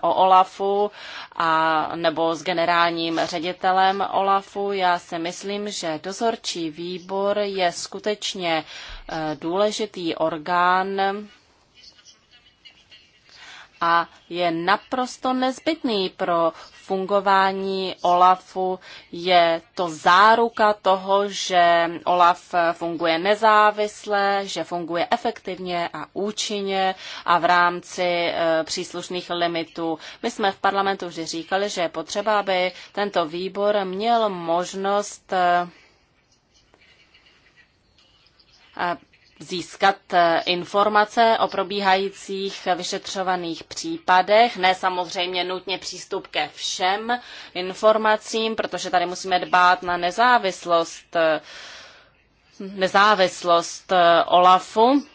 [SPEAKER 4] o OLAFu a nebo s generálním ředitelem OLAFu. Já si myslím, že dozorčí výbor je skutečně eh, důležitý orgán, a je naprosto nezbytný pro fungování OLAFu. Je to záruka toho, že OLAF funguje nezávisle, že funguje efektivně a účinně a v rámci e, příslušných limitů. My jsme v parlamentu vždy říkali, že je potřeba, aby tento výbor měl možnost e, získat eh, informace o probíhajících vyšetřovaných případech, ne samozřejmě nutně přístup ke všem informacím, protože tady musíme dbát na nezávislost, eh, nezávislost eh, OLAFu.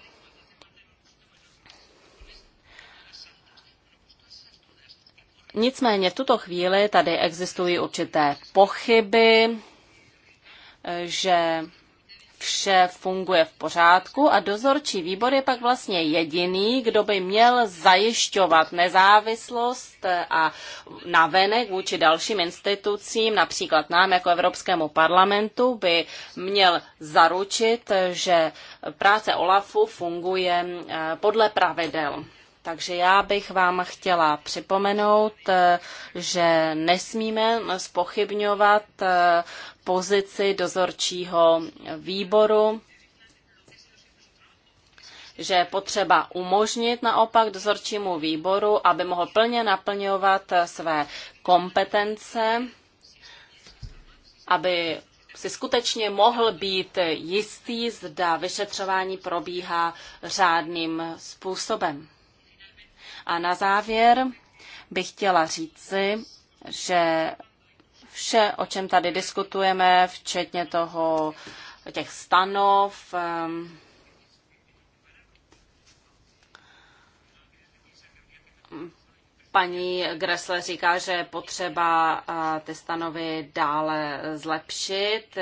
[SPEAKER 4] Nicméně v tuto chvíli tady existují určité pochyby, že vše funguje v pořádku a dozorčí výbor je pak vlastně jediný, kdo by měl zajišťovat nezávislost a navenek vůči dalším institucím, například nám jako Evropskému parlamentu, by měl zaručit, že práce OLAFu funguje eh, podle pravidel. Takže já bych vám chtěla připomenout, eh, že nesmíme spochybňovat eh, pozici dozorčího výboru že je potřeba umožnit naopak dozorčímu výboru, aby mohl plně naplňovat eh, své kompetence, aby si skutečně mohl být jistý, zda vyšetřování probíhá řádným způsobem. A na závěr bych chtěla říci, že vše, o čem tady diskutujeme, včetně toho těch stanov, ehm, Paní Gressle říká, že je potřeba eh, ty stanovy dále zlepšit.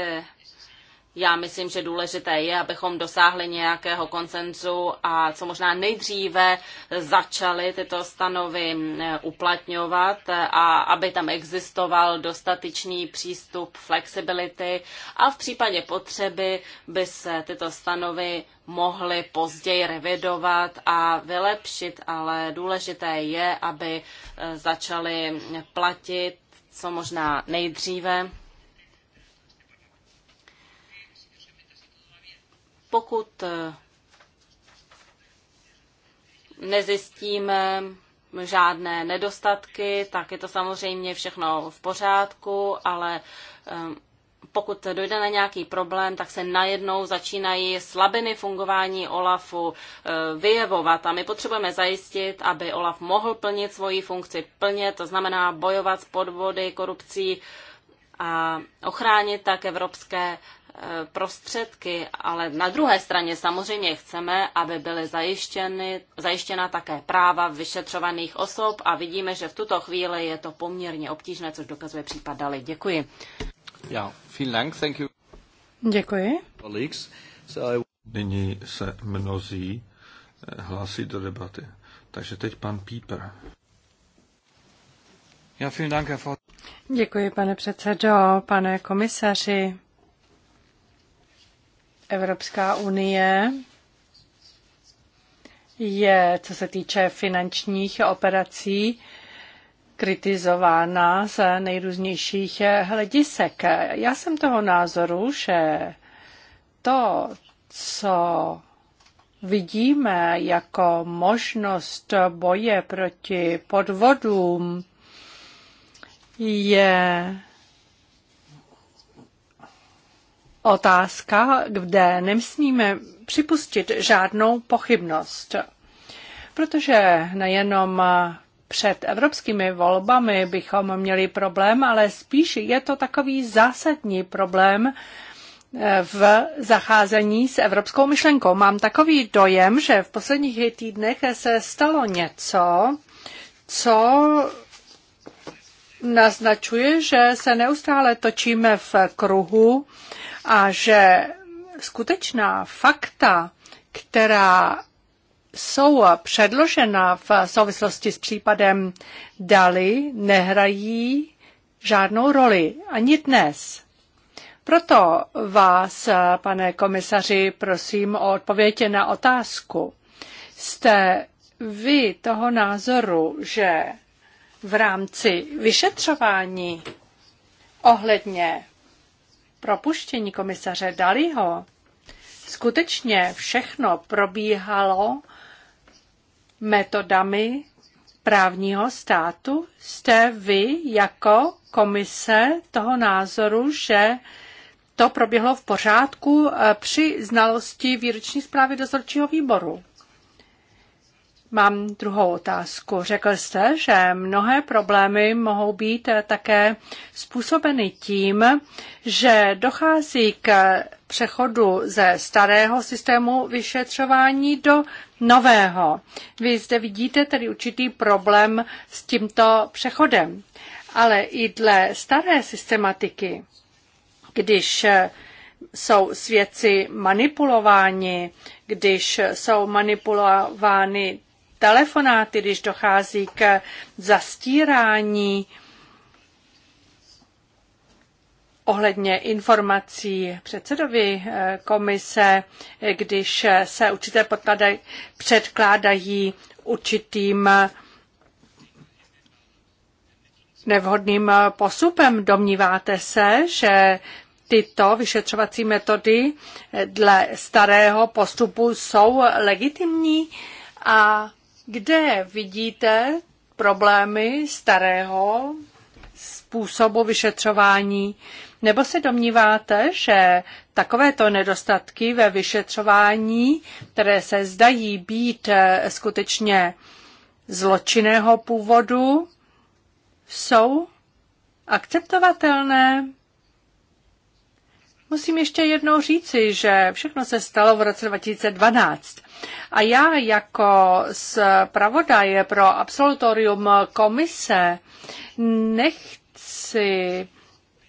[SPEAKER 4] Já myslím, že důležité je, abychom dosáhli nějakého konsenzu a co možná nejdříve začali tyto stanovy uplatňovat a aby tam existoval dostatečný přístup flexibility a v případě potřeby by se tyto stanovy mohly později revidovat a vylepšit, ale důležité je, aby e, začaly platit co možná nejdříve Pokud eh, nezjistíme žádné nedostatky, tak je to samozřejmě všechno v pořádku, ale eh, pokud dojde na nějaký problém, tak se najednou začínají slabiny fungování OLAFu eh, vyjevovat a my potřebujeme zajistit, aby OLAF mohl plnit svoji funkci plně, to znamená bojovat s podvody, korupcí a ochránit tak evropské prostředky, ale na druhé straně samozřejmě chceme, aby byly zajištěny, zajištěna také práva vyšetřovaných osob a vidíme, že v tuto chvíli je to poměrně obtížné, což dokazuje případ Dali. Děkuji.
[SPEAKER 1] Ja, vielen Dank, thank you. Děkuji. Nyní se mnozí eh,
[SPEAKER 3] hlásí do debaty. Takže teď pan Píper. Ja, vielen
[SPEAKER 5] Dank, Herr
[SPEAKER 2] Děkuji, pane předsedo, pane komisaři. Evropská unie je, co se týče finančních operací, kritizována z nejrůznějších hledisek. Já jsem toho názoru, že to, co vidíme jako možnost boje proti podvodům, je otázka, kde nemusíme připustit žádnou pochybnost. Protože nejenom před evropskými volbami bychom měli problém, ale spíš je to takový zásadní problém eh, v zacházení s evropskou myšlenkou. Mám takový dojem, že v posledních týdnech se stalo něco, co naznačuje, že se neustále točíme v kruhu a že skutečná fakta, která jsou předložena v souvislosti s případem Dali, nehrají žádnou roli ani dnes. Proto vás, pane komisaři, prosím o odpověď na otázku. Jste vy toho názoru, že v rámci vyšetřování ohledně propuštění komisaře Dalího skutečně všechno probíhalo metodami právního státu? Jste vy jako komise toho názoru, že to proběhlo v pořádku eh, při znalosti výroční zprávy dozorčího výboru? Mám druhou otázku. Řekl jste, že mnohé problémy mohou být také způsobeny tím, že dochází k přechodu ze starého systému vyšetřování do nového. Vy zde vidíte tedy určitý problém s tímto přechodem. Ale i dle staré systematiky, když jsou svědci manipulováni, když jsou manipulovány telefonáty, když dochází k zastírání ohledně informací předsedovi eh, komise, eh, když se určité podklady předkládají určitým eh, nevhodným postupem. Domníváte se, že tyto vyšetřovací metody dle starého postupu jsou legitimní a kde vidíte problémy starého způsobu vyšetřování? Nebo se domníváte, že takovéto nedostatky ve vyšetřování, které se zdají být eh, skutečně zločinného původu, jsou akceptovatelné? Musím ještě jednou říci, že všechno se stalo v roce 2012. A já jako zpravodaje pro absolutorium komise nechci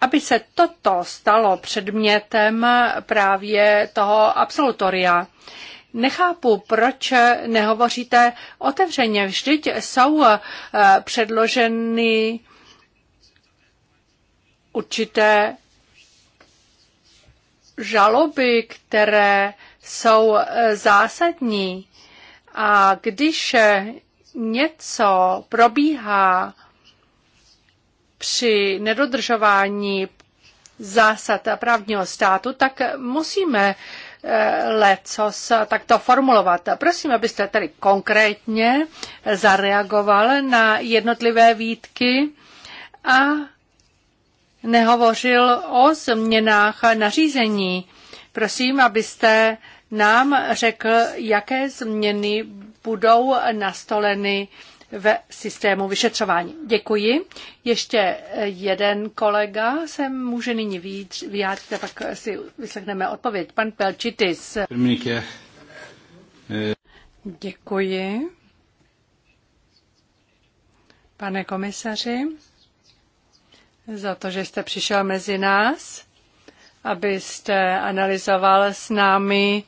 [SPEAKER 2] aby se toto stalo předmětem právě toho absolutoria. Nechápu, proč nehovoříte otevřeně. Vždyť jsou eh, předloženy určité žaloby, které jsou eh, zásadní. A když eh, něco probíhá při nedodržování zásad právního státu, tak musíme eh, lecos takto formulovat. Prosím, abyste tady konkrétně zareagoval na jednotlivé výtky a nehovořil o změnách nařízení. Prosím, abyste nám řekl, jaké změny budou nastoleny ve systému vyšetřování. Děkuji. Ještě jeden kolega se může nyní vyjádřit a pak si vyslechneme odpověď. Pan Pelčitis. Eh, Děkuji. Pane komisaři za to, že jste přišel mezi nás, abyste analyzoval s námi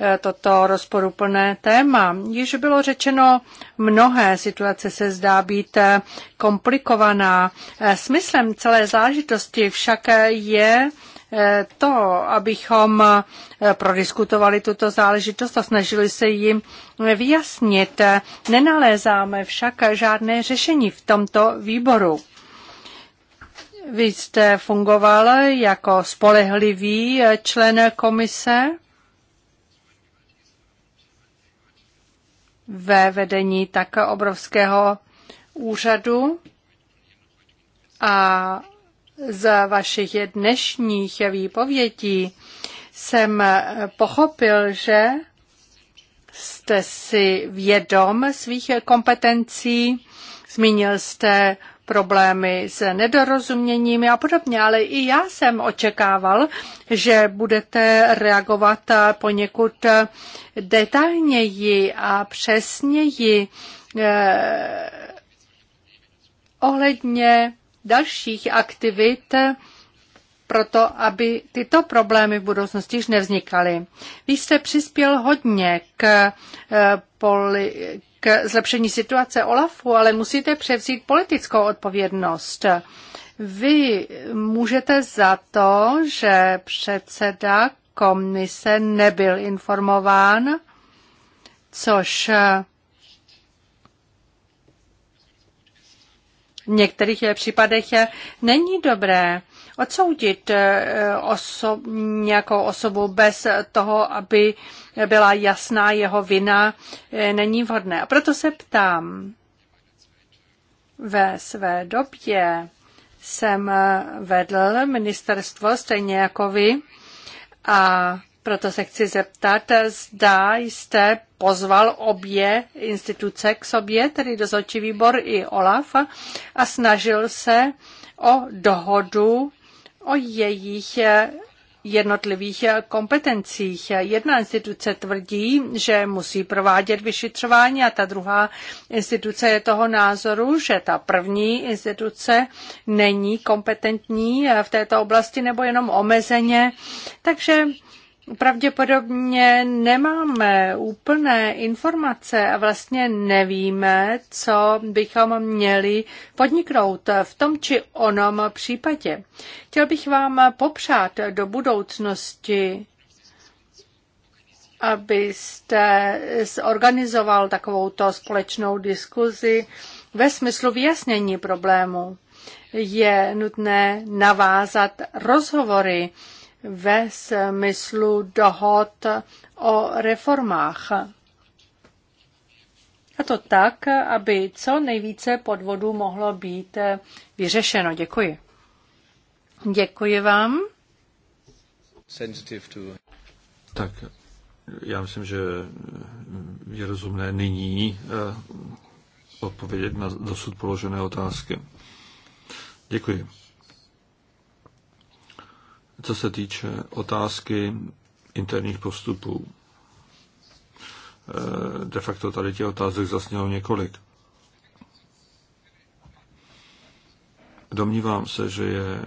[SPEAKER 2] eh, toto rozporuplné téma. Již bylo řečeno mnohé, situace se zdá být eh, komplikovaná. Eh, smyslem celé zážitosti však je to, abychom prodiskutovali tuto záležitost a snažili se ji vyjasnit. Nenalézáme však žádné řešení v tomto výboru. Vy jste fungoval jako spolehlivý člen komise ve vedení tak obrovského úřadu a z vašich dnešních výpovědí jsem pochopil, že jste si vědom svých kompetencí. Zmínil jste problémy s nedorozuměními a podobně, ale i já jsem očekával, že budete reagovat poněkud detailněji a přesněji eh, ohledně dalších aktivit proto, aby tyto problémy v budoucnosti již nevznikaly. Vy jste přispěl hodně k, eh, poli, k zlepšení situace OLAFu, ale musíte převzít politickou odpovědnost. Vy můžete za to, že předseda komise nebyl informován, což v některých případech není dobré odsoudit eh, oso, nějakou osobu bez toho, aby byla jasná jeho vina, eh, není vhodné. A proto se ptám, ve své době jsem eh, vedl ministerstvo stejně jako vy a proto se chci zeptat, zda jste pozval obě instituce k sobě, tedy dozorčí výbor i OLAF, a snažil se o dohodu o jejich eh, jednotlivých eh, kompetencích. Jedna instituce tvrdí, že musí provádět vyšetřování a ta druhá instituce je toho názoru, že ta první instituce není kompetentní eh, v této oblasti nebo jenom omezeně. Takže Pravděpodobně nemáme úplné informace a vlastně nevíme, co bychom měli podniknout v tom či onom případě. Chtěl bych vám popřát do budoucnosti, abyste zorganizoval takovouto společnou diskuzi ve smyslu vyjasnění problému. Je nutné navázat rozhovory ve smyslu dohod o reformách. A to tak, aby co nejvíce podvodů mohlo být vyřešeno. Děkuji. Děkuji vám.
[SPEAKER 3] Tak já myslím, že je rozumné nyní eh, odpovědět na dosud položené otázky. Děkuji co se týče otázky interních postupů. E, de facto tady těch otázek zasnělo několik. Domnívám se, že je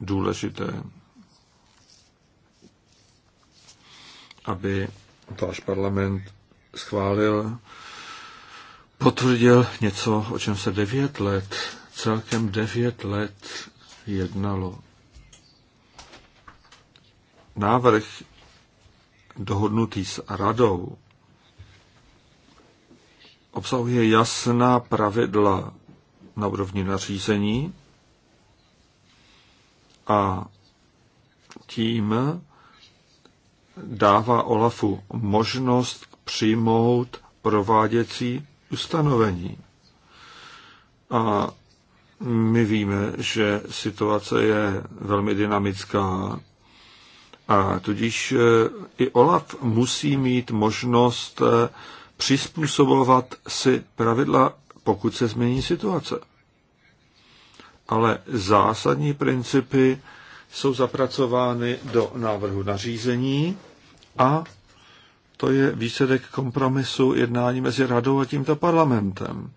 [SPEAKER 3] důležité, aby váš parlament schválil, potvrdil něco, o čem se devět let, celkem devět let jednalo návrh dohodnutý s radou obsahuje jasná pravidla na úrovni nařízení a tím dává Olafu možnost přijmout prováděcí ustanovení. A my víme, že situace je velmi dynamická a tudíž e, i OLAF musí mít možnost e, přizpůsobovat si pravidla, pokud se změní situace. Ale zásadní principy jsou zapracovány do návrhu nařízení a to je výsledek kompromisu jednání mezi radou a tímto parlamentem.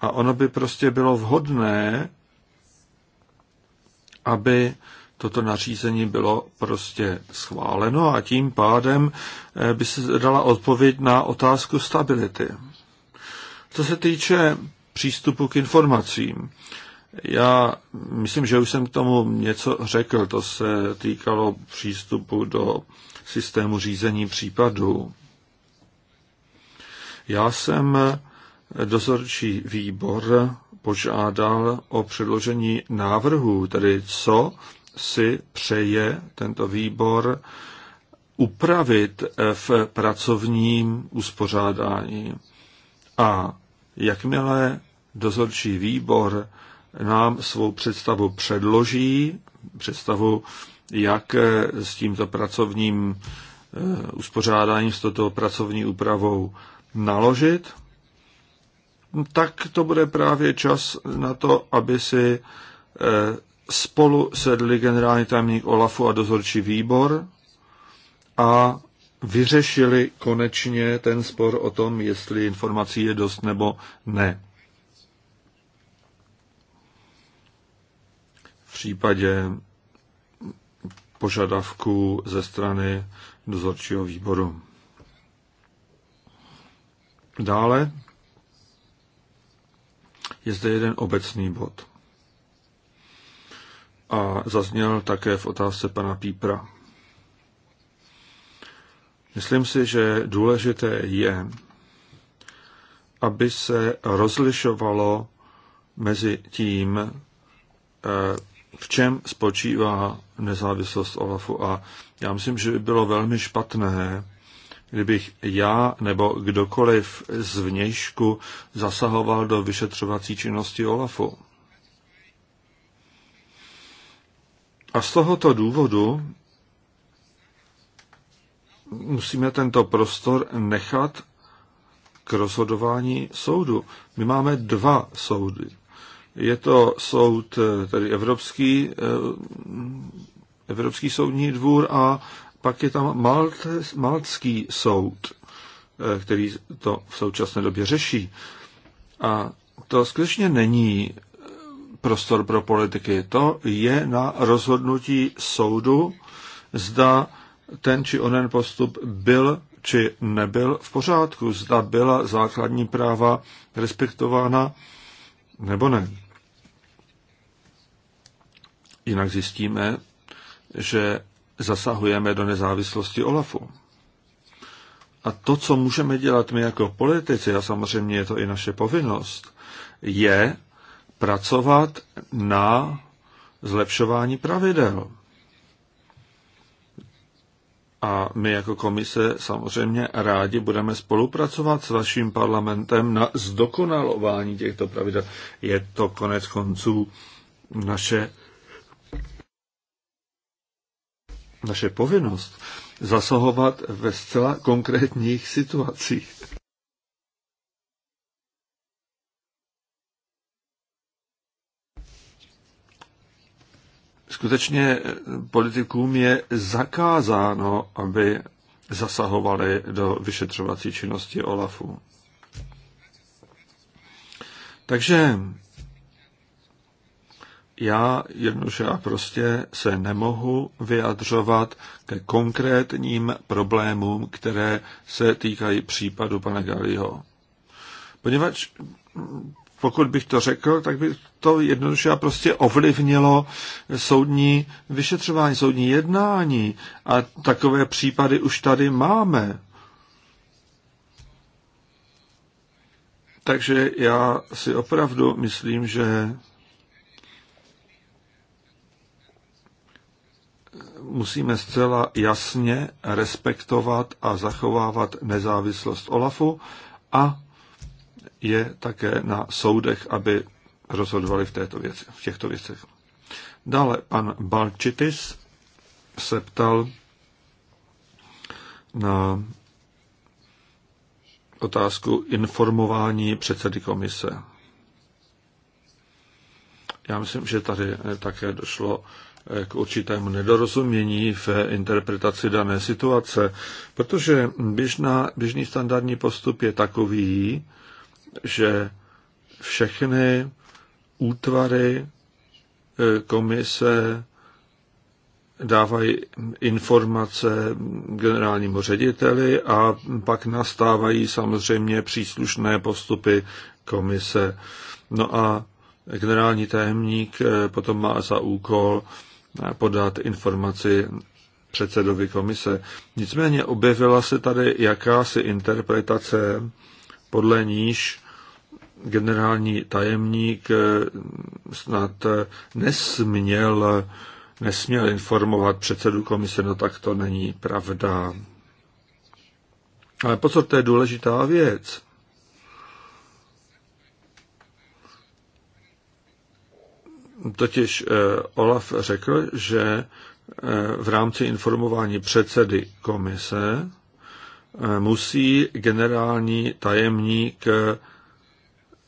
[SPEAKER 3] A ono by prostě bylo vhodné, aby toto nařízení bylo prostě schváleno a tím pádem eh, by se dala odpověď na otázku stability. Co se týče přístupu k informacím, já myslím, že už jsem k tomu něco řekl. To se týkalo přístupu do systému řízení případů. Já jsem eh, dozorčí výbor požádal o předložení návrhů, tedy co si přeje tento výbor upravit v pracovním uspořádání. A jakmile dozorčí výbor nám svou představu předloží, představu, jak s tímto pracovním eh, uspořádáním, s touto pracovní úpravou naložit, tak to bude právě čas na to, aby si eh, Spolu sedli generální tajemník Olafu a dozorčí výbor a vyřešili konečně ten spor o tom, jestli informací je dost nebo ne. V případě požadavků ze strany dozorčího výboru. Dále je zde jeden obecný bod a zazněl také v otázce pana Pípra. Myslím si, že důležité je, aby se rozlišovalo mezi tím, eh, v čem spočívá nezávislost Olafu. A já myslím, že by bylo velmi špatné, kdybych já nebo kdokoliv z vnějšku zasahoval do vyšetřovací činnosti Olafu. A z tohoto důvodu musíme tento prostor nechat k rozhodování soudu. My máme dva soudy. Je to soud, tedy Evropský, eh, Evropský soudní dvůr a pak je tam Malt, Maltský soud, eh, který to v současné době řeší. A to skutečně není prostor pro politiky. To je na rozhodnutí soudu, zda ten či onen postup byl či nebyl v pořádku, zda byla základní práva respektována nebo ne. Jinak zjistíme, že zasahujeme do nezávislosti OLAFu. A to, co můžeme dělat my jako politici, a samozřejmě je to i naše povinnost, je pracovat na zlepšování pravidel. A my jako komise samozřejmě rádi budeme spolupracovat s vaším parlamentem na zdokonalování těchto pravidel. Je to konec konců naše, naše povinnost zasahovat ve zcela konkrétních situacích. skutečně eh, politikům je zakázáno, aby zasahovali do vyšetřovací činnosti OLAFu. Takže já jednoduše a prostě se nemohu vyjadřovat ke konkrétním problémům, které se týkají případu pana Galího. Poněvadž pokud bych to řekl, tak by to jednoduše a prostě ovlivnilo soudní vyšetřování, soudní jednání. A takové případy už tady máme. Takže já si opravdu myslím, že musíme zcela jasně respektovat a zachovávat nezávislost OLAFu a je také na soudech, aby rozhodovali v, této věci, v těchto věcech. Dále pan Balčitis se ptal na otázku informování předsedy komise. Já myslím, že tady také došlo k určitému nedorozumění v interpretaci dané situace, protože běžná, běžný standardní postup je takový, že všechny útvary e, komise dávají informace generálnímu řediteli a pak nastávají samozřejmě příslušné postupy komise. No a generální tajemník e, potom má za úkol e, podat informaci předsedovi komise. Nicméně objevila se tady jakási interpretace, podle níž generální tajemník eh, snad eh, nesměl, eh, nesměl informovat předsedu komise, no tak to není pravda. Ale pozor, to je důležitá věc. Totiž Olaf řekl, že v rámci informování předsedy komise musí generální tajemník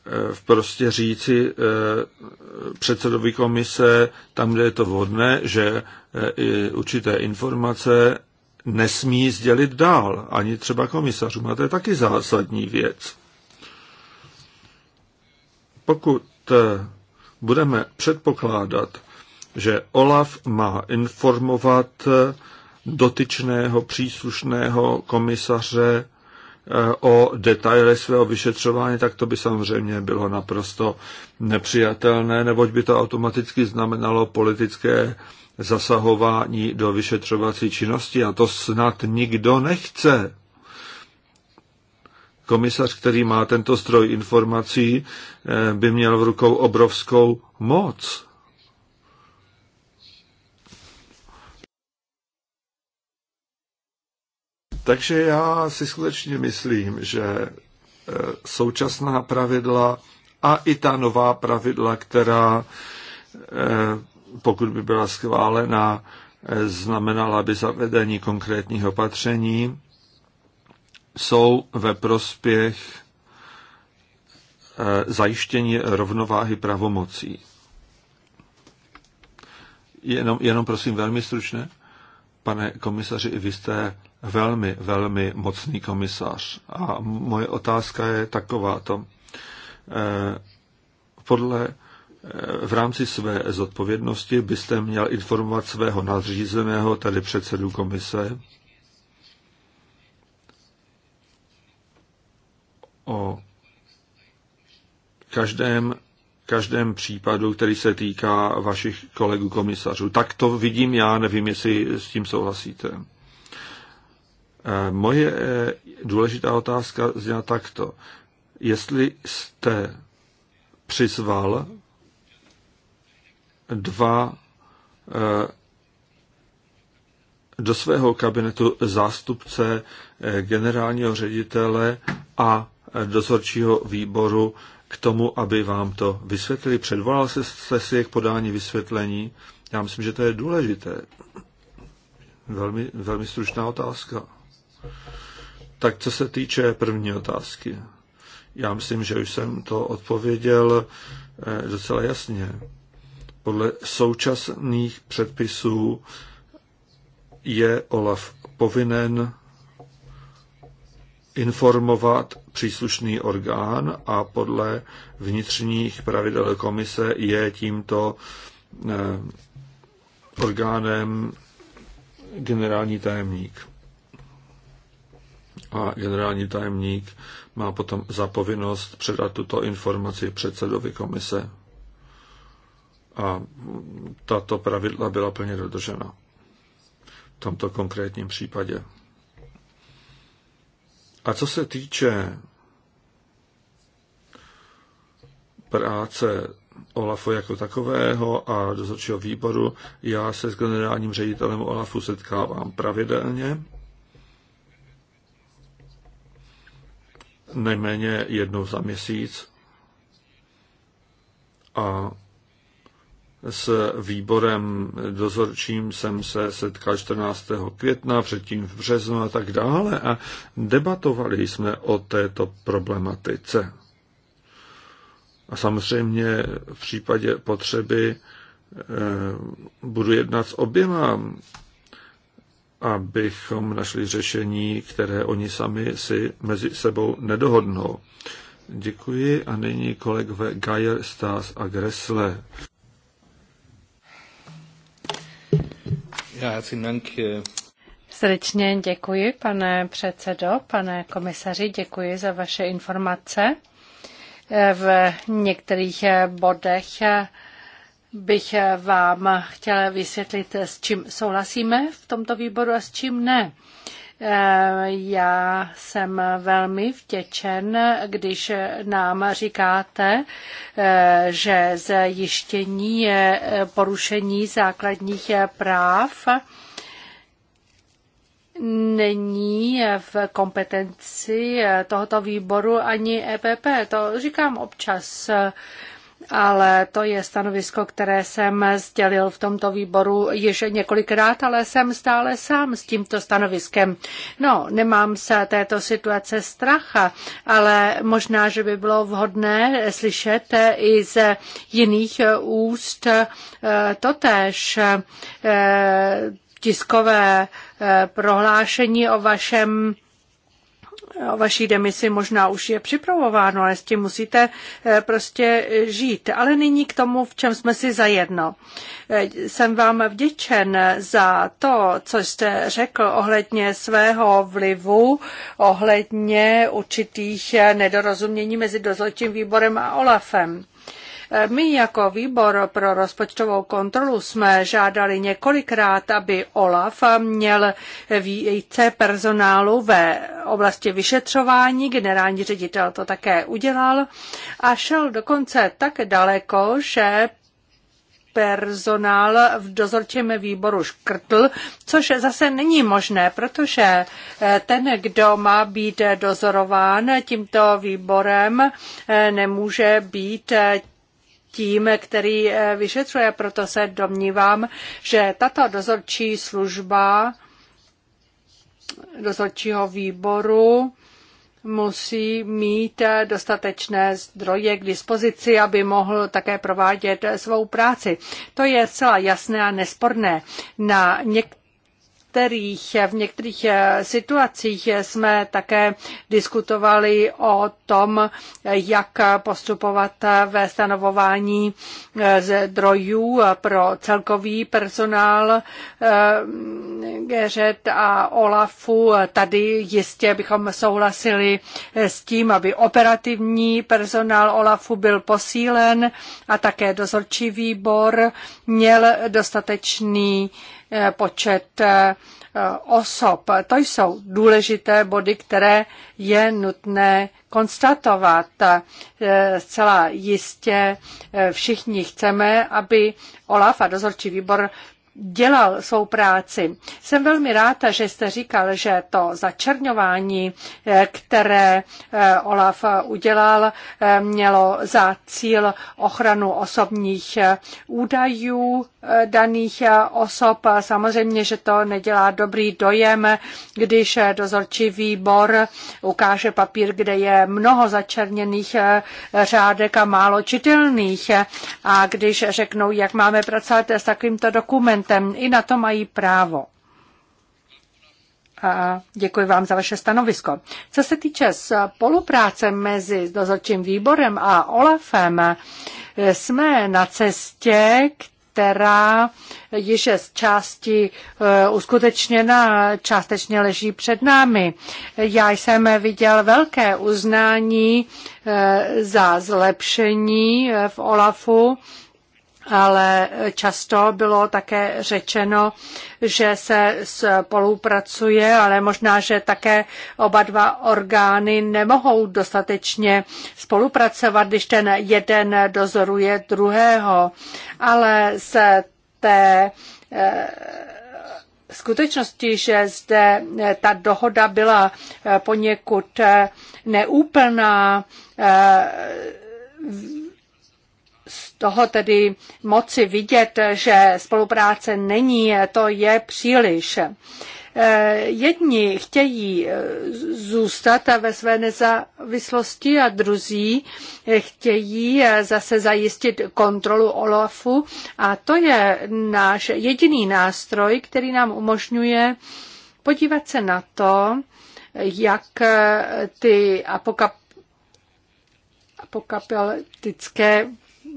[SPEAKER 3] Eh, prostě říci eh, předsedovi komise tam, kde je to vhodné, že eh, určité informace nesmí sdělit dál, ani třeba komisařům. A to je taky zásadní věc. Pokud budeme předpokládat, že OLAF má informovat dotyčného příslušného komisaře o detailech svého vyšetřování, tak to by samozřejmě bylo naprosto nepřijatelné, neboť by to automaticky znamenalo politické zasahování do vyšetřovací činnosti a to snad nikdo nechce. Komisař, který má tento stroj informací, eh, by měl v rukou obrovskou moc. Takže já si skutečně myslím, že e, současná pravidla a i ta nová pravidla, která e, pokud by byla schválena, e, znamenala by zavedení konkrétních opatření, jsou ve prospěch zajištění rovnováhy pravomocí. Jenom, jenom prosím velmi stručně, pane komisaři, vy jste velmi, velmi mocný komisař. A moje otázka je taková, to. Eh, podle eh, v rámci své zodpovědnosti byste měl informovat svého nadřízeného, tedy předsedu komise, o každém, každém případu, který se týká vašich kolegů komisařů. Tak to vidím já, nevím, jestli s tím souhlasíte. Moje eh, důležitá otázka zněla takto. Jestli jste přizval dva eh, do svého kabinetu zástupce eh, generálního ředitele a dozorčího výboru k tomu, aby vám to vysvětlili. Předvolal jste si je k podání vysvětlení? Já myslím, že to je důležité. Velmi, velmi stručná otázka. Tak co se týče první otázky, já myslím, že už jsem to odpověděl eh, docela jasně. Podle současných předpisů je OLAF povinen informovat příslušný orgán a podle vnitřních pravidel komise je tímto eh, orgánem generální tajemník a generální tajemník má potom zapovinnost předat tuto informaci předsedovi komise. A tato pravidla byla plně dodržena v tomto konkrétním případě. A co se týče práce Olafu jako takového a dozorčího výboru, já se s generálním ředitelem Olafu setkávám pravidelně nejméně jednou za měsíc a s výborem dozorčím jsem se setkal 14. května, předtím v březnu a tak dále a debatovali jsme o této problematice. A samozřejmě v případě potřeby eh, budu jednat s oběma abychom našli řešení, které oni sami si mezi sebou nedohodnou. Děkuji a nyní kolegové Geier, Stas a Gressle.
[SPEAKER 1] Já eh.
[SPEAKER 2] Srdečně děkuji, pane předsedo, pane komisaři, děkuji za vaše informace. Eh, v některých eh, bodech bych eh, vám chtěla vysvětlit, eh, s čím souhlasíme v tomto výboru a s čím ne. Eh, já jsem velmi vtěčen, když nám říkáte, že zjištění je porušení základních práv není v kompetenci tohoto výboru ani EPP. To říkám občas ale to je stanovisko, které jsem sdělil v tomto výboru již několikrát, ale jsem stále sám s tímto stanoviskem. No, nemám se této situace stracha, ale možná, že by bylo vhodné slyšet i z jiných úst eh, totéž eh, tiskové eh, prohlášení o vašem vaší demisi možná už je připravováno, ale s tím musíte eh, prostě žít. Ale nyní k tomu, v čem jsme si zajedno. Eh, jsem vám vděčen za to, co jste řekl ohledně svého vlivu, ohledně určitých eh, nedorozumění mezi dozorčím výborem a OLAFem. My jako výbor pro rozpočtovou kontrolu jsme žádali několikrát, aby OLAF měl více personálu ve oblasti vyšetřování. Generální ředitel to také udělal a šel dokonce tak daleko, že personál v dozorčím výboru škrtl, což zase není možné, protože eh, ten, kdo má být dozorován tímto výborem, eh, nemůže být eh, tím, který eh, vyšetřuje. Proto se domnívám, že tato dozorčí služba dozorčího výboru musí mít eh, dostatečné zdroje k dispozici, aby mohl také provádět svou práci. To je zcela jasné a nesporné. Na něk- kterých v některých eh, situacích jsme také diskutovali o tom, jak postupovat eh, ve stanovování eh, zdrojů pro celkový personál Geřet a Olafu. Tady jistě bychom souhlasili s tím, aby operativní personál Olafu byl posílen a také dozorčí výbor měl dostatečný počet eh, osob. To jsou důležité body, které je nutné konstatovat. Eh, zcela jistě eh, všichni chceme, aby OLAF a dozorčí výbor dělal svou práci. Jsem velmi ráda, že jste říkal, že to začerňování, eh, které eh, Olaf udělal, eh, mělo za cíl ochranu osobních údajů daných osob. Samozřejmě, že to nedělá dobrý dojem, když dozorčí výbor ukáže papír, kde je mnoho začerněných řádek a málo čitelných. A když řeknou, jak máme pracovat s takovýmto dokumentem, parlamentem. I na to mají právo. A děkuji vám za vaše stanovisko. Co se týče spolupráce mezi dozorčím výborem a OLAFem, jsme na cestě, která již je z části eh, uskutečněna, částečně leží před námi. Já jsem viděl velké uznání eh, za zlepšení eh, v OLAFu ale často bylo také řečeno, že se spolupracuje, ale možná, že také oba dva orgány nemohou dostatečně spolupracovat, když ten jeden dozoruje druhého. Ale se té eh, skutečnosti, že zde eh, ta dohoda byla eh, poněkud neúplná, toho tedy moci vidět, že spolupráce není, to je příliš. Eh, jedni chtějí eh, zůstat ve své nezávislosti a druzí chtějí eh, zase zajistit kontrolu OLAFu a to je náš jediný nástroj, který nám umožňuje podívat se na to, jak ty apokap apokapelitické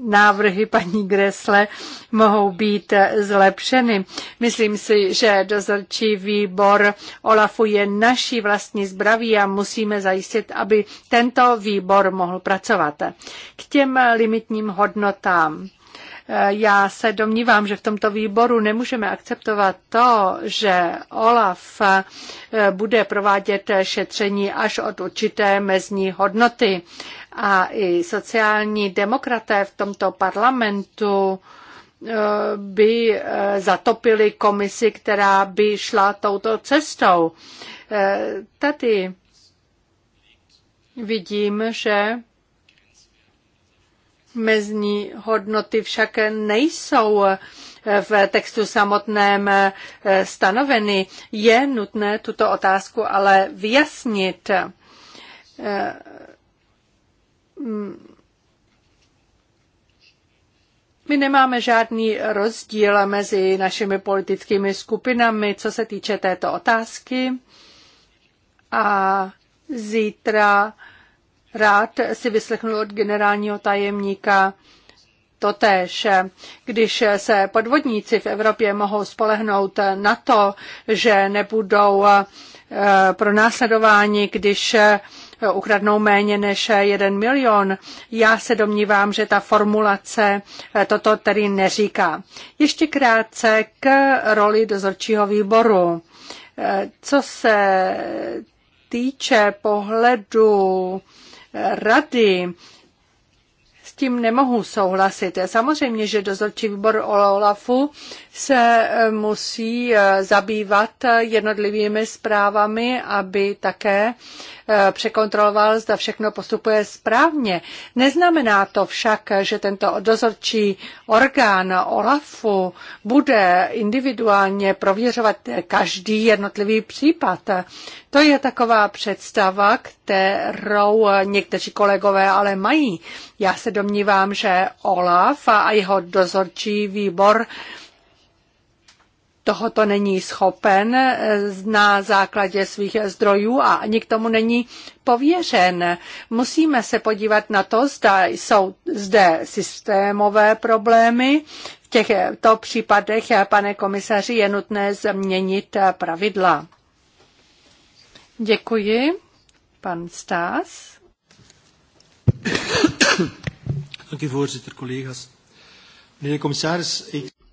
[SPEAKER 2] návrhy paní Gresle mohou být zlepšeny. Myslím si, že dozorčí výbor OLAFu je naší vlastní zbraví a musíme zajistit, aby tento výbor mohl pracovat. K těm limitním hodnotám. Já se domnívám, že v tomto výboru nemůžeme akceptovat to, že OLAF bude provádět šetření až od určité mezní hodnoty a i sociální demokraté v tomto parlamentu eh, by eh, zatopili komisi, která by šla touto cestou. Eh, tady vidím, že mezní hodnoty však nejsou v textu samotném stanoveny. Je nutné tuto otázku ale vyjasnit. Mm. My nemáme žádný rozdíl mezi našimi politickými skupinami, co se týče této otázky. A zítra rád si vyslechnu od generálního tajemníka totéž. Když se podvodníci v Evropě mohou spolehnout na to, že nebudou eh, pronásledováni, když ukradnou méně než 1 milion. Já se domnívám, že ta formulace eh, toto tedy neříká. Ještě krátce k roli dozorčího výboru. Eh, co se týče pohledu eh, rady, tím nemohu souhlasit. Samozřejmě, že dozorčí výbor OLAFu se eh, musí eh, zabývat eh, jednotlivými zprávami, aby také překontroloval, zda všechno postupuje správně. Neznamená to však, že tento dozorčí orgán OLAFu bude individuálně prověřovat každý jednotlivý případ. To je taková představa, kterou někteří kolegové ale mají. Já se domnívám, že OLAF a jeho dozorčí výbor tohoto není schopen eh, na základě svých zdrojů a ani k tomu není pověřen. Musíme se podívat na to, zda jsou zde systémové problémy. V těchto případech, eh, pane komisaři, je nutné změnit eh, pravidla. Děkuji. Pan Stás.
[SPEAKER 3] Děkuji, u voorzitter,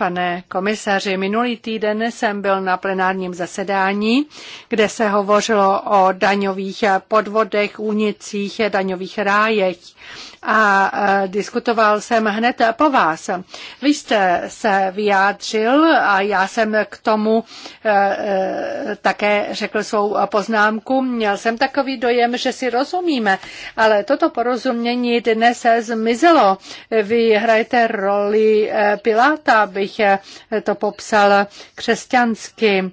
[SPEAKER 2] Pane komisaři, minulý týden jsem byl na plenárním zasedání, kde se hovořilo o daňových podvodech, únicích, daňových rájech a e, diskutoval jsem hned po vás. Vy jste se vyjádřil a já jsem k tomu e, e, také řekl svou poznámku. Měl jsem takový dojem, že si rozumíme, ale toto porozumění dnes se zmizelo. Vy hrajete roli Piláta, bych abych eh, to popsal křesťansky.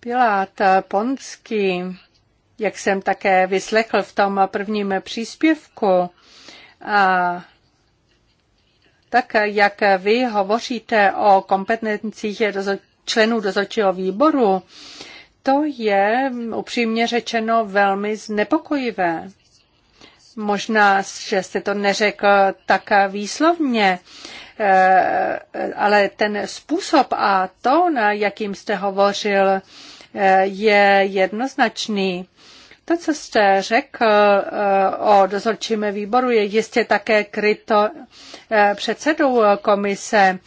[SPEAKER 2] Pilát eh, Ponský, jak jsem také vyslechl v tom prvním příspěvku, a tak jak vy hovoříte o kompetencích členů dozorčího výboru, to je mm, upřímně řečeno velmi znepokojivé. Možná, že jste to neřekl tak výslovně, Eh, ale ten způsob a tón, jakým jste hovořil, eh, je jednoznačný. To, co jste řekl eh, o dozorčím výboru, je jistě také kryto předsedou komise.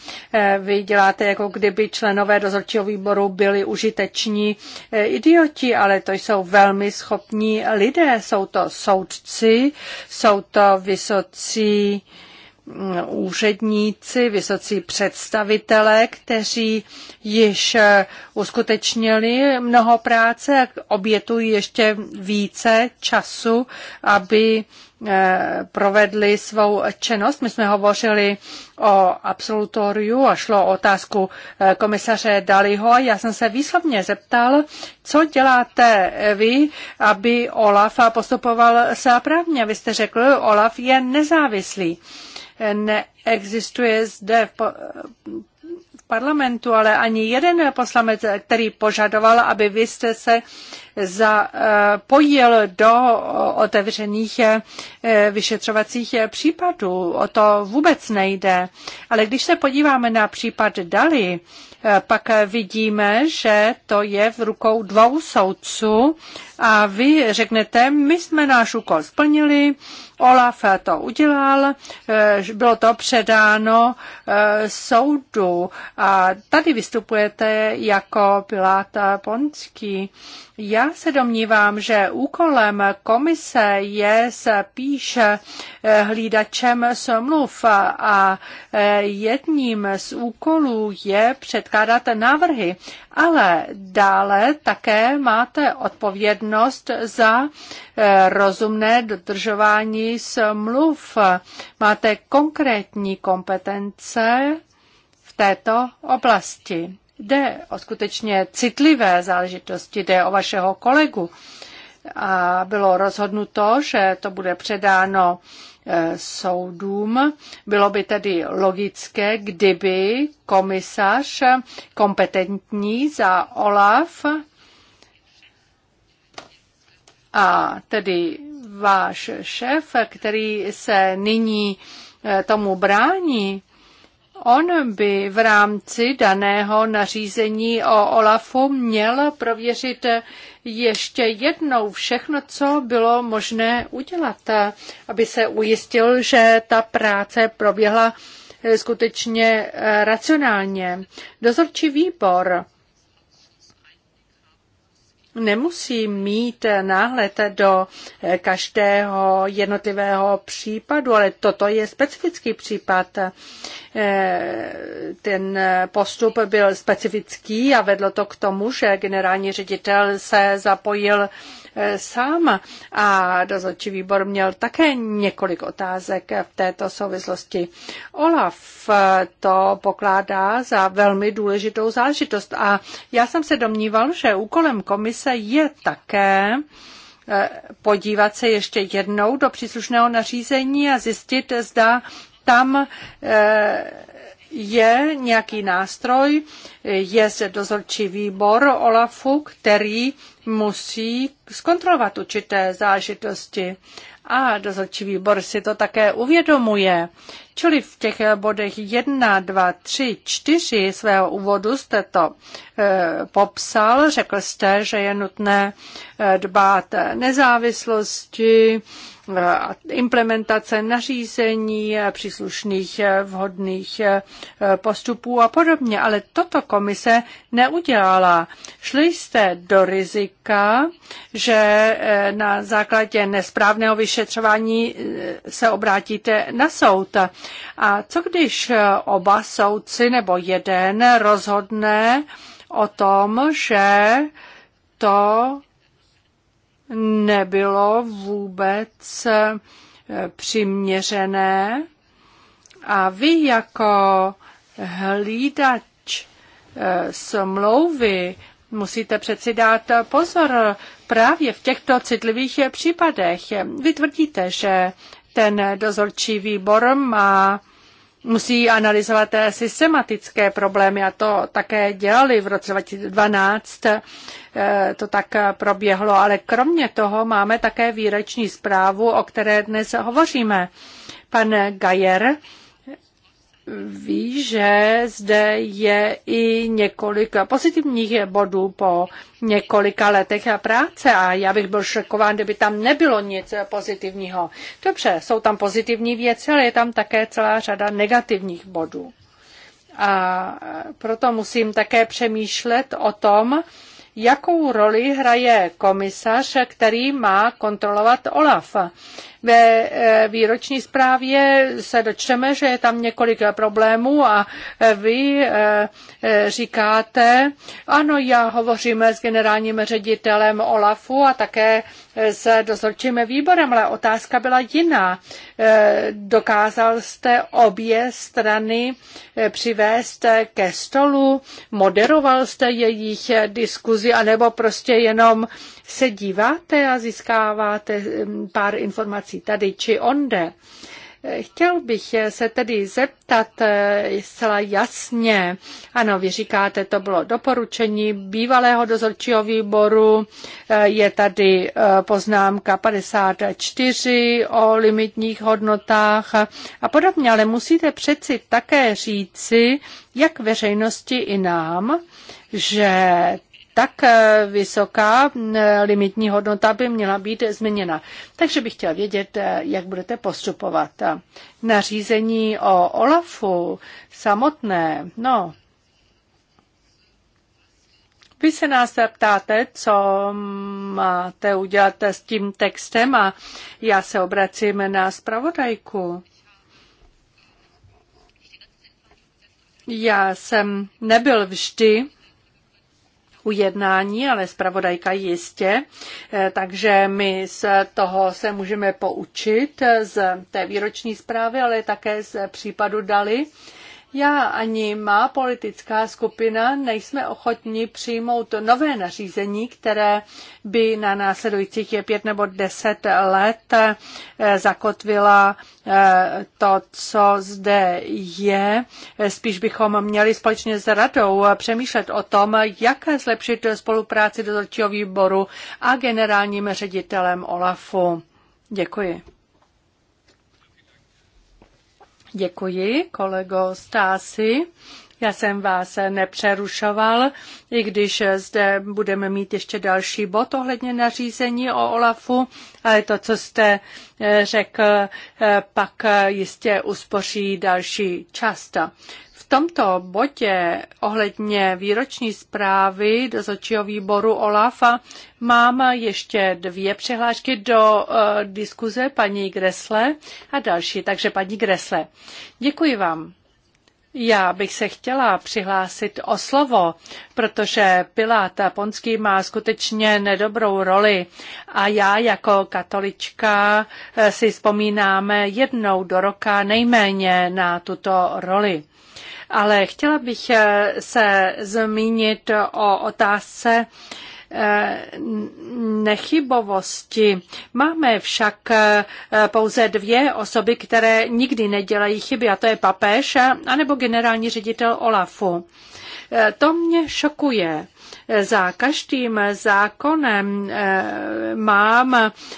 [SPEAKER 2] Vy děláte, jako kdyby členové dozorčího výboru byli užiteční idioti, ale to jsou velmi schopní lidé. Jsou to soudci, jsou to vysocí úředníci, vysocí představitelé, kteří již eh, uskutečnili mnoho práce a obětují ještě více času, aby eh, provedli svou činnost. My jsme hovořili o absolutoriu a šlo o otázku eh, komisaře Daliho. Já jsem se výslovně zeptal, co děláte vy, aby Olaf postupoval správně. Vy jste řekl, Olaf je nezávislý. Neexistuje zde v parlamentu, ale ani jeden poslanec, který požadoval, aby vy jste se zapojil eh, do otevřených eh, vyšetřovacích případů. O to vůbec nejde. Ale když se podíváme na případ Dali, pak vidíme, že to je v rukou dvou soudců a vy řeknete, my jsme náš úkol splnili, Olaf to udělal, eh, bylo to předáno eh, soudu a tady vystupujete jako Pilát Ponský. Já se domnívám, že úkolem komise je spíše eh, hlídačem smluv a eh, jedním z úkolů je předkládat návrhy, ale dále také máte odpovědnost za eh, rozumné dodržování smluv. Máte konkrétní kompetence v této oblasti. Jde o skutečně citlivé záležitosti, jde o vašeho kolegu. A bylo rozhodnuto, že to bude předáno e, soudům. Bylo by tedy logické, kdyby komisař kompetentní za OLAF a tedy váš šéf, který se nyní e, tomu brání, On by v rámci daného nařízení o OLAFu měl prověřit ještě jednou všechno, co bylo možné udělat, aby se ujistil, že ta práce proběhla skutečně racionálně. Dozorčí výbor nemusí mít náhled do každého jednotlivého případu, ale toto je specifický případ ten postup byl specifický a vedlo to k tomu, že generální ředitel se zapojil eh, sám a dozorčí výbor měl také několik otázek v této souvislosti. Olaf eh, to pokládá za velmi důležitou záležitost a já jsem se domníval, že úkolem komise je také eh, podívat se ještě jednou do příslušného nařízení a zjistit, zda tam eh, je nějaký nástroj, je se dozorčí výbor OLAFu, který musí zkontrolovat určité zážitosti. A dozorčí výbor si to také uvědomuje. Čili v těch bodech 1, 2, 3, 4 svého úvodu jste to e, popsal. Řekl jste, že je nutné eh, dbát nezávislosti, e, implementace nařízení, příslušných vhodných postupů a podobně. Ale toto komise neudělala. Šli jste do rizika, že eh, na základě nesprávného vyšetřování eh, se obrátíte na soud. A co když eh, oba soudci nebo jeden rozhodne o tom, že to nebylo vůbec eh, přiměřené a vy jako hlídač eh, smlouvy musíte přeci dát pozor právě v těchto citlivých případech. Vy tvrdíte, že ten dozorčí výbor má musí analyzovat eh, systematické problémy a to také dělali v roce 2012. Eh, to tak eh, proběhlo, ale kromě toho máme také výroční zprávu, o které dnes hovoříme. Pan Gajer ví, že zde je i několik pozitivních bodů po několika letech práce a já bych byl šokován, kdyby tam nebylo nic pozitivního. Dobře, jsou tam pozitivní věci, ale je tam také celá řada negativních bodů. A proto musím také přemýšlet o tom, jakou roli hraje komisař, který má kontrolovat OLAF. Ve e, výroční zprávě se dočteme, že je tam několik problémů a vy e, e, říkáte, ano, já hovořím s generálním ředitelem OLAFu a také s dozorčím výborem, ale otázka byla jiná. Dokázal jste obě strany přivést ke stolu, moderoval jste jejich diskuzi, anebo prostě jenom se díváte a získáváte hm, pár informací tady či onde. Chtěl bych se tedy zeptat eh, zcela jasně, ano, vy říkáte, to bylo doporučení bývalého dozorčího výboru, eh, je tady eh, poznámka 54 o limitních hodnotách a podobně, ale musíte přeci také říci, jak veřejnosti i nám, že tak eh, vysoká eh, limitní hodnota by měla být změněna. Takže bych chtěla vědět, eh, jak budete postupovat. Nařízení o OLAFu samotné, no, vy se nás ptáte, co máte udělat s tím textem a já se obracím na zpravodajku. Já jsem nebyl vždy ujednání, ale zpravodajka jistě, eh, takže my z toho se můžeme poučit eh, z té výroční zprávy, ale také z případu Dali já ani má politická skupina nejsme ochotni přijmout nové nařízení, které by na následujících je pět nebo deset let eh, zakotvila eh, to, co zde je. Spíš bychom měli společně s radou přemýšlet o tom, jak zlepšit spolupráci dozorčího výboru a generálním ředitelem OLAFu. Děkuji. Děkuji, kolego Stási. Já jsem vás nepřerušoval, i když zde budeme mít ještě další bod ohledně nařízení o OLAFu, ale to, co jste eh, řekl, eh, pak eh, jistě uspoří další část tomto bodě ohledně výroční zprávy dozorčího výboru OLAFA mám ještě dvě přihlášky do uh, diskuze paní Gresle a další. Takže paní Gresle, děkuji vám. Já bych se chtěla přihlásit o slovo, protože Pilát Ponský má skutečně nedobrou roli a já jako katolička eh, si vzpomínáme jednou do roka nejméně na tuto roli ale chtěla bych eh, se zmínit o otázce eh, nechybovosti. Máme však eh, pouze dvě osoby, které nikdy nedělají chyby, a to je papež anebo generální ředitel Olafu. To mě šokuje. Za každým zákonem eh, mám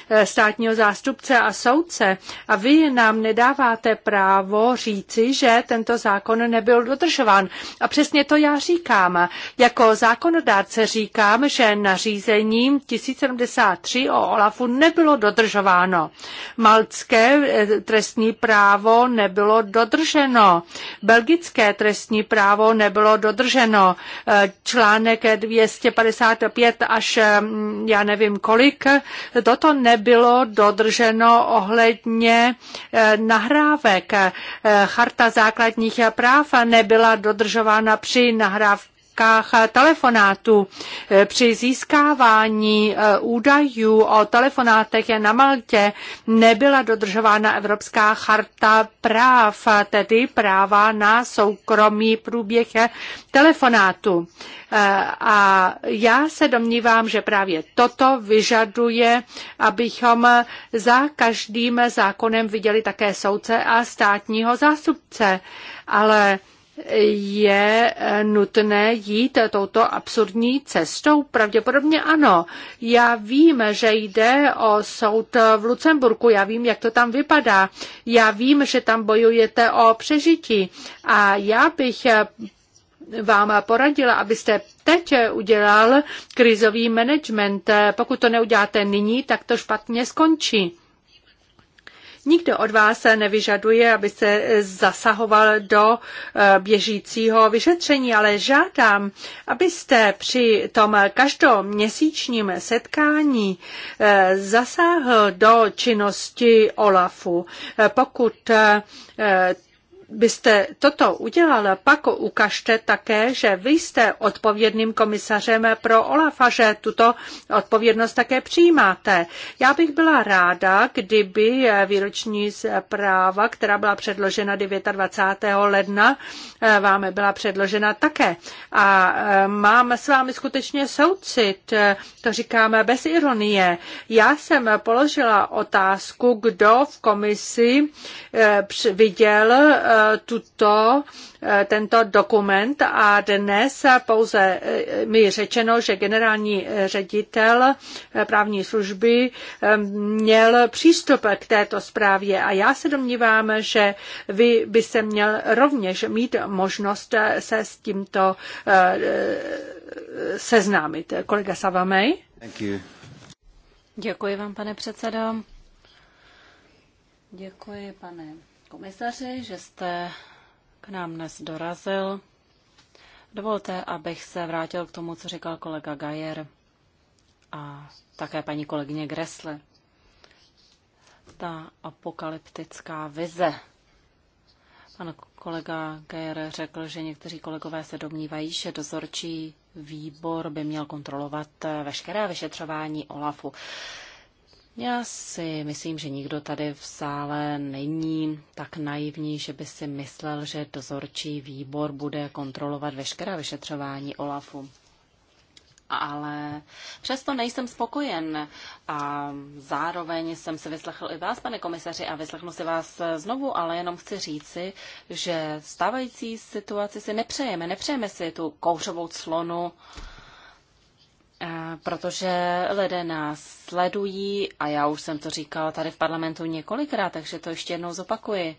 [SPEAKER 2] eh, státního zástupce a soudce a vy nám nedáváte právo říci, že tento zákon nebyl dodržován. A přesně to já říkám. Jako zákonodárce říkám, že nařízením 1073 o OLAFu nebylo dodržováno. Maltské eh, trestní právo nebylo dodrženo. Belgické trestní právo nebylo dodrženo. Článek 2 255 až mm, já nevím kolik. Toto nebylo dodrženo ohledně eh, nahrávek. Eh, Charta základních práv nebyla dodržována při nahrávkách stovkách eh, telefonátů. Eh, při získávání eh, údajů o telefonátech na Maltě nebyla dodržována Evropská charta práv, tedy práva na soukromý průběh telefonátu. A já se domnívám, že právě toto vyžaduje, abychom za každým zákonem viděli také soudce a státního zástupce. Ale je eh, nutné jít touto absurdní cestou? Pravděpodobně ano. Já vím, že jde o soud v Lucemburku, já vím, jak to tam vypadá, já vím, že tam bojujete o přežití a já bych eh, vám poradila, abyste teď udělal krizový management. Pokud to neuděláte nyní, tak to špatně skončí. Nikdo od vás nevyžaduje, aby se zasahoval do eh, běžícího vyšetření, ale žádám, abyste při tom každoměsíčním setkání eh, zasáhl do činnosti OLAFu. Eh, pokud byste toto udělal, pak ukažte také, že vy jste odpovědným komisařem pro OLAF a že tuto odpovědnost také přijímáte. Já bych byla ráda, kdyby výroční zpráva, která byla předložena 29. ledna, eh, vám byla předložena také. A eh, mám s vámi skutečně soucit, eh, to říkáme bez ironie. Já jsem položila otázku, kdo v komisi viděl tuto, eh, tento dokument a dnes pouze eh, mi řečeno, že generální eh, ředitel právní služby měl přístup k této zprávě a já se domnívám, že vy by se měl rovněž mít možnost se s tímto seznámit. Kolega Savamej. Děkuji
[SPEAKER 4] vám, pane předsedo. Děkuji, pane komisaři, že jste k nám dnes dorazil. Dovolte, abych se vrátil k tomu, co říkal kolega Gajer a také paní kolegyně Gresle. Ta apokalyptická vize. Pan kolega Gajer řekl, že někteří kolegové se domnívají, že dozorčí výbor by měl kontrolovat veškeré vyšetřování OLAFu. Já si myslím, že nikdo tady v sále není tak naivní, že by si myslel, že dozorčí výbor bude kontrolovat veškerá vyšetřování OLAFu. Ale přesto nejsem spokojen a zároveň jsem se vyslechl i vás, pane komisaři, a vyslechnu si vás znovu, ale jenom chci říci, že stávající situaci si nepřejeme. Nepřejeme si tu kouřovou clonu, Eh, protože lidé nás sledují a já už jsem to říkala tady v parlamentu několikrát, takže to ještě jednou zopakuji.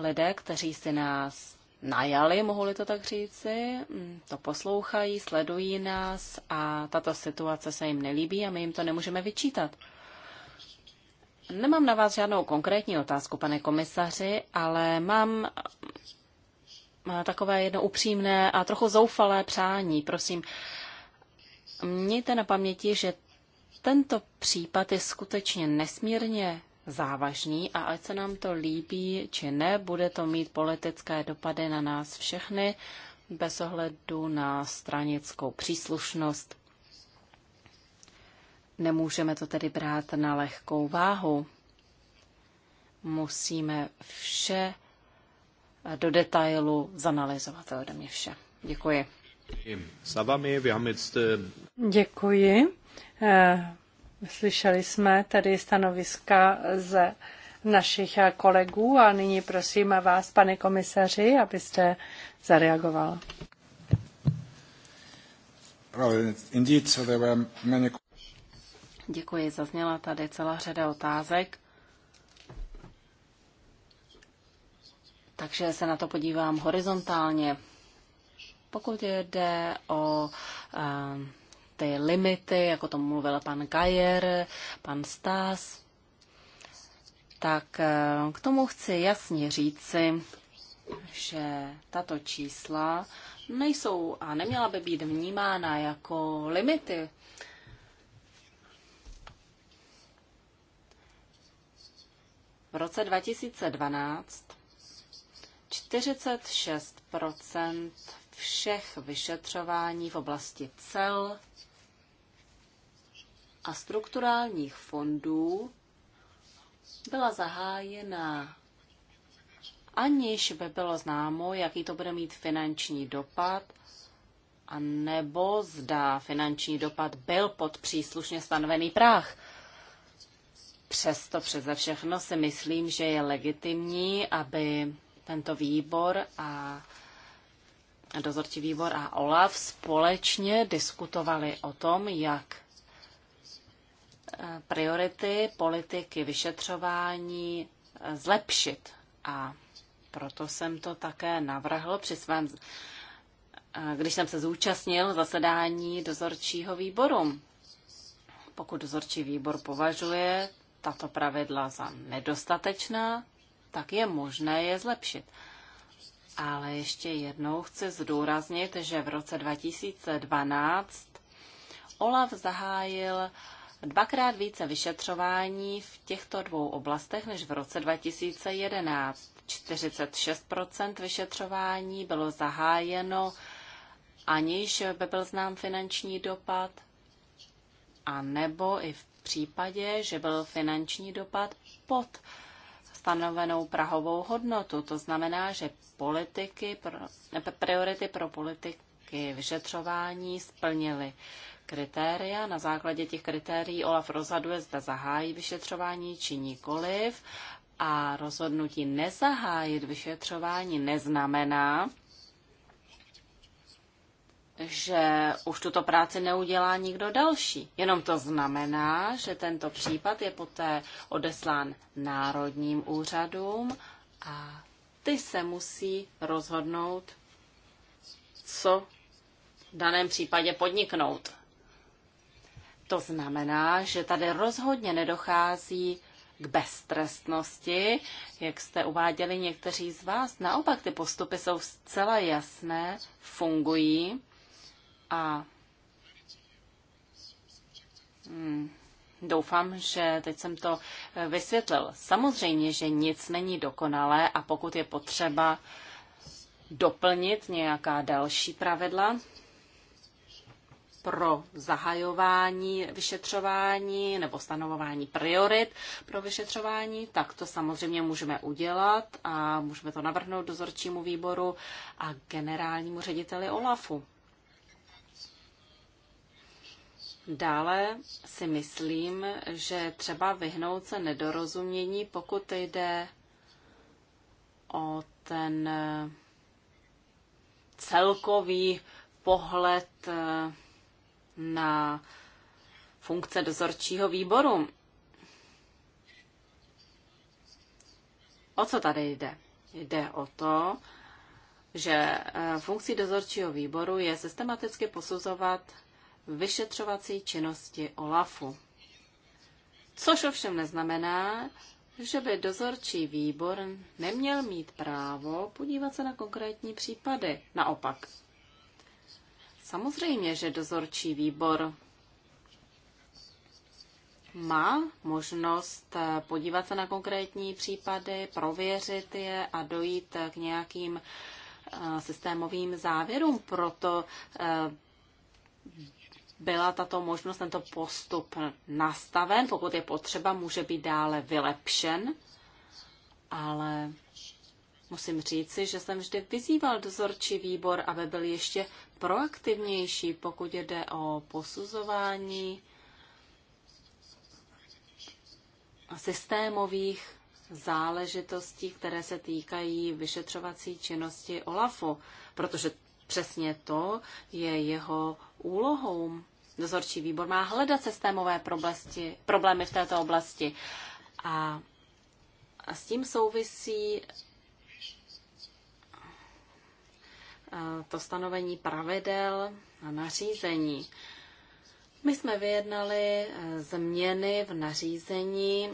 [SPEAKER 4] Lidé, kteří si nás najali, mohli to tak říci, mm, to poslouchají, sledují nás a tato situace se jim nelíbí a my jim to nemůžeme vyčítat. Nemám na vás žádnou konkrétní otázku, pane komisaři, ale mám eh, takové jedno upřímné a trochu zoufalé přání. Prosím, Mějte na paměti, že tento případ je skutečně nesmírně závažný a ať se nám to líbí či ne, bude to mít politické dopady na nás všechny bez ohledu na stranickou příslušnost. Nemůžeme to tedy brát na lehkou váhu. Musíme vše do detailu zanalizovat. To ode mě vše. Děkuji.
[SPEAKER 2] Děkuji. Eh, slyšeli jsme tady stanoviska z našich eh, kolegů a nyní prosím vás, pane komisaři, abyste zareagoval.
[SPEAKER 6] Eh,
[SPEAKER 2] Děkuji, zazněla
[SPEAKER 4] tady celá řada otázek. Takže se na to podívám horizontálně. Pokud jde o eh, ty limity, jako to mluvil pan Gajer, pan Stas, tak eh, k tomu chci jasně říci, že tato čísla nejsou a neměla by být vnímána jako limity. V roce 2012 46 všech vyšetřování v oblasti cel a strukturálních fondů byla zahájena aniž by bylo známo, jaký to bude mít finanční dopad, a nebo zda finanční dopad byl pod příslušně stanovený práh. Přesto přeze všechno si myslím, že je legitimní, aby tento výbor a dozorčí výbor a OLAF společně diskutovali o tom, jak eh, priority politiky vyšetřování eh, zlepšit. A proto jsem to také navrhl při svém, eh, když jsem se zúčastnil zasedání dozorčího výboru. Pokud dozorčí výbor považuje tato pravidla za nedostatečná, tak je možné je zlepšit. Ale ještě jednou chci zdůraznit, že v roce 2012 Olaf zahájil dvakrát více vyšetřování v těchto dvou oblastech než v roce 2011. 46 vyšetřování bylo zahájeno, aniž by byl znám finanční dopad, a nebo i v případě, že byl finanční dopad pod stanovenou prahovou hodnotu. To znamená, že politiky, priority pro politiky vyšetřování splnily kritéria. Na základě těch kritérií Olaf rozhoduje, zda zahájí vyšetřování či nikoliv. A rozhodnutí nezahájit vyšetřování neznamená, že už tuto práci neudělá nikdo další. Jenom to znamená, že tento případ je poté odeslán národním úřadům a ty se musí rozhodnout, co v daném případě podniknout. To znamená, že tady rozhodně nedochází k beztrestnosti, jak jste uváděli někteří z vás. Naopak ty postupy jsou zcela jasné, fungují a hmm, doufám, že teď jsem to eh, vysvětlil. Samozřejmě, že nic není dokonalé a pokud je potřeba doplnit nějaká další pravidla, pro zahajování vyšetřování nebo stanovování priorit pro vyšetřování, tak to samozřejmě můžeme udělat a můžeme to navrhnout dozorčímu výboru a generálnímu řediteli OLAFu. Dále si myslím, že třeba vyhnout se nedorozumění, pokud jde o ten eh, celkový pohled eh, na funkce dozorčího výboru. O co tady jde? Jde o to, že eh, funkcí dozorčího výboru je systematicky posuzovat vyšetřovací činnosti OLAFu. Což ovšem neznamená, že by dozorčí výbor neměl mít právo podívat se na konkrétní případy. Naopak. Samozřejmě, že dozorčí výbor má možnost podívat se na konkrétní případy, prověřit je a dojít k nějakým eh, systémovým závěrům. Proto eh, byla tato možnost, tento postup nastaven. Pokud je potřeba, může být dále vylepšen, ale musím říci, že jsem vždy vyzýval dozorčí výbor, aby byl ještě proaktivnější, pokud jde o posuzování systémových záležitostí, které se týkají vyšetřovací činnosti OLAFu, protože přesně to je jeho úlohou dozorčí výbor má hledat systémové problesti, problémy v této oblasti. A, a s tím souvisí to stanovení pravidel a nařízení. My jsme vyjednali e, změny v nařízení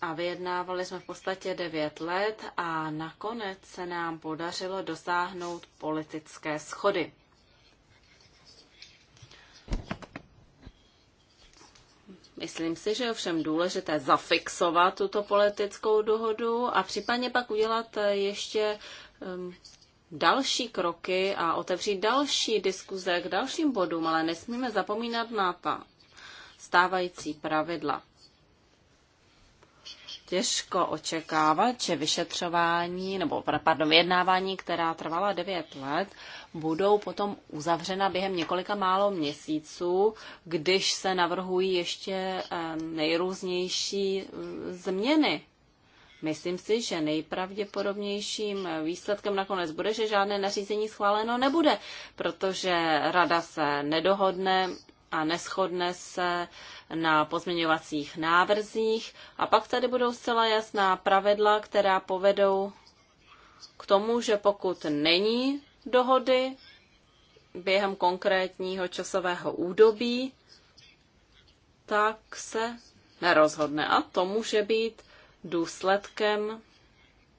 [SPEAKER 4] a vyjednávali jsme v podstatě 9 let a nakonec se nám podařilo dosáhnout politické schody. Myslím si, že je ovšem důležité zafixovat tuto politickou dohodu a případně pak udělat eh, ještě ehm, další kroky a otevřít další diskuze k dalším bodům, ale nesmíme zapomínat na ta stávající pravidla těžko očekávat, že vyšetřování, nebo pardon, vyjednávání, která trvala 9 let, budou potom uzavřena během několika málo měsíců, když se navrhují ještě eh, nejrůznější eh, změny. Myslím si, že nejpravděpodobnějším výsledkem nakonec bude, že žádné nařízení schváleno nebude, protože rada se nedohodne a neschodne se na pozměňovacích návrzích. A pak tady budou zcela jasná pravidla, která povedou k tomu, že pokud není dohody během konkrétního časového údobí, tak se nerozhodne. A to může být důsledkem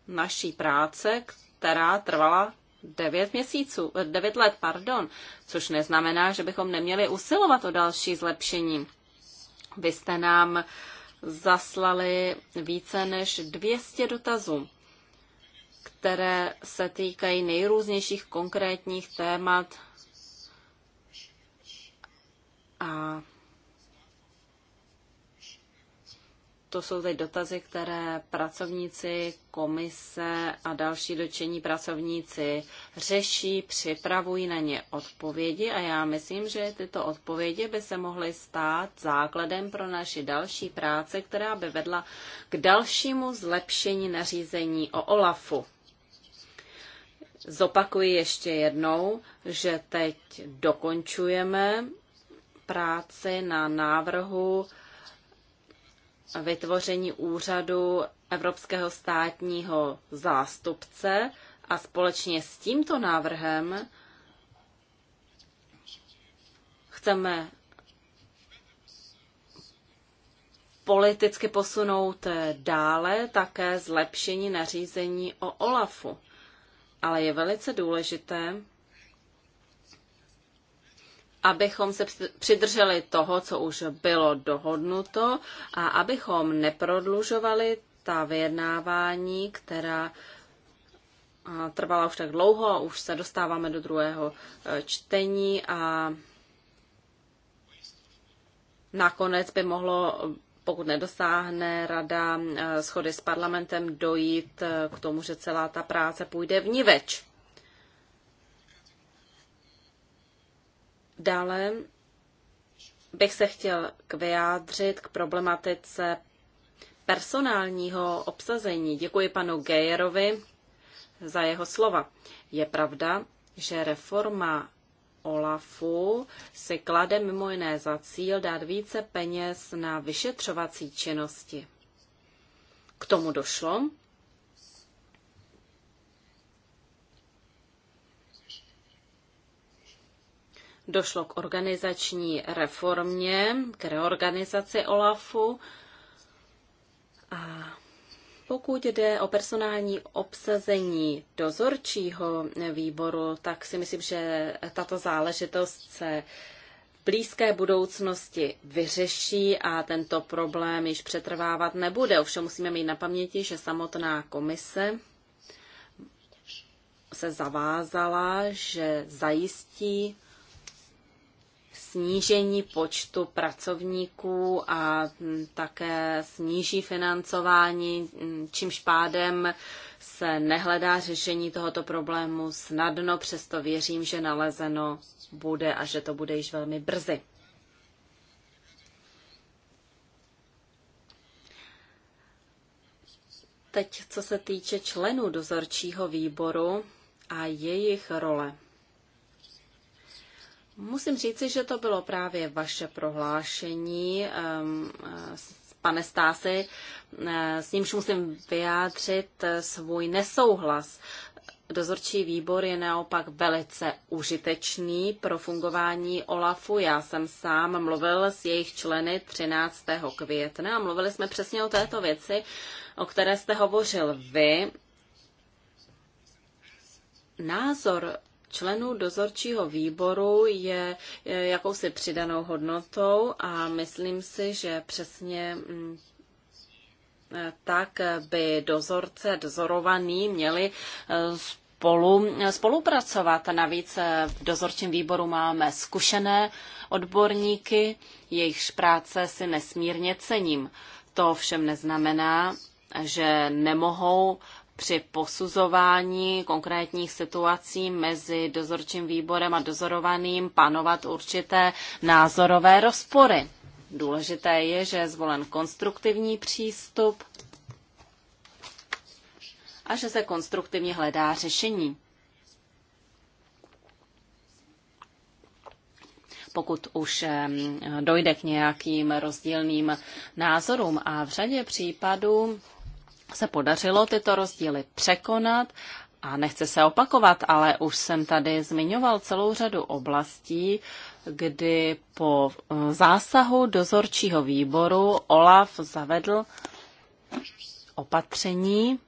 [SPEAKER 4] naší práce, která trvala Devět měsíců, eh, devět let, pardon, což neznamená, že bychom neměli usilovat o další zlepšení. Vy jste nám zaslali více než 200 dotazů, které se týkají nejrůznějších konkrétních témat a to jsou teď dotazy, které pracovníci komise a další dočení pracovníci řeší, připravují na ně odpovědi a já myslím, že tyto odpovědi by se mohly stát základem pro naši další práci, která by vedla k dalšímu zlepšení nařízení o OLAFu. Zopakuji ještě jednou, že teď dokončujeme práci na návrhu vytvoření úřadu Evropského státního zástupce a společně s tímto návrhem chceme politicky posunout dále také zlepšení nařízení o OLAFu. Ale je velice důležité, abychom se přidrželi toho, co už bylo dohodnuto a abychom neprodlužovali ta vyjednávání, která trvala už tak dlouho, už se dostáváme do druhého e, čtení a nakonec by mohlo, pokud nedosáhne rada e, schody s parlamentem, dojít e, k tomu, že celá ta práce půjde vniveč. Dále bych se chtěl k vyjádřit k problematice personálního obsazení. Děkuji panu Gejerovi za jeho slova. Je pravda, že reforma OLAFu si klade mimo jiné za cíl dát více peněz na vyšetřovací činnosti. K tomu došlo došlo k organizační reformě, k reorganizaci OLAFu. A pokud jde o personální obsazení dozorčího výboru, tak si myslím, že tato záležitost se blízké budoucnosti vyřeší a tento problém již přetrvávat nebude. Ovšem musíme mít na paměti, že samotná komise se zavázala, že zajistí snížení počtu pracovníků a také sníží financování, čímž pádem se nehledá řešení tohoto problému snadno, přesto věřím, že nalezeno bude a že to bude již velmi brzy. Teď, co se týče členů dozorčího výboru a jejich role. Musím říci, že to bylo právě vaše prohlášení, pane Stásy, eh, s nímž musím vyjádřit eh, svůj nesouhlas. Dozorčí výbor je naopak velice užitečný pro fungování OLAFu. Já jsem sám mluvil s jejich členy 13. května a mluvili jsme přesně o této věci, o které jste hovořil vy. Názor členů dozorčího výboru je jakousi přidanou hodnotou a myslím si, že přesně mm, e, tak by dozorce, dozorovaný měli e, spolu, e, spolupracovat. Navíc v dozorčím výboru máme zkušené odborníky, jejichž práce si nesmírně cením. To všem neznamená, že nemohou při posuzování konkrétních situací mezi dozorčím výborem a dozorovaným panovat určité názorové rozpory. Důležité je, že je zvolen konstruktivní přístup a že se konstruktivně hledá řešení. pokud už dojde k nějakým rozdílným názorům. A v řadě případů se podařilo tyto rozdíly překonat a nechce se opakovat, ale už jsem tady zmiňoval celou řadu oblastí, kdy po eh, zásahu dozorčího výboru OLAF zavedl opatření,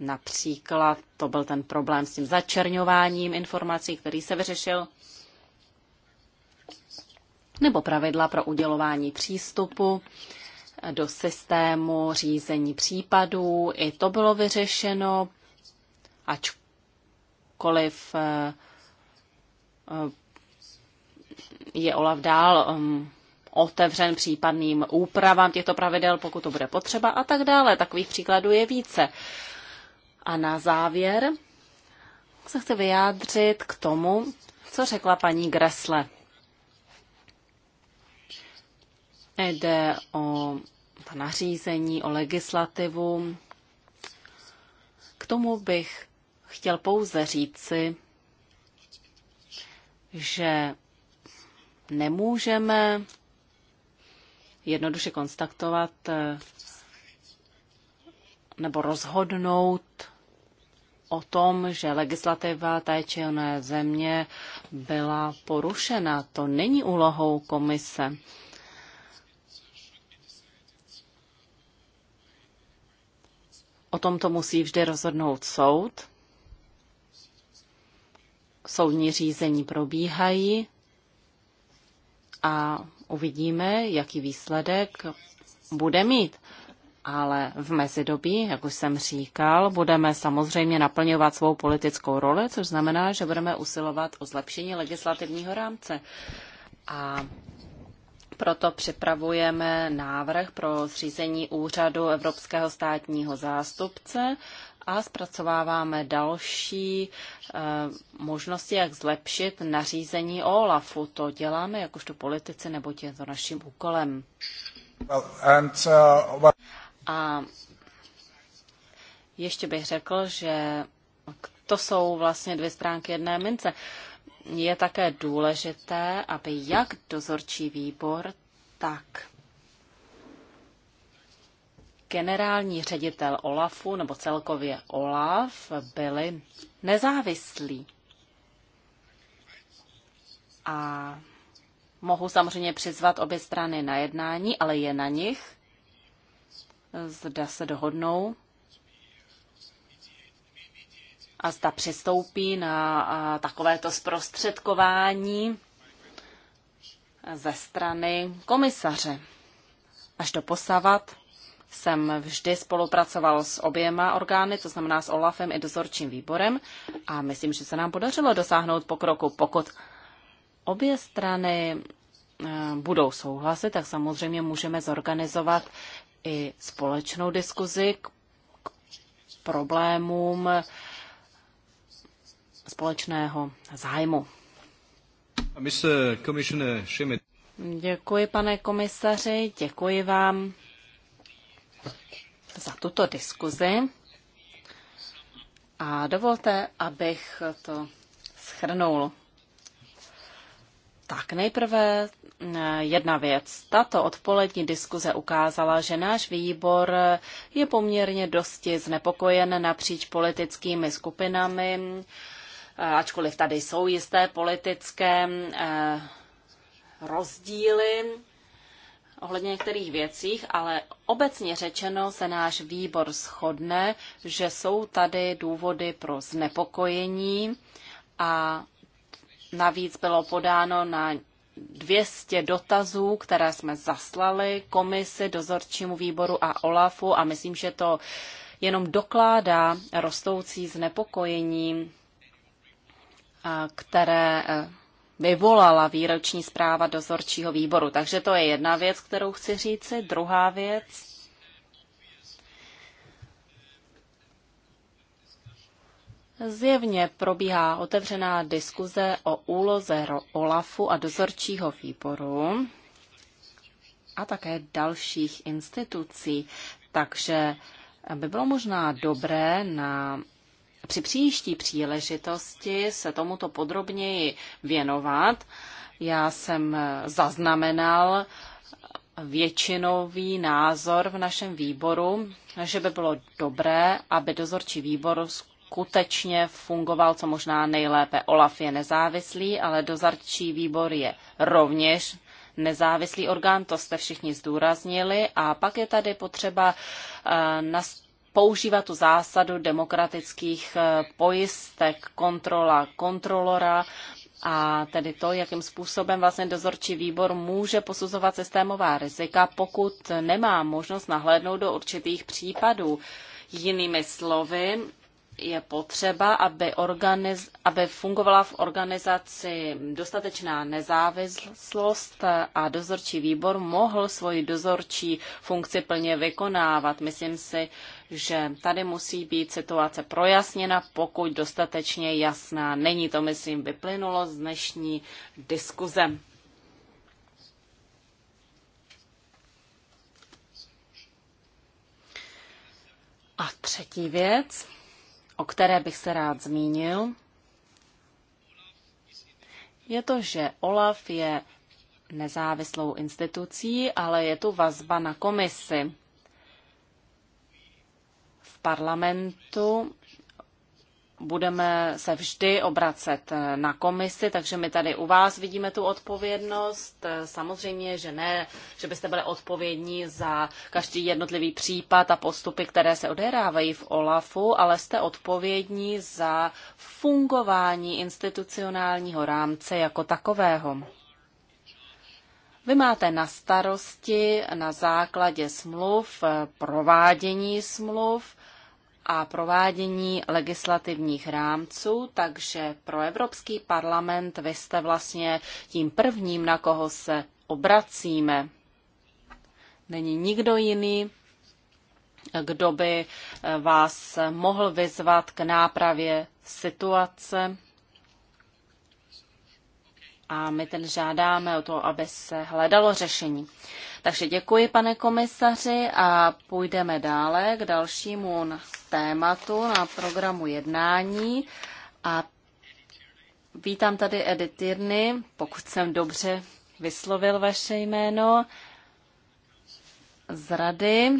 [SPEAKER 4] například to byl ten problém s tím začerňováním informací, který se vyřešil, nebo pravidla pro udělování přístupu do systému řízení případů. I to bylo vyřešeno, ačkoliv eh, eh, je OLAF dál mm, otevřen případným úpravám těchto pravidel, pokud to bude potřeba a tak dále. Takových příkladů je více. A na závěr se chci vyjádřit k tomu, co řekla paní Gresle. Jde o ta nařízení, o legislativu. K tomu bych chtěl pouze říci, že nemůžeme jednoduše konstatovat nebo rozhodnout o tom, že legislativa té či oné země byla porušena. To není úlohou komise. O tom to musí vždy rozhodnout soud. Soudní řízení probíhají a uvidíme, jaký výsledek bude mít. Ale v mezidobí, jak už jsem říkal, budeme samozřejmě naplňovat svou politickou roli, což znamená, že budeme usilovat o zlepšení legislativního rámce. A proto připravujeme návrh pro zřízení úřadu Evropského státního zástupce a zpracováváme další e, možnosti, jak zlepšit nařízení OLAFu. To děláme jakožto politici, nebo je to naším úkolem.
[SPEAKER 6] Well, and, uh, well...
[SPEAKER 4] A ještě bych řekl, že to jsou vlastně dvě stránky jedné mince je také důležité, aby jak dozorčí výbor, tak generální ředitel OLAFu nebo celkově OLAF byli nezávislí. A mohu samozřejmě přizvat obě strany na jednání, ale je na nich, zda se dohodnou a zda přistoupí na takovéto zprostředkování ze strany komisaře. Až do posavat jsem vždy spolupracoval s oběma orgány, to znamená s OLAFem i dozorčím výborem a myslím, že se nám podařilo dosáhnout pokroku. Pokud obě strany e, budou souhlasit, tak samozřejmě můžeme zorganizovat i společnou diskuzi k problémům, společného zájmu. Děkuji, pane komisaři, děkuji vám za tuto diskuzi. A dovolte, abych to schrnul. Tak nejprve eh, jedna věc. Tato odpolední diskuze ukázala, že náš výbor je poměrně dosti znepokojen napříč politickými skupinami Eh, ačkoliv tady jsou jisté politické eh, rozdíly ohledně některých věcích, ale obecně řečeno se náš výbor shodne, že jsou tady důvody pro znepokojení a navíc bylo podáno na 200 dotazů, které jsme zaslali komisi, dozorčímu výboru a OLAFu a myslím, že to jenom dokládá rostoucí znepokojení které eh, vyvolala výroční zpráva dozorčího výboru. Takže to je jedna věc, kterou chci říci. Druhá věc. Zjevně probíhá otevřená diskuze o úloze OLAFu a dozorčího výboru a také dalších institucí. Takže eh, by bylo možná dobré na při příští příležitosti se tomuto podrobněji věnovat. Já jsem zaznamenal většinový názor v našem výboru, že by bylo dobré, aby dozorčí výbor skutečně fungoval co možná nejlépe. Olaf je nezávislý, ale dozorčí výbor je rovněž nezávislý orgán, to jste všichni zdůraznili. A pak je tady potřeba eh, nastavit používat tu zásadu demokratických eh, pojistek, kontrola kontrolora, a tedy to, jakým způsobem vlastně dozorčí výbor může posuzovat systémová rizika, pokud nemá možnost nahlédnout do určitých případů. Jinými slovy, je potřeba, aby, organiz, aby fungovala v organizaci dostatečná nezávislost eh, a dozorčí výbor mohl svoji dozorčí funkci plně vykonávat. Myslím si, že tady musí být situace projasněna, pokud dostatečně jasná. Není to, myslím, vyplynulo z dnešní diskuze. A třetí věc, o které bych se rád zmínil, je to, že OLAF je nezávislou institucí, ale je tu vazba na komisi v parlamentu budeme se vždy obracet na komisi, takže my tady u vás vidíme tu odpovědnost. Samozřejmě, že ne, že byste byli odpovědní za každý jednotlivý případ a postupy, které se odehrávají v OLAFu, ale jste odpovědní za fungování institucionálního rámce jako takového. Vy máte na starosti na základě smluv, provádění smluv, a provádění legislativních rámců, takže pro Evropský parlament vy jste vlastně tím prvním, na koho se obracíme. Není nikdo jiný, kdo by eh, vás mohl vyzvat k nápravě situace a my tedy žádáme o to, aby se hledalo řešení. Takže děkuji, pane komisaři, a půjdeme dále k dalšímu tématu na programu jednání. A vítám tady Edith Tierney, pokud jsem dobře vyslovil vaše jméno, z rady.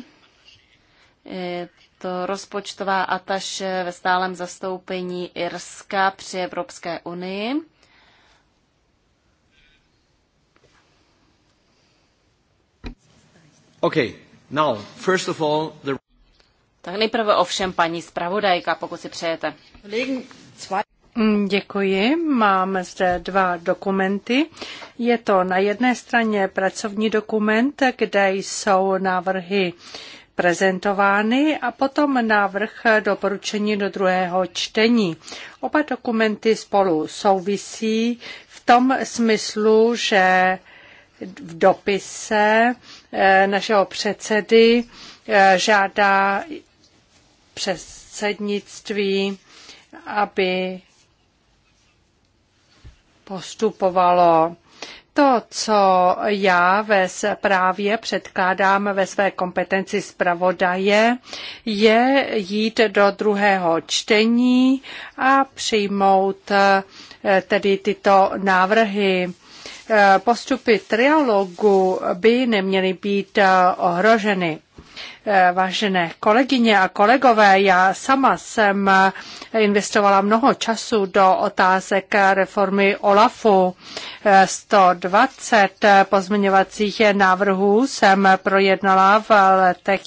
[SPEAKER 4] Je to rozpočtová ataše ve stálem zastoupení Irska při Evropské unii. Tak nejprve ovšem paní zpravodajka, pokud si přejete.
[SPEAKER 2] Mm, děkuji. Máme zde dva dokumenty. Je to na jedné straně pracovní dokument, kde jsou návrhy prezentovány a potom návrh doporučení do druhého čtení. Oba dokumenty spolu souvisí v tom smyslu, že v dopise eh, našeho předsedy eh, žádá předsednictví, aby postupovalo to, co já ve zprávě předkládám ve své kompetenci zpravodaje, je jít do druhého čtení a přijmout eh, tedy tyto návrhy. Eh, postupy trialogu by neměly být eh, ohroženy. Eh, vážené kolegyně a kolegové, já sama jsem investovala mnoho času do otázek reformy OLAFu. 120 pozměňovacích návrhů jsem projednala v letech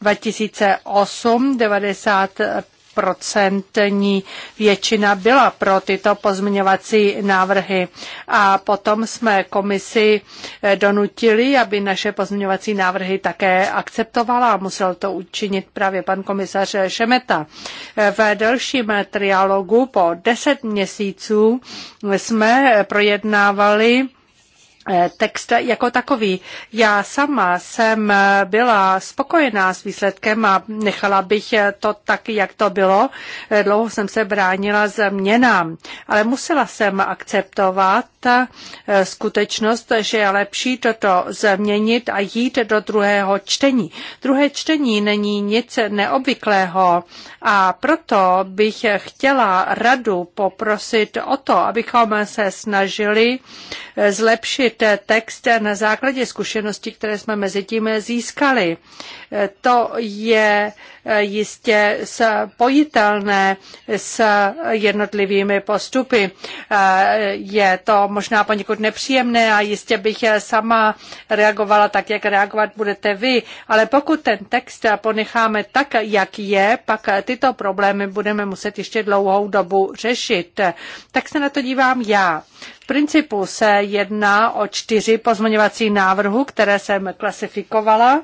[SPEAKER 2] 2008, 95 procentní většina byla pro tyto pozměňovací návrhy. A potom jsme komisi eh, donutili, aby naše pozměňovací návrhy také akceptovala. Musel to učinit právě pan komisař Šemeta. Eh, v dalším trialogu po deset měsíců jsme projednávali Eh, text jako takový. Já sama jsem eh, byla spokojená s výsledkem a nechala bych eh, to tak, jak to bylo. Dlouho jsem se bránila změnám, ale musela jsem akceptovat Eh, skutečnost, že je lepší toto změnit a jít do druhého čtení. Druhé čtení není nic neobvyklého a proto bych chtěla radu poprosit o to, abychom se snažili eh, zlepšit text na základě zkušeností, které jsme mezi tím získali. To je eh, jistě spojitelné s jednotlivými postupy. Eh, je to možná poněkud nepříjemné a jistě bych eh, sama reagovala tak, jak reagovat budete vy, ale pokud ten text ponecháme tak, jak je, pak tyto problémy budeme muset ještě dlouhou dobu řešit. Tak se na to dívám já. V principu se jedná o čtyři pozměňovací návrhu, které jsem klasifikovala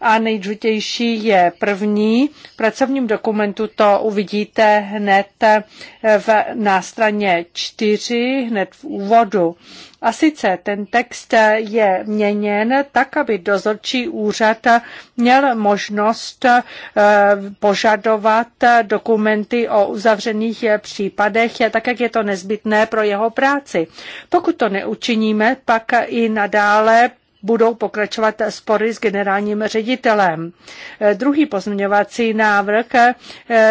[SPEAKER 2] a nejdůležitější je první. V pracovním dokumentu to uvidíte hned v, na straně čtyři, hned v úvodu. A sice ten text je měněn tak, aby dozorčí úřad měl možnost eh, požadovat dokumenty o uzavřených eh, případech, tak jak je to nezbytné pro jeho práci. Pokud to neučiníme, pak i nadále budou pokračovat spory s generálním ředitelem. Eh, druhý pozměňovací návrh eh,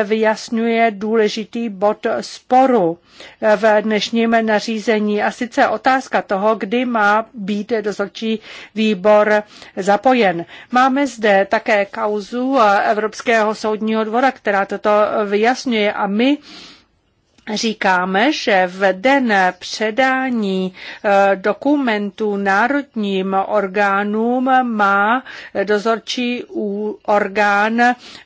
[SPEAKER 2] vyjasňuje důležitý bod sporu eh, v dnešním nařízení a sice otázka toho, kdy má být dozorčí výbor zapojen. Máme zde také kauzu Evropského soudního dvora, která toto vyjasňuje a my Říkáme, že v den předání eh, dokumentů národním orgánům má dozorčí orgán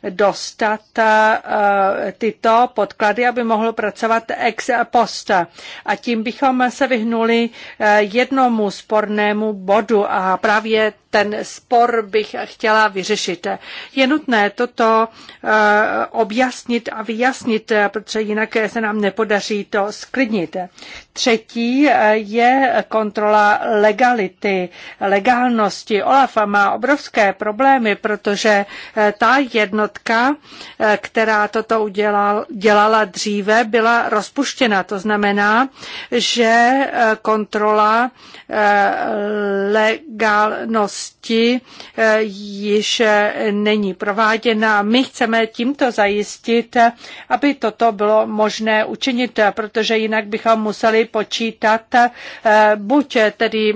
[SPEAKER 2] dostat eh, tyto podklady, aby mohl pracovat ex post. A tím bychom se vyhnuli eh, jednomu spornému bodu a právě ten spor bych chtěla vyřešit. Je nutné toto eh, objasnit a vyjasnit, eh, protože jinak se nám nepodaří to sklidnit. Třetí eh, je kontrola legality, legálnosti. Olaf má obrovské problémy, protože ta jednotka, která toto udělal, dělala dříve, byla rozpuštěna. To znamená, že kontrola legálnosti činnosti eh, již eh, není prováděna. My chceme tímto zajistit, eh, aby toto bylo možné učinit, protože jinak bychom museli počítat buď tedy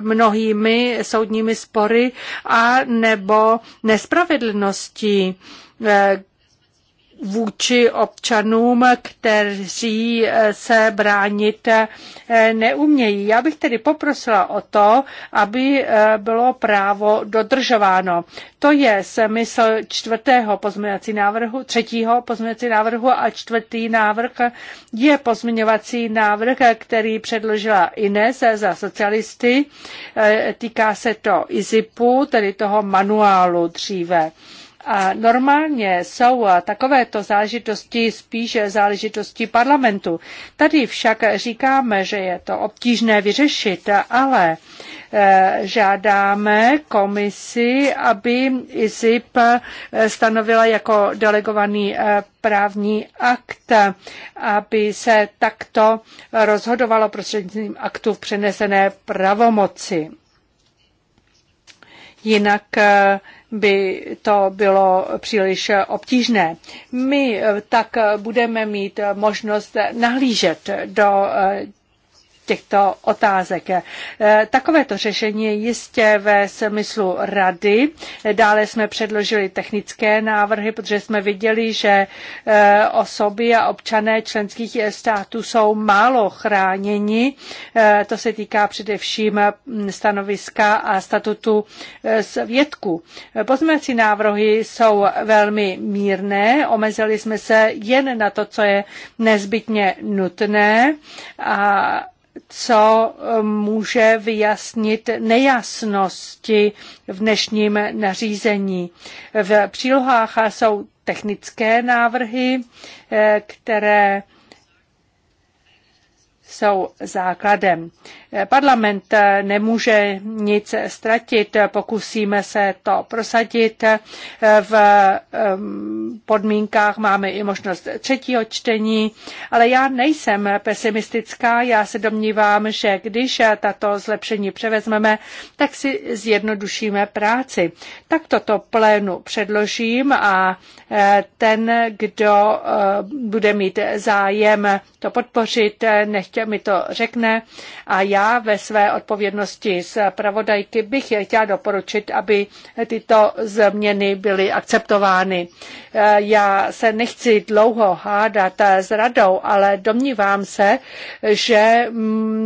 [SPEAKER 2] mnohými soudními spory a nebo nespravedlností vůči občanům, kteří eh, se bránit eh, neumějí. Já bych tedy poprosila o to, aby eh, bylo právo dodržováno. To je smysl čtvrtého pozměňovací návrhu, třetího pozměňovací návrhu a čtvrtý návrh je pozměňovací návrh, který předložila Ines za socialisty. Týká se to IZIPu, tedy toho manuálu dříve. A normálně jsou takovéto záležitosti spíše záležitosti parlamentu. Tady však říkáme, že je to obtížné vyřešit, ale eh, žádáme komisi, aby ISIP eh, stanovila jako delegovaný eh, právní akt, aby se takto rozhodovalo prostřednictvím aktů v přenesené pravomoci. Jinak by to bylo příliš obtížné. My tak budeme mít možnost nahlížet do těchto otázek. Eh, takovéto řešení je jistě ve smyslu rady. Dále jsme předložili technické návrhy, protože jsme viděli, že eh, osoby a občané členských států jsou málo chráněni. Eh, to se týká především hm, stanoviska a statutu svědků. Pozměňovací návrhy jsou velmi mírné. Omezili jsme se jen na to, co je nezbytně nutné a co um, může vyjasnit nejasnosti v dnešním nařízení. V přílohách jsou technické návrhy, eh, které jsou základem. Parlament nemůže nic ztratit, pokusíme se to prosadit. V podmínkách máme i možnost třetího čtení, ale já nejsem pesimistická, já se domnívám, že když tato zlepšení převezmeme, tak si zjednodušíme práci. Tak toto plénu předložím a eh, ten, kdo eh, bude mít zájem to podpořit, eh, nechtěl mi to řekne a já ve své odpovědnosti z pravodajky bych chtěla doporučit, aby tyto změny byly akceptovány. Já se nechci dlouho hádat s radou, ale domnívám se, že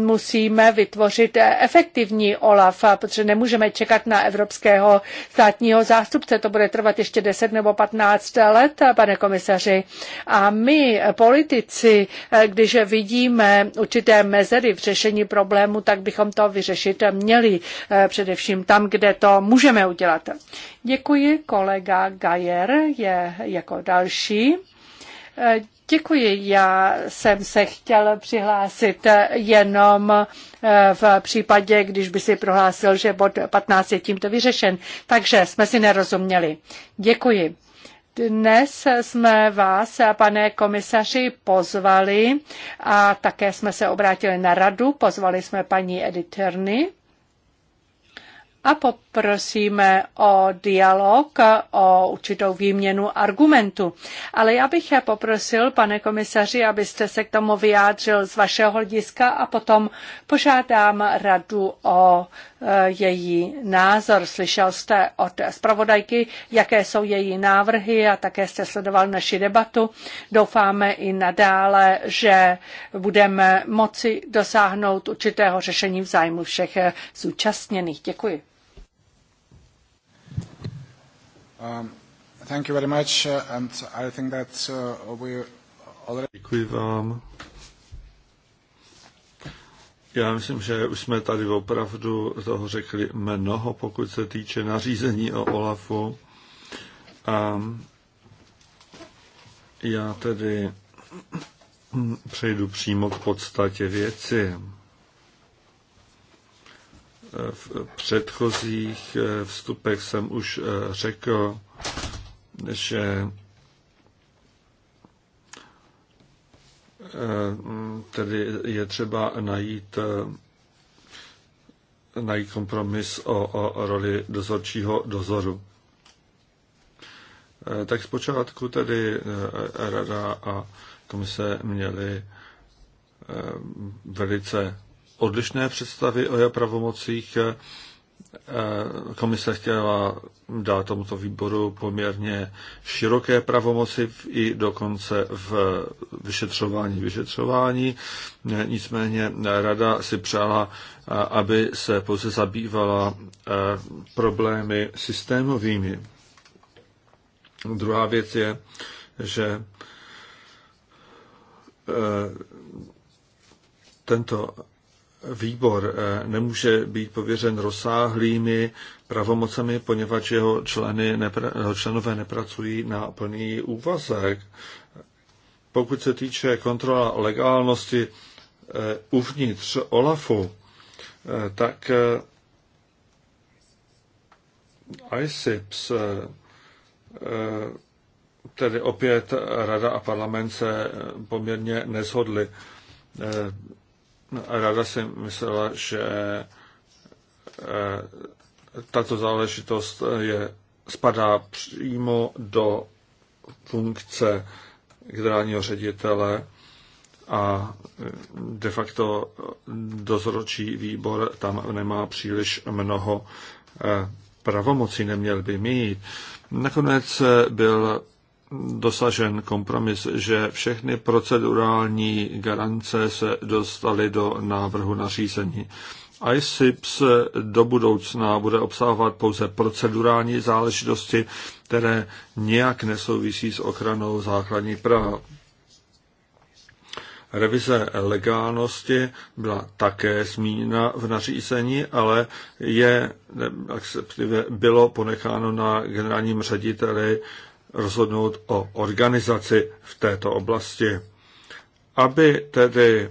[SPEAKER 2] musíme vytvořit efektivní OLAF, protože nemůžeme čekat na evropského státního zástupce. To bude trvat ještě 10 nebo 15 let, pane komisaři. A my, politici, když vidíme určité mezery v řešení problémů, problému, tak bychom to vyřešit měli, eh, především tam, kde to můžeme udělat. Děkuji, kolega Gajer je jako další. Eh, děkuji, já jsem se chtěl přihlásit eh, jenom v případě, když by si prohlásil, že bod 15 je tímto vyřešen. Takže jsme si nerozuměli. Děkuji. Dnes jsme vás, pane komisaři, pozvali a také jsme se obrátili na radu. Pozvali jsme paní Edith Terny a po prosíme o dialog, o určitou výměnu argumentů. Ale já bych je poprosil, pane komisaři, abyste se k tomu vyjádřil z vašeho hlediska a potom požádám radu o eh, její názor. Slyšel jste od zpravodajky, jaké jsou její návrhy a také jste sledoval naši debatu. Doufáme i nadále, že budeme moci dosáhnout určitého řešení v zájmu všech eh,
[SPEAKER 6] zúčastněných. Děkuji. Um, thank you very much uh, and I think that uh, we already... Děkuji vám.
[SPEAKER 3] Já myslím, že už jsme tady opravdu toho řekli mnoho, pokud se týče nařízení o OLAFu. A um, já tedy [CLEARS THROAT] přejdu přímo k podstatě věci v předchozích eh, vstupech jsem už eh, řekl, že eh, tedy je třeba najít, najít kompromis o, o roli dozorčího dozoru. Tak zpočátku tedy Rada a komise měly velice odlišné představy o jeho pravomocích. Eh, komise chtěla dát tomuto výboru poměrně široké pravomoci i dokonce v vyšetřování vyšetřování. Eh, nicméně rada si přála, eh, aby se pouze zabývala problémy systémovými. Druhá věc je, že tento výbor eh, nemůže být pověřen rozsáhlými pravomocemi, poněvadž jeho, členy nepr- jeho členové nepracují na plný úvazek. Pokud se týče kontrola legálnosti eh, uvnitř OLAFu, eh, tak ISIPS, tedy opět Rada a parlament se poměrně neshodly No Rada si myslela, že eh, tato záležitost eh, je, spadá přímo do funkce generálního ředitele a eh, de facto dozoročí výbor tam nemá příliš mnoho pravomocí, neměl by mít. Nakonec byl dosažen kompromis, že všechny procedurální garance se dostaly do návrhu nařízení. ISIPS do budoucna bude obsahovat pouze procedurální záležitosti, které nijak nesouvisí s ochranou základní práv. Revize legálnosti byla také zmíněna v nařízení, ale je, bylo ponecháno na generálním řediteli rozhodnout o organizaci v této oblasti. Aby tedy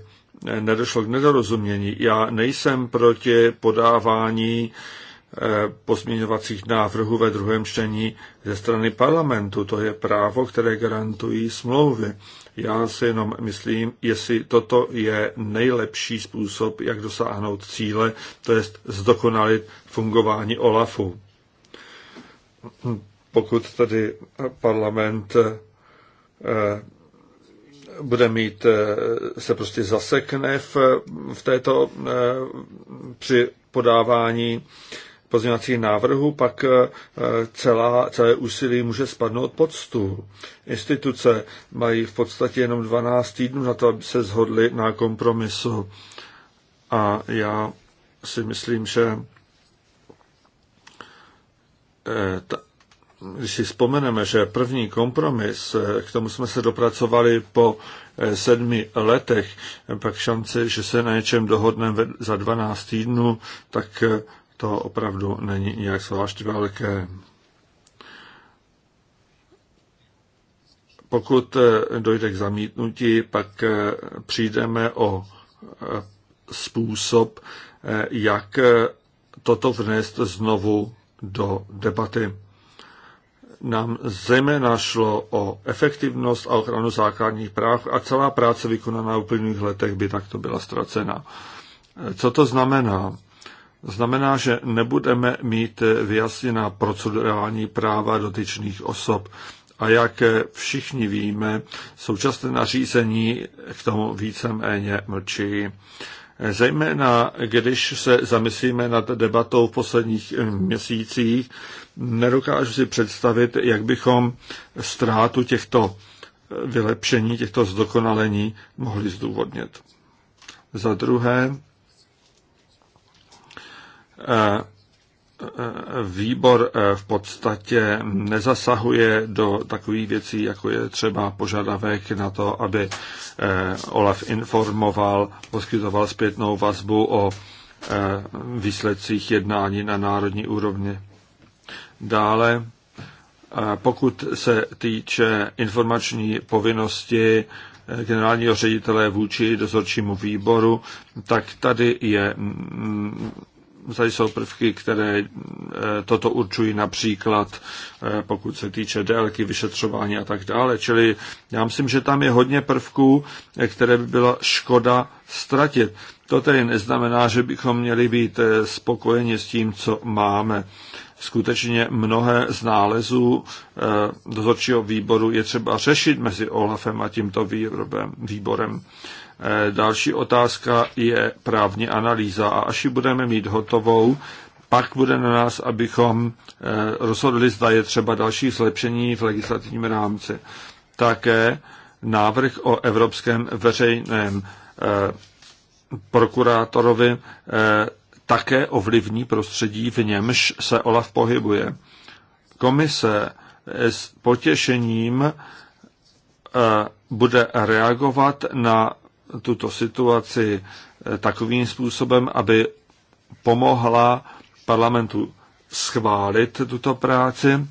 [SPEAKER 3] nedošlo k nedorozumění, já nejsem proti podávání eh, pozměňovacích návrhů ve druhém čtení ze strany parlamentu. To je právo, které garantují smlouvy. Já si jenom myslím, jestli toto je nejlepší způsob, jak dosáhnout cíle, to je zdokonalit fungování OLAFu pokud tady parlament eh, bude mít, eh, se prostě zasekne v, v této, eh, při podávání pozměňovacích návrhů, pak celá, celé úsilí může spadnout pod stůl. Instituce mají v podstatě jenom 12 týdnů na to, aby se zhodli na kompromisu. A já si myslím, že když si vzpomeneme, že první kompromis, eh, k tomu jsme se dopracovali po eh, sedmi letech, eh, pak šance, že se na něčem dohodneme za 12 týdnů, tak to opravdu není nějak zvlášť velké. Pokud dojde k zamítnutí, pak přijdeme o způsob, jak toto vnést znovu do debaty nám zejména šlo o efektivnost a ochranu základních práv a celá práce vykonaná v uplynulých letech by takto byla ztracena. Co to znamená? Znamená, že nebudeme mít vyjasněná procedurální práva dotyčných osob. A jak všichni víme, současné nařízení k tomu víceméně mlčí. Zejména když se zamyslíme nad debatou v posledních eh, měsících, nedokážu si představit, jak bychom ztrátu těchto eh, vylepšení, těchto zdokonalení mohli zdůvodnit. Za druhé, eh, výbor eh, v podstatě nezasahuje do takových věcí, jako je třeba požadavek na to, aby eh, Olaf informoval, poskytoval zpětnou vazbu o eh, výsledcích jednání na národní úrovni. Dále, pokud se týče informační povinnosti generálního ředitele vůči dozorčímu výboru, tak tady je mm, Tady jsou prvky, které e, toto určují například, e, pokud se týče délky vyšetřování a tak dále. Čili já myslím, že tam je hodně prvků, e, které by byla škoda ztratit. To tedy neznamená, že bychom měli být spokojeni s tím, co máme. Skutečně mnohé z nálezů dozorčího výboru je třeba řešit mezi OLAFem a tímto výrobem, výborem. Eh, další otázka je právní analýza a až ji budeme mít hotovou, pak bude na nás, abychom eh, rozhodli, zda je třeba další zlepšení v legislativním rámci. Také návrh o evropském veřejném eh, prokurátorovi také ovlivní prostředí, v němž se Olaf pohybuje. Komise s potěšením bude reagovat na tuto situaci eh, takovým způsobem, aby pomohla parlamentu schválit tuto práci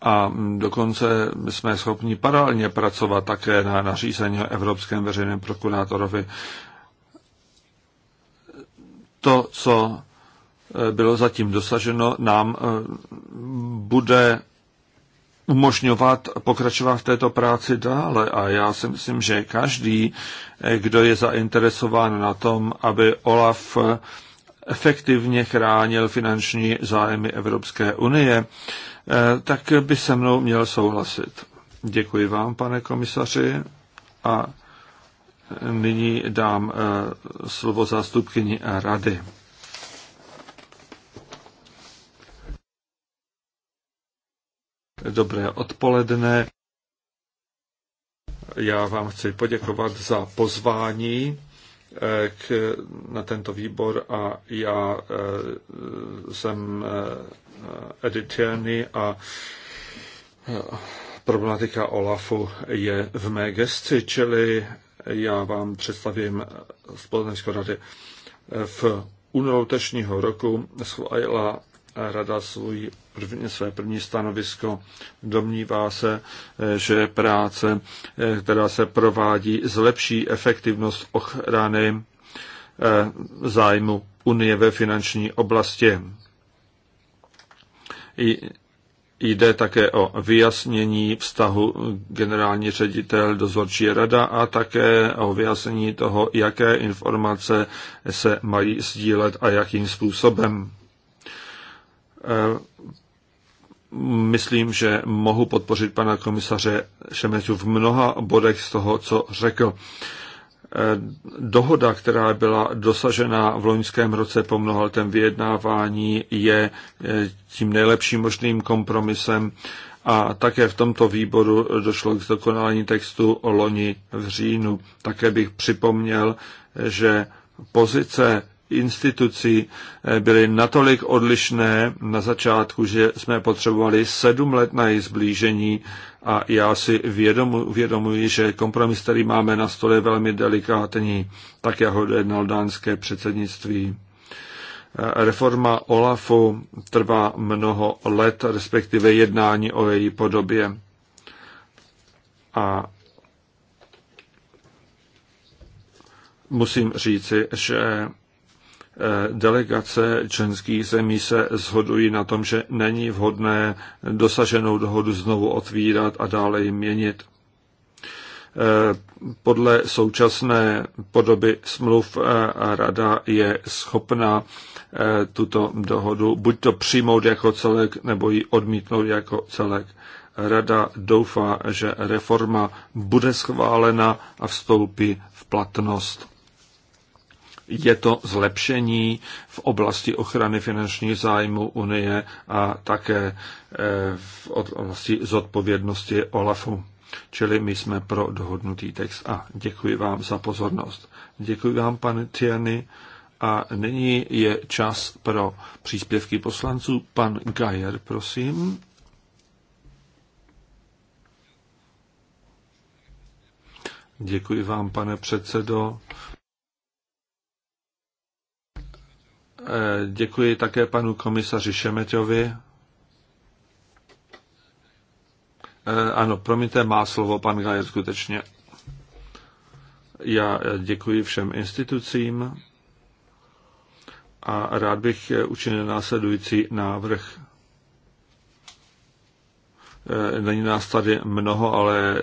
[SPEAKER 3] a dokonce jsme schopni paralelně pracovat také na nařízení o Evropském veřejném prokurátorovi. To, co eh, bylo zatím dosaženo, nám eh, bude umožňovat pokračovat v této práci dále. A já si myslím, že každý, kdo je zainteresován na tom, aby OLAF efektivně chránil finanční zájmy Evropské unie, eh, tak by se mnou měl souhlasit. Děkuji vám, pane komisaři, a nyní dám eh, slovo zástupkyni rady. Dobré odpoledne. Já vám chci poděkovat za pozvání eh, k, na tento výbor a já eh, jsem eh, Edith a problematika OLAFu je v mé gesci, čili já vám představím společenskou rady. V únoru letošního roku schválila rada svůj, své první stanovisko. Domnívá se, že práce, která se provádí, zlepší efektivnost ochrany eh, zájmu Unie ve finanční oblasti. Jde také o vyjasnění vztahu generální ředitel dozorčí rada a také o vyjasnění toho, jaké informace se mají sdílet a jakým způsobem. Eh, myslím, že mohu podpořit pana komisaře Šemetu v mnoha bodech z toho, co řekl. Eh, dohoda, která byla dosažena v loňském roce po mnohaletém vyjednávání, je eh, tím nejlepším možným kompromisem a také v tomto výboru došlo k zdokonalení textu o loni v říjnu. Také bych připomněl, že pozice institucí eh, byly natolik odlišné na začátku, že jsme potřebovali sedm let na jejich zblížení a já si vědomu, uvědomuji, že kompromis, který máme na stole, je velmi delikátní, tak jak ho dojednal dánské předsednictví. Eh, reforma OLAFu trvá mnoho let, respektive jednání o její podobě. A musím říci, že Eh, delegace členských zemí se shodují na tom, že není vhodné dosaženou dohodu znovu otvírat a dále ji měnit. Eh, podle současné podoby smluv eh, Rada je schopna tuto dohodu buď to přijmout jako celek, nebo ji odmítnout jako celek. Rada doufá, že reforma bude schválena a vstoupí v platnost je to zlepšení v oblasti ochrany finančních zájmů Unie a také eh, v oblasti zodpovědnosti OLAFu. Čili my jsme pro dohodnutý text a děkuji vám za pozornost. Děkuji vám, pane Tiany. A nyní je čas pro příspěvky poslanců. Pan Gajer, prosím. Děkuji vám, pane předsedo. Eh, děkuji také panu komisaři Šemeťovi. Eh, ano, promiňte, má slovo pan Gajer skutečně. Já eh, děkuji všem institucím a rád bych učinil následující návrh. Není nás tady mnoho, ale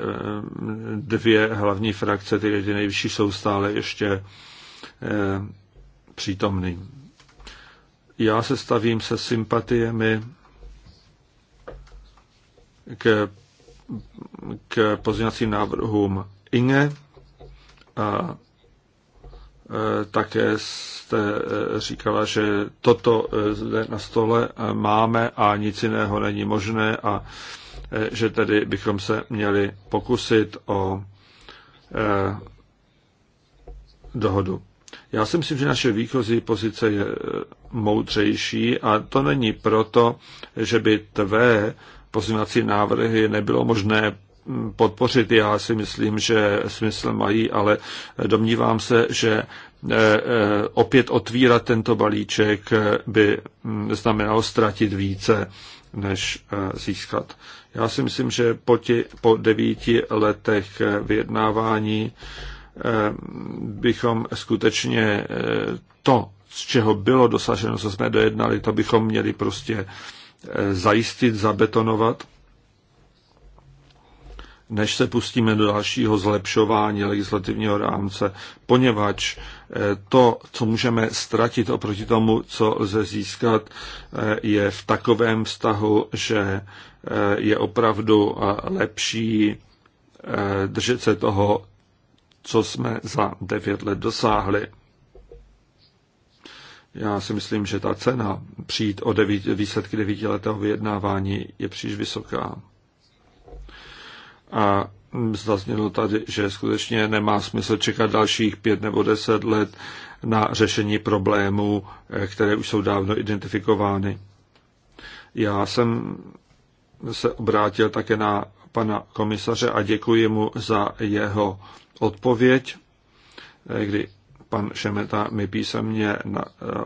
[SPEAKER 3] dvě hlavní frakce, ty nejvyšší, jsou stále ještě přítomný. Já se stavím se sympatiemi k, k pozměňovacím návrhům Inge a e, také jste e, říkala, že toto e, zde na stole máme a nic jiného není možné a že tedy bychom se měli pokusit o dohodu. Já si myslím, že naše výchozí pozice je eh, moudřejší a to není proto, že by tvé pozměňovací návrhy nebylo možné hm, podpořit. Já si myslím, že smysl mají, ale eh, domnívám se, že eh, opět otvírat tento balíček by hm, znamenalo ztratit více, než získat. Já si myslím, že po, tě, po devíti letech vyjednávání Eh, bychom skutečně eh, to, z čeho bylo dosaženo, co jsme dojednali, to bychom měli prostě eh, zajistit, zabetonovat, než se pustíme do dalšího zlepšování legislativního rámce, poněvadž to, co můžeme ztratit oproti tomu, co lze získat, je v takovém vztahu, že je opravdu lepší držet se toho, co jsme za devět let dosáhli. Já si myslím, že ta cena přijít o devíti, výsledky devítiletého vyjednávání je příliš vysoká. A zaznělo tady, že skutečně nemá smysl čekat dalších pět nebo deset let na řešení problémů, eh, které už jsou dávno identifikovány. Já jsem se obrátil také na pana komisaře a děkuji mu za jeho odpověď, eh, kdy pan Šemeta mi písemně eh,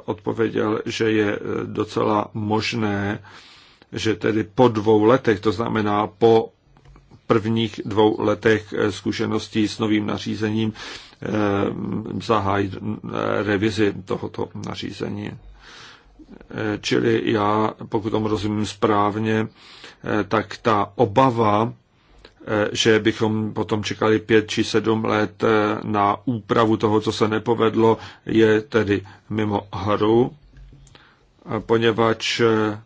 [SPEAKER 3] odpověděl, že je eh, docela možné, že tedy po dvou letech, to znamená po prvních dvou letech zkušeností s novým nařízením, zahájit revizi tohoto nařízení. Čili já, pokud tomu rozumím správně, tak ta obava Eh, že bychom potom čekali pět či sedm let eh, na úpravu toho, co se nepovedlo, je tedy mimo hru, poněvadž eh,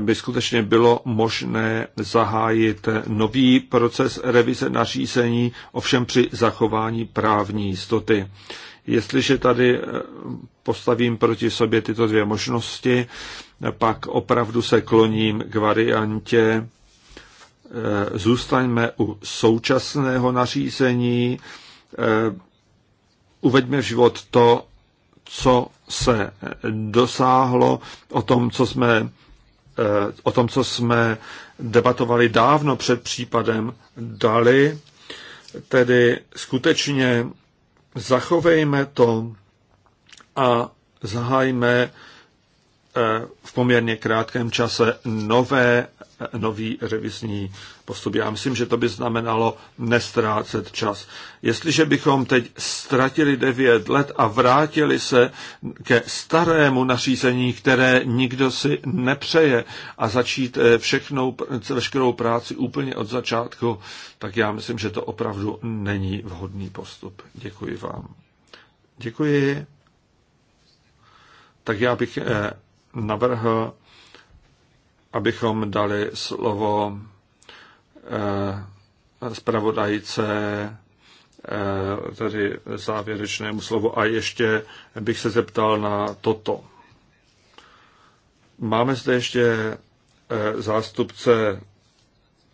[SPEAKER 3] by skutečně bylo možné zahájit nový proces revize nařízení, ovšem při zachování právní jistoty. Jestliže tady postavím proti sobě tyto dvě možnosti, pak opravdu se kloním k variantě Eh, zůstaňme u současného nařízení, eh, uveďme v život to, co se dosáhlo, o tom, co jsme, eh, o tom, co jsme debatovali dávno před případem Dali, tedy skutečně zachovejme to a zahájíme Eh, v poměrně krátkém čase nové, eh, nový revizní postup. Já myslím, že to by znamenalo nestrácet čas. Jestliže bychom teď ztratili 9 let a vrátili se ke starému nařízení, které nikdo si nepřeje a začít eh, všechnou, veškerou práci úplně od začátku, tak já myslím, že to opravdu není vhodný postup. Děkuji vám. Děkuji. Tak já bych navrhl, abychom dali slovo eh, zpravodajce, eh, tedy závěrečnému slovu. A ještě bych se zeptal na toto. Máme zde ještě eh, zástupce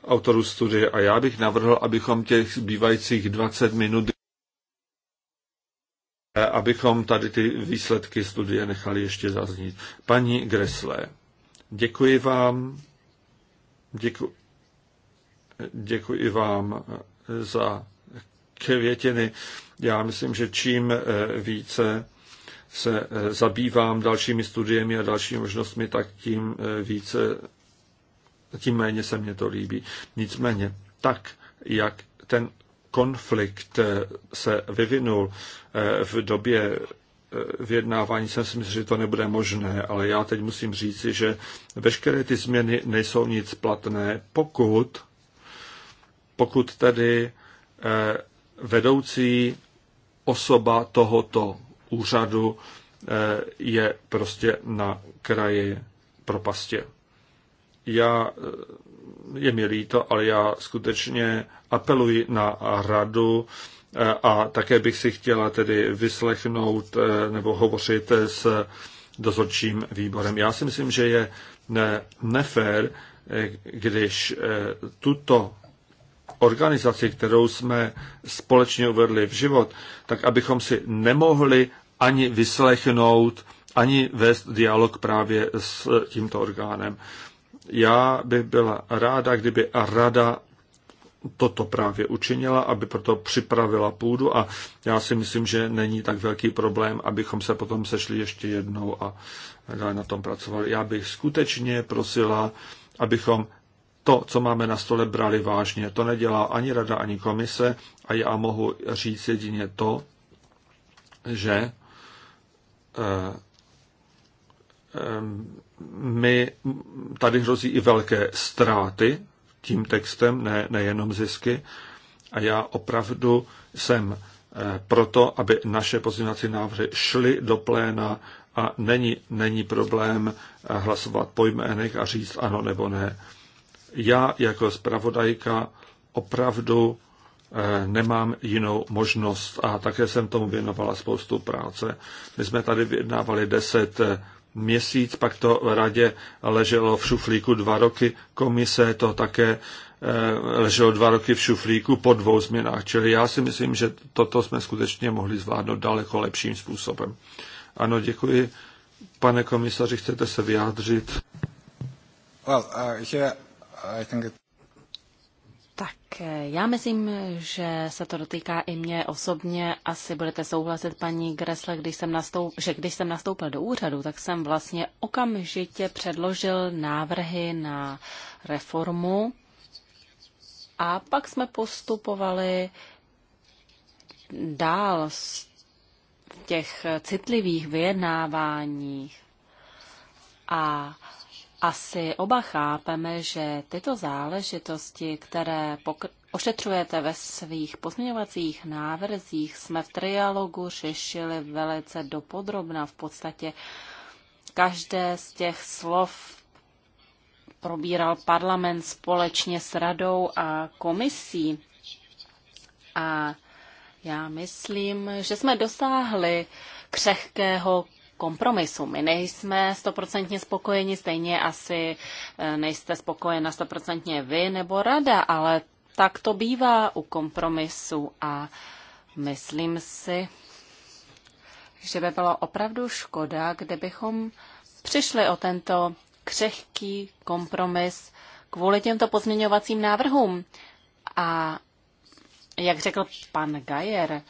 [SPEAKER 3] autorů studie a já bych navrhl, abychom těch zbývajících 20 minut Eh, abychom tady ty výsledky studie nechali ještě zaznít. Paní Greslé, děkuji vám, děku, děkuji vám eh, za květiny. Já myslím, že čím eh, více se zabývám dalšími studiemi a dalšími možnostmi, tak tím více, tím méně se mně to líbí. Nicméně, tak, jak ten konflikt eh, se vyvinul eh, v době eh, vyjednávání, jsem si myslel, že to nebude možné, ale já teď musím říci, že veškeré ty změny nejsou nic platné, pokud, pokud tedy vedoucí osoba tohoto úřadu je prostě na kraji propastě. Já je mi líto, ale já skutečně apeluji na radu eh, a také bych si chtěla tedy vyslechnout eh, nebo hovořit s dozorčím výborem. Já si myslím, že je nefér, eh, když tuto organizaci, kterou jsme společně uvedli v život, tak abychom si nemohli ani vyslechnout, ani vést dialog právě s tímto orgánem. Já bych byla ráda, kdyby rada toto právě učinila, aby proto připravila půdu a já si myslím, že není tak velký problém, abychom se potom sešli ještě jednou a dále na tom pracovali. Já bych skutečně prosila, abychom to, co máme na stole, brali vážně. To nedělá ani rada, ani komise a já mohu říct jedině to, že eh, Ehm, my, tady hrozí i velké ztráty tím textem, ne, nejenom zisky. A já opravdu jsem eh, proto, aby naše pozměňovací návrhy šly do pléna a není, není problém eh, hlasovat po jménech a říct ano nebo ne. Já jako zpravodajka opravdu eh, nemám jinou možnost a také jsem tomu věnovala spoustu práce. My jsme tady vyjednávali deset měsíc, pak to v radě leželo v šuflíku dva roky, komise to také eh, leželo dva roky v šuflíku po dvou změnách. Čili já si myslím, že toto jsme skutečně mohli zvládnout daleko lepším způsobem. Ano, děkuji. Pane komisaři, chcete se vyjádřit?
[SPEAKER 6] Well, uh, here I think it...
[SPEAKER 4] Tak eh, já myslím, že se to dotýká i mě osobně. Asi budete souhlasit, paní Gresle, když jsem nastoup, že když jsem nastoupil do úřadu, tak jsem vlastně okamžitě předložil návrhy na reformu a pak jsme postupovali dál v těch citlivých vyjednáváních. A asi oba chápeme, že tyto záležitosti, které pokr- ošetřujete ve svých pozměňovacích návrzích, jsme v trialogu řešili velice dopodrobna. V podstatě každé z těch slov probíral parlament společně s radou a komisí. A já myslím, že jsme dosáhli křehkého kompromisu. My nejsme stoprocentně spokojeni, stejně asi eh, nejste spokojena stoprocentně vy nebo rada, ale tak to bývá u kompromisu a myslím si, že by bylo opravdu škoda, kdybychom přišli o tento křehký kompromis kvůli těmto pozměňovacím návrhům. A jak řekl pan Gajer,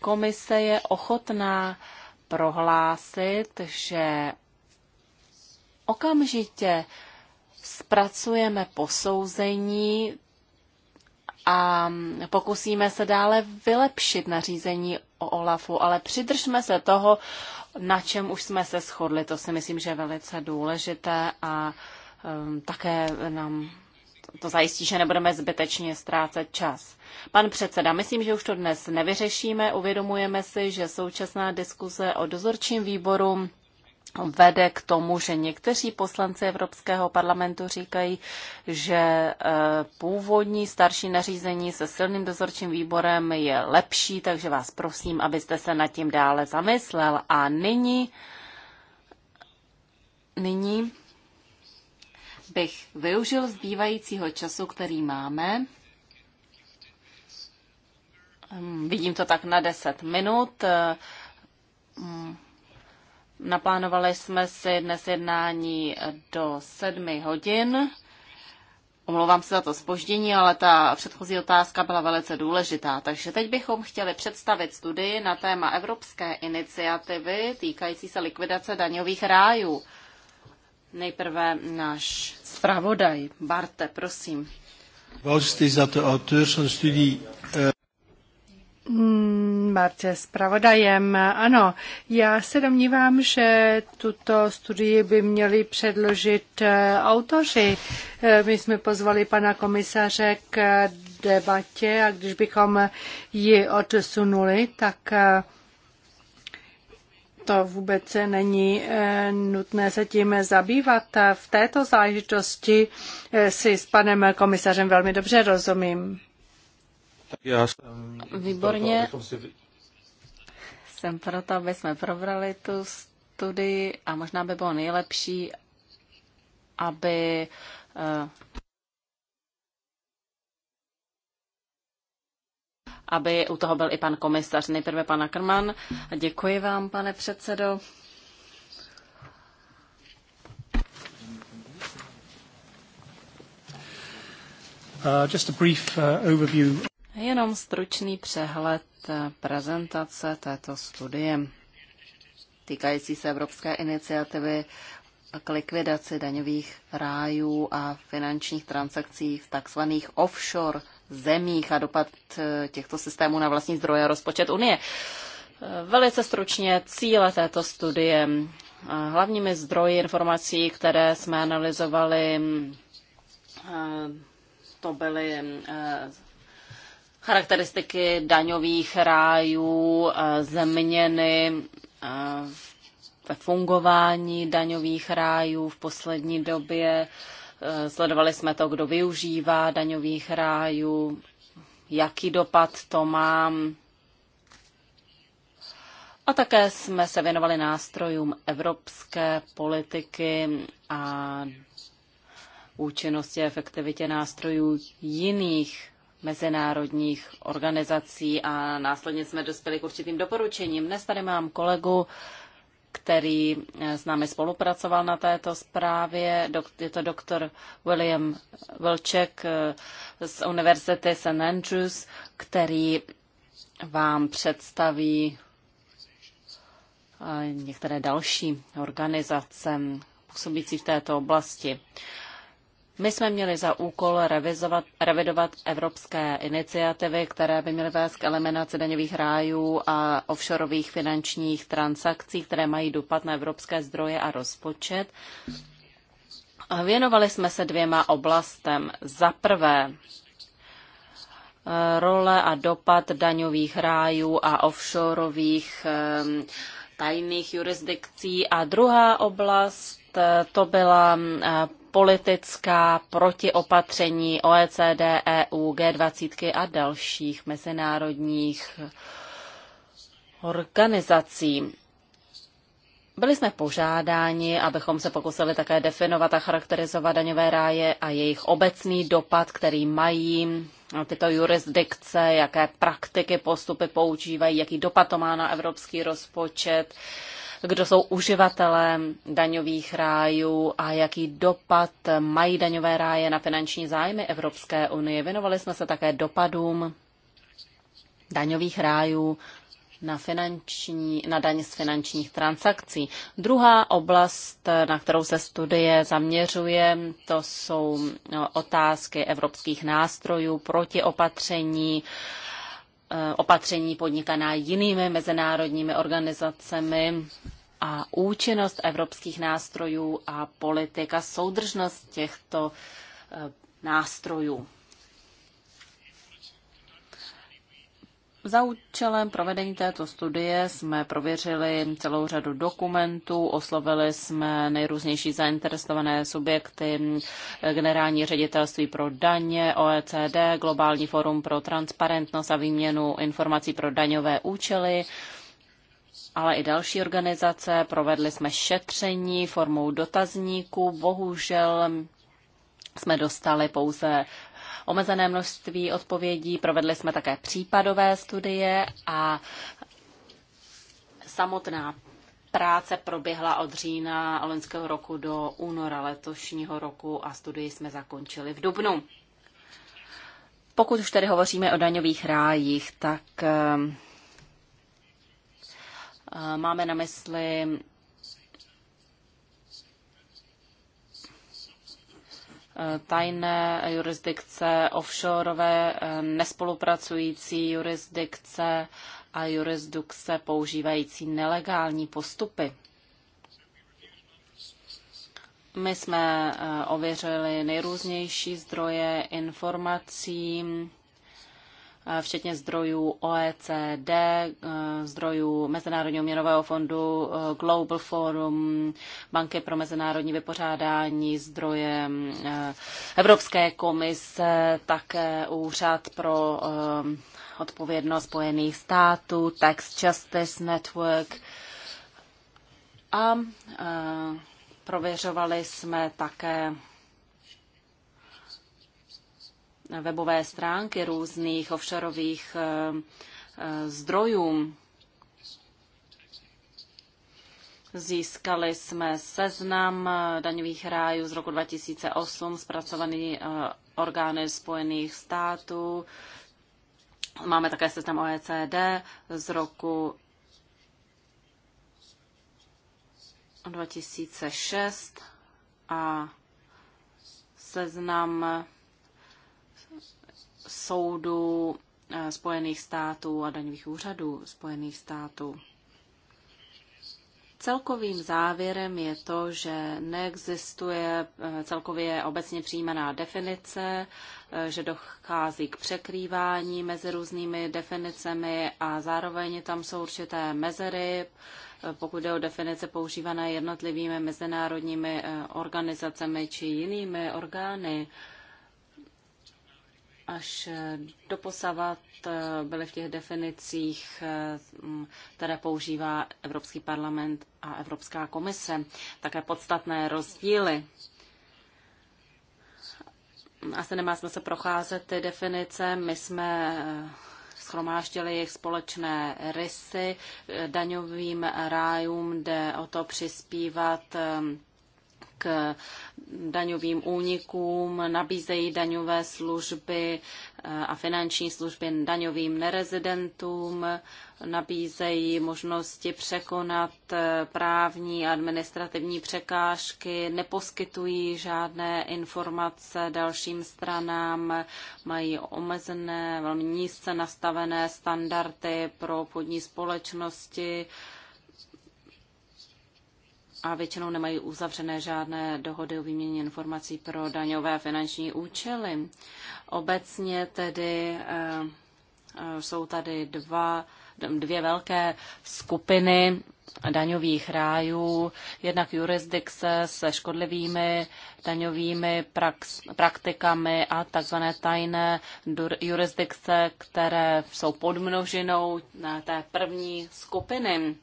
[SPEAKER 4] komise je ochotná uh, prohlásit, že okamžitě zpracujeme posouzení a pokusíme se dále vylepšit nařízení o OLAFu, ale přidržme se toho, na čem už jsme se shodli. To si myslím, že je velice důležité a um, také nám to zajistí, že nebudeme zbytečně ztrácet čas. Pan předseda, myslím, že už to dnes nevyřešíme. Uvědomujeme si, že současná diskuze o dozorčím výboru vede k tomu, že někteří poslanci Evropského parlamentu říkají, že eh, původní starší nařízení se silným dozorčím výborem je lepší, takže vás prosím, abyste se nad tím dále zamyslel. A nyní, nyní bych využil zbývajícího času, který máme. Ehm, vidím to tak na 10 minut. Ehm, naplánovali jsme si dnes jednání do 7 hodin. Omlouvám se za to spoždění, ale ta předchozí otázka byla velice důležitá. Takže teď bychom chtěli představit studii na téma evropské iniciativy týkající se likvidace daňových rájů. Nejprve náš zpravodaj. Barte, prosím.
[SPEAKER 2] Bart je zpravodajem. Ano, já se domnívám, že tuto studii by měli předložit eh, autoři. Eh, my jsme pozvali pana komisaře k debatě a když bychom ji odsunuli, tak eh, to vůbec není eh, nutné se tím zabývat. V této záležitosti eh, si s panem komisařem velmi dobře rozumím.
[SPEAKER 3] Já jsem ehm, Výborně. Proto, si...
[SPEAKER 4] Jsem proto, aby jsme probrali tu studii a možná by bylo nejlepší, aby eh, aby u toho byl i pan komisař. Nejprve pan Ackermann. Děkuji vám, pane předsedo.
[SPEAKER 5] Uh, just a brief uh, overview.
[SPEAKER 4] Jenom stručný přehled eh, prezentace této studie týkající se Evropské iniciativy k likvidaci daňových rájů a finančních transakcí v takzvaných offshore zemích a dopad eh, těchto systémů na vlastní zdroje a rozpočet Unie. Eh, velice stručně cíle této studie. Eh, hlavními zdroji informací, které jsme analyzovali, to byly charakteristiky daňových rájů, změny ve fungování daňových rájů v poslední době, Eh, sledovali jsme to, kdo využívá daňových rájů, jaký dopad to má. A také jsme se věnovali nástrojům evropské politiky a účinnosti a efektivitě nástrojů jiných mezinárodních organizací a následně jsme dospěli k určitým doporučením. Dnes tady mám kolegu, který eh, s námi spolupracoval na této zprávě. Je to doktor William Vlček eh, z Univerzity St. Andrews, který vám představí eh, některé další organizace působící v této oblasti. My jsme měli za úkol revizovat, revidovat evropské iniciativy, které by měly vést k eliminaci daňových rájů a offshoreových finančních transakcí, které mají dopad na evropské zdroje a rozpočet. Věnovali jsme se dvěma oblastem. Za prvé eh, role a dopad daňových rájů a offshoreových ehm, tajných jurisdikcí. A druhá oblast eh, to byla eh, politická protiopatření OECD, EU, G20 a dalších mezinárodních organizací. Byli jsme požádáni, abychom se pokusili také definovat a charakterizovat daňové ráje a jejich obecný dopad, který mají tyto jurisdikce, jaké praktiky, postupy používají, jaký dopad to má na evropský rozpočet kdo jsou uživatelé daňových rájů a jaký dopad mají daňové ráje na finanční zájmy Evropské unie. Věnovali jsme se také dopadům daňových rájů na, finanční, na daň z finančních transakcí. Druhá oblast, na kterou se studie zaměřuje, to jsou no, otázky evropských nástrojů, opatření, eh, opatření podnikaná jinými mezinárodními organizacemi a účinnost evropských nástrojů a politika, soudržnost těchto eh, nástrojů. Za účelem provedení této studie jsme prověřili celou řadu dokumentů, oslovili jsme nejrůznější zainteresované subjekty, generální ředitelství pro daně, OECD, Globální forum pro transparentnost a výměnu informací pro daňové účely, ale i další organizace. Provedli jsme šetření formou dotazníků. Bohužel jsme dostali pouze omezené množství odpovědí. Provedli jsme také případové studie a samotná práce proběhla od října loňského roku do února letošního roku a studii jsme zakončili v dubnu. Pokud už tedy hovoříme o daňových rájích, tak ehm, Eh, máme na mysli eh, tajné jurisdikce, offshoreové, eh, nespolupracující jurisdikce a jurisdikce používající nelegální postupy. My jsme ověřili nejrůznější zdroje informací, Eh, včetně zdrojů OECD, eh, zdrojů Mezinárodního měnového fondu, eh, Global Forum, Banky pro mezinárodní vypořádání, zdroje Evropské komise, také Úřad pro odpovědnost Spojených států, Tax Justice Network a prověřovali jsme také webové stránky různých offshoreových eh, eh, zdrojů. Získali jsme seznam eh, daňových rájů z roku 2008, zpracovaný orgány Spojených států. Máme také seznam OECD z roku 2006 a seznam soudu eh, Spojených států a daňových úřadů Spojených států. Celkovým závěrem je to, že neexistuje eh, celkově obecně přijímaná definice, eh, že dochází k překrývání mezi různými definicemi a zároveň tam jsou určité mezery, pokud jde o definice používané jednotlivými mezinárodními organizacemi či jinými orgány až eh, doposavat eh, byly v těch definicích, eh, které používá Evropský parlament a Evropská komise, také podstatné rozdíly. Asi nemá smysl procházet ty definice. My jsme schromáždili jejich společné rysy. Daňovým rájům jde o to přispívat k daňovým únikům, nabízejí daňové služby eh, a finanční služby daňovým nerezidentům, nabízejí možnosti překonat eh, právní a administrativní překážky, neposkytují žádné informace dalším stranám, mají omezené, velmi nízce nastavené standardy pro obchodní společnosti, a většinou nemají uzavřené žádné dohody o výměně informací pro daňové a finanční účely. Obecně tedy eh, eh, jsou tady dva, dvě velké skupiny daňových rájů, jednak jurisdikce se škodlivými daňovými prax, praktikami a takzvané tajné jurisdikce, které jsou podmnožinou té první skupiny.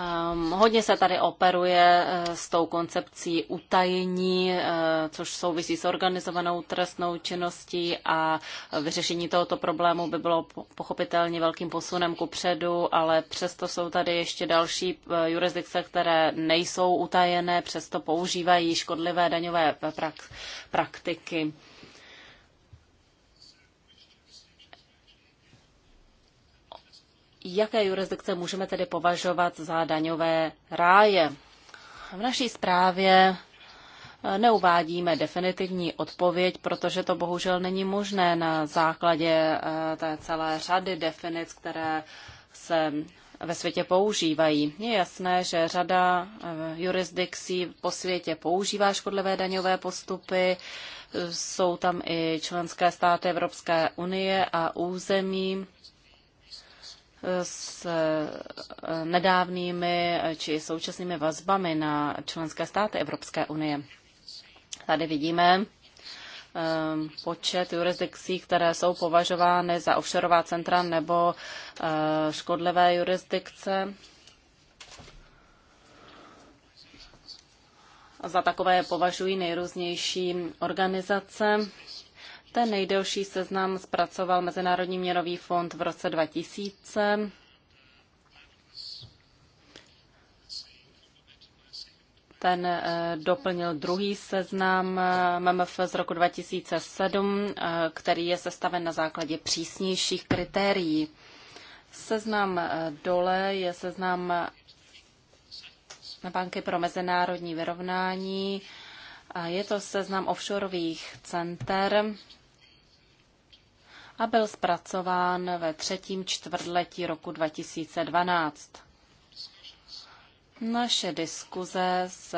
[SPEAKER 4] Ehm, hodně se tady operuje eh, s tou koncepcí utajení, eh, což souvisí s organizovanou trestnou činností a vyřešení tohoto problému by bylo pochopitelně velkým posunem ku předu, ale přesto jsou tady ještě další eh, jurisdikce, které nejsou utajené, přesto používají škodlivé daňové praktiky. Jaké jurisdikce můžeme tedy považovat za daňové ráje? V naší zprávě eh, neuvádíme definitivní odpověď, protože to bohužel není možné na základě eh, té celé řady definic, které se ve světě používají. Je jasné, že řada eh, jurisdikcí po světě používá škodlivé daňové postupy. Jsou tam i členské státy Evropské unie a území, s eh, nedávnými eh, či současnými vazbami na členské státy Evropské unie. Tady vidíme eh, počet jurisdikcí, které jsou považovány za offshoreová centra nebo škodlivé jurisdikce. Za takové považují nejrůznější organizace. Ten nejdelší seznam zpracoval Mezinárodní měnový fond v roce 2000. Ten eh, doplnil druhý seznam eh, MMF z roku 2007, eh, který je sestaven na základě přísnějších kritérií. Seznam dole je seznam na banky pro mezinárodní vyrovnání. Je to seznam offshoreových center, a byl zpracován ve třetím čtvrtletí roku 2012. Naše diskuze s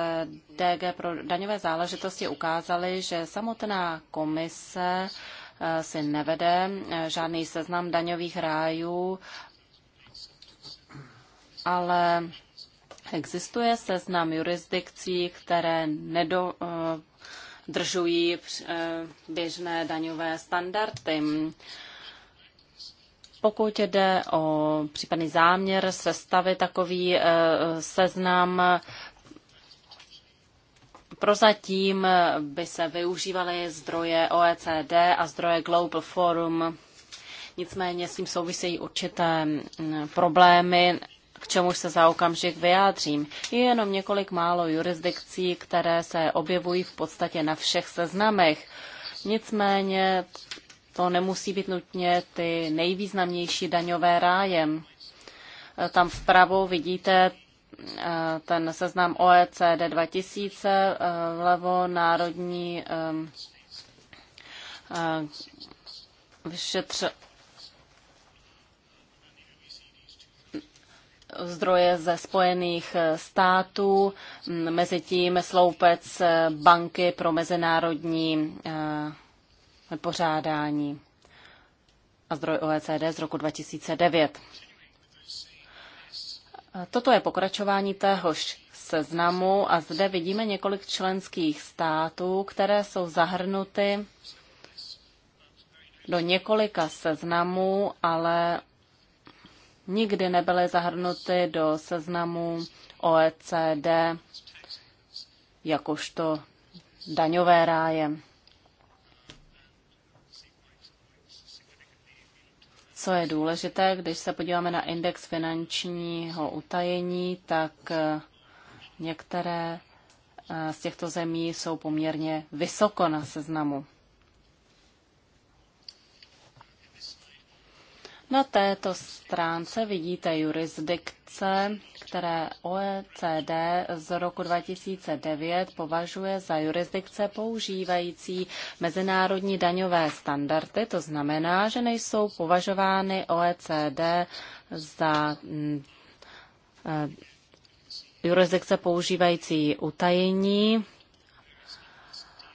[SPEAKER 4] DG pro daňové záležitosti ukázaly, že samotná komise eh, si nevede eh, žádný seznam daňových rájů, ale existuje seznam jurisdikcí, které nedo, eh, dodržují eh, běžné daňové standardy. Pokud jde o případný záměr sestavit takový eh, seznam, prozatím by se využívaly zdroje OECD a zdroje Global Forum. Nicméně s tím souvisejí určité mm, problémy k čemuž se za okamžik vyjádřím. Je jenom několik málo jurisdikcí, které se objevují v podstatě na všech seznamech. Nicméně to nemusí být nutně ty nejvýznamnější daňové ráje. Tam vpravo vidíte eh, ten seznam OECD 2000, eh, vlevo národní eh, vyšetř, zdroje ze Spojených eh, států, mezi tím sloupec eh, banky pro mezinárodní eh, pořádání a zdroj OECD z roku 2009. Toto je pokračování téhož seznamu a zde vidíme několik členských států, které jsou zahrnuty do několika seznamů, ale nikdy nebyly zahrnuty do seznamu OECD jakožto daňové ráje. Co je důležité, když se podíváme na index finančního utajení, tak eh, některé eh, z těchto zemí jsou poměrně vysoko na seznamu. Na této stránce vidíte jurisdikce, které OECD z roku 2009 považuje za jurisdikce používající mezinárodní daňové standardy. To znamená, že nejsou považovány OECD za mm, eh, jurisdikce používající utajení.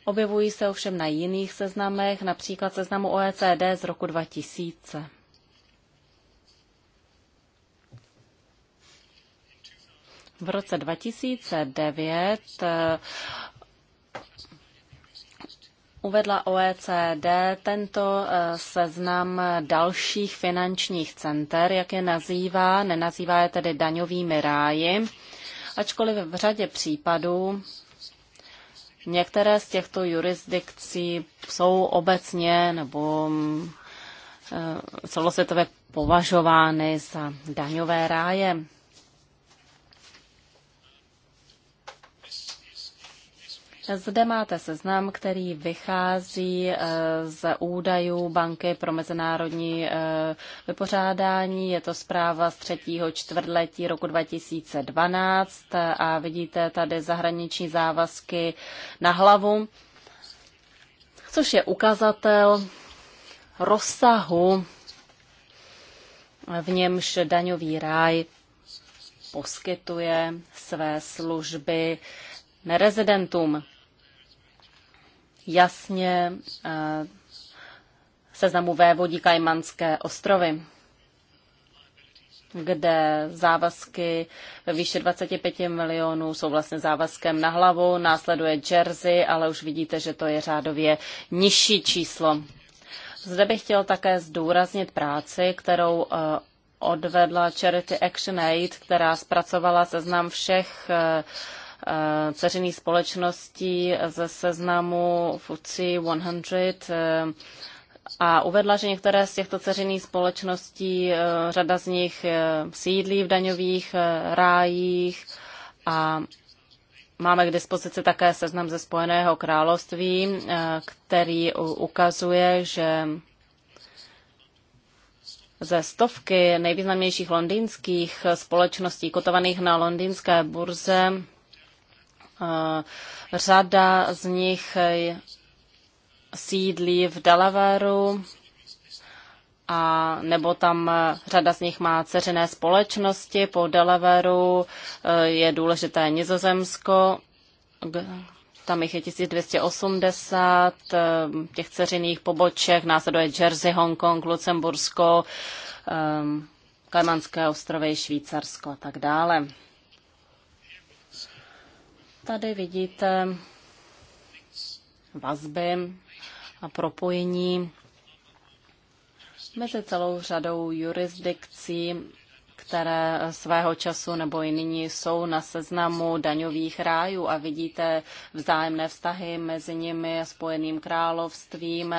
[SPEAKER 4] Objevují se ovšem na jiných seznamech, například seznamu OECD z roku 2000. V roce 2009 eh, uvedla OECD tento eh, seznam dalších finančních center, jak je nazývá, nenazývá je tedy daňovými ráji, ačkoliv v řadě případů některé z těchto jurisdikcí jsou obecně nebo mm, eh, celosvětově považovány za daňové ráje. Zde máte seznam, který vychází eh, z údajů Banky pro mezinárodní eh, vypořádání. Je to zpráva z třetího čtvrtletí roku 2012 eh, a vidíte tady zahraniční závazky na hlavu, což je ukazatel rozsahu, v němž daňový ráj poskytuje své služby nerezidentům jasně eh, seznamu vévodí Kajmanské ostrovy, kde závazky ve výši 25 milionů jsou vlastně závazkem na hlavu, následuje Jersey, ale už vidíte, že to je řádově nižší číslo. Zde bych chtěl také zdůraznit práci, kterou eh, odvedla Charity Action Aid, která zpracovala seznam všech eh, Eh, dceřiný společností ze seznamu FTSE 100 eh, a uvedla, že některé z těchto dceřiných společností, eh, řada z nich sídlí v daňových rájích a máme k dispozici také seznam ze Spojeného království, který ukazuje, že ze stovky nejvýznamnějších londýnských společností kotovaných na londýnské burze Eh, řada z nich eh, sídlí v Delaware a nebo tam eh, řada z nich má ceřené společnosti. Po Delaware je důležité Nizozemsko, tam jich je 1280, těch ceřiných poboček, následuje Jersey, Hongkong, Lucembursko, Kajmanské ostrovy, Švýcarsko a tak dále. Tady vidíte vazby a propojení mezi celou řadou jurisdikcí, které svého času nebo i nyní jsou na seznamu daňových rájů a vidíte vzájemné vztahy mezi nimi a Spojeným královstvím.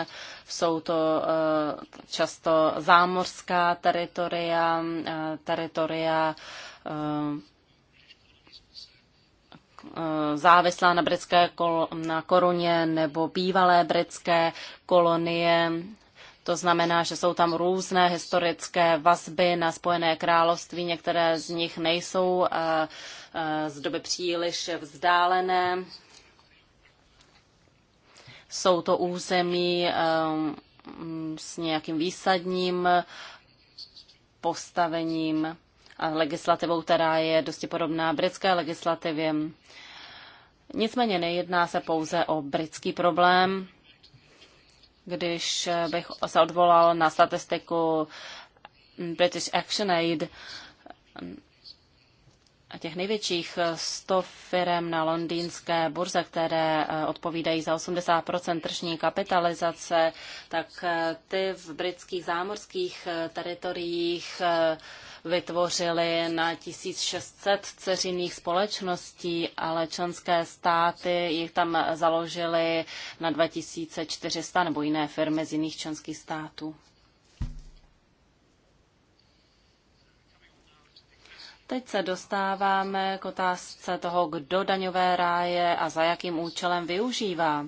[SPEAKER 4] Jsou to eh, často zámořská teritoria, eh, teritoria eh, Eh, závislá na britské kol- na koruně nebo bývalé britské kolonie. To znamená, že jsou tam různé historické vazby na Spojené království, některé z nich nejsou eh, eh, z doby příliš vzdálené. Jsou to území s nějakým výsadním postavením legislativou, která je dosti podobná britské legislativě. Nicméně nejedná se pouze o britský problém. Když bych se odvolal na statistiku British Action Aid, a těch největších 100 firm na londýnské burze, které eh, odpovídají za 80 tržní kapitalizace, tak eh, ty v britských zámořských eh, teritoriích vytvořili na 1600 ceřinných společností, ale členské státy jich tam založily na 2400 nebo jiné firmy z jiných členských států. Teď se dostáváme k otázce toho, kdo daňové ráje a za jakým účelem využívá.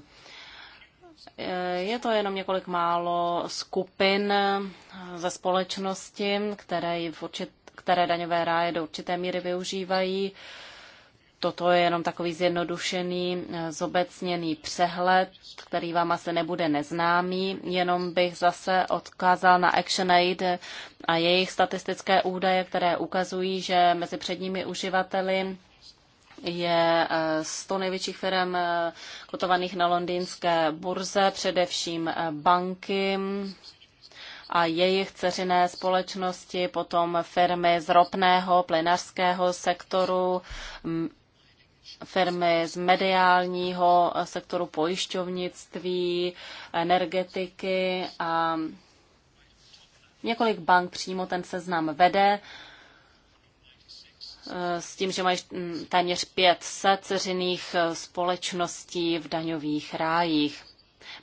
[SPEAKER 4] Je to jenom několik málo skupin ze společnosti, které, v určit, které daňové ráje do určité míry využívají. Toto je jenom takový zjednodušený, zobecněný přehled, který vám asi nebude neznámý, jenom bych zase odkázal na ActionAid a jejich statistické údaje, které ukazují, že mezi předními uživateli je 100 eh, největších firm eh, kotovaných na londýnské burze, především eh, banky a jejich ceřiné společnosti, potom firmy z ropného, plynařského sektoru, firmy z mediálního sektoru pojišťovnictví, energetiky a několik bank přímo ten seznam vede. Eh, s tím, že mají téměř 500 ceřiných eh, společností v daňových rájích.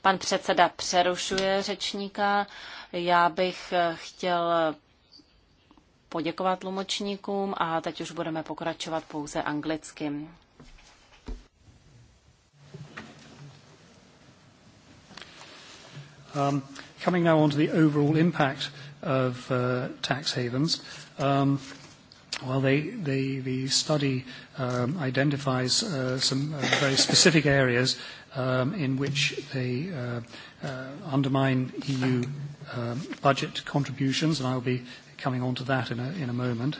[SPEAKER 4] Pan předseda přerušuje řečníka. Já bych eh, chtěl poděkovat tlumočníkům a teď už budeme pokračovat pouze anglicky.
[SPEAKER 5] Um, coming now on to the overall impact of uh, tax havens. Um, Well, they, they, the study um, identifies uh, some uh, very specific areas um, in which they uh, uh, undermine EU uh, um, budget contributions, and I'll be coming on to that in a, in a moment.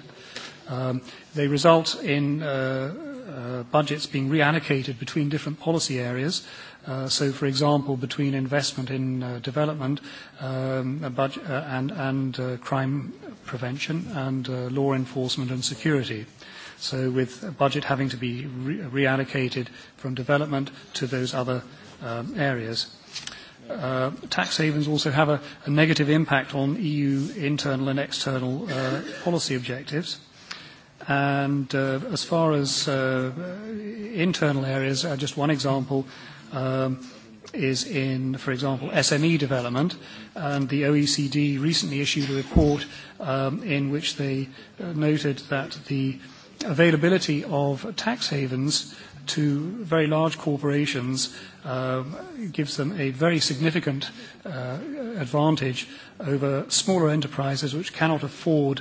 [SPEAKER 5] Um, they result in uh, uh, budgets being reallocated between different policy areas. Uh, so, for example, between investment in uh, development um, a budget, uh, and, and uh, crime prevention and uh, law enforcement and security. So with a budget having to be re- reallocated from development to those other um, areas. Uh, tax havens also have a, a negative impact on EU internal and external uh, policy objectives. And uh, as far as uh, internal areas, uh, just one example um, is in, for example, SME development. And the OECD recently issued a report um, in which they uh, noted that the availability of tax havens to very large corporations uh, gives them a very significant uh, advantage over smaller enterprises which cannot afford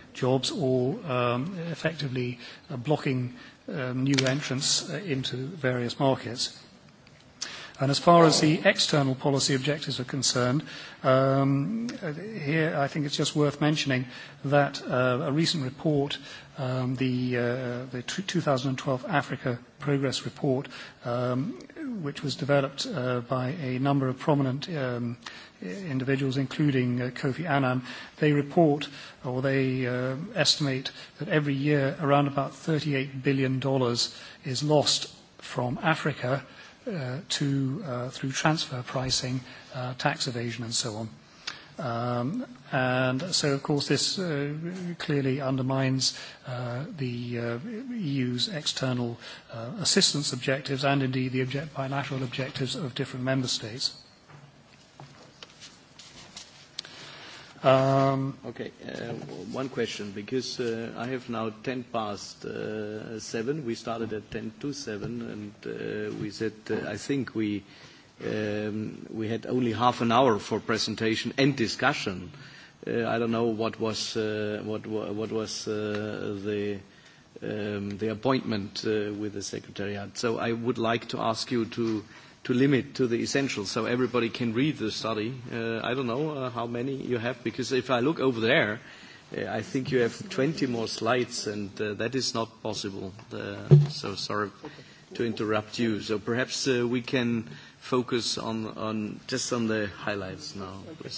[SPEAKER 5] jobs or um, effectively uh, blocking um, new entrants uh, into various markets. And as far as the external policy objectives are concerned, um, here I think it's just worth mentioning that uh, a recent report, um, the, uh, the 2012 Africa Progress Report, um, which was developed uh, by a number of prominent um, individuals, including uh, Kofi Annan, they report or they uh, estimate that every year around about $38 billion is lost from Africa uh, to, uh, through transfer pricing, uh, tax evasion and so on. Um, and so, of course, this uh, clearly undermines uh, the uh, EU's external uh, assistance objectives and indeed the object bilateral objectives of different member states. Um, okay, uh, one
[SPEAKER 1] question, because uh, I have now 10 past uh, 7. We started at 10 to 7, and uh, we said, uh, I think we, um, we had only half an hour for presentation and discussion. Uh, I don't know what was, uh, what, what was uh, the, um, the appointment uh, with the Secretariat. So I would like to ask you to to limit to the essential so everybody can read the study. Uh, I don't know uh, how many you have because if I look over there, uh, I think you have 20 more slides and uh, that is not possible. Uh, so sorry to interrupt you. So perhaps uh, we can focus on, on just on the highlights now. Okay.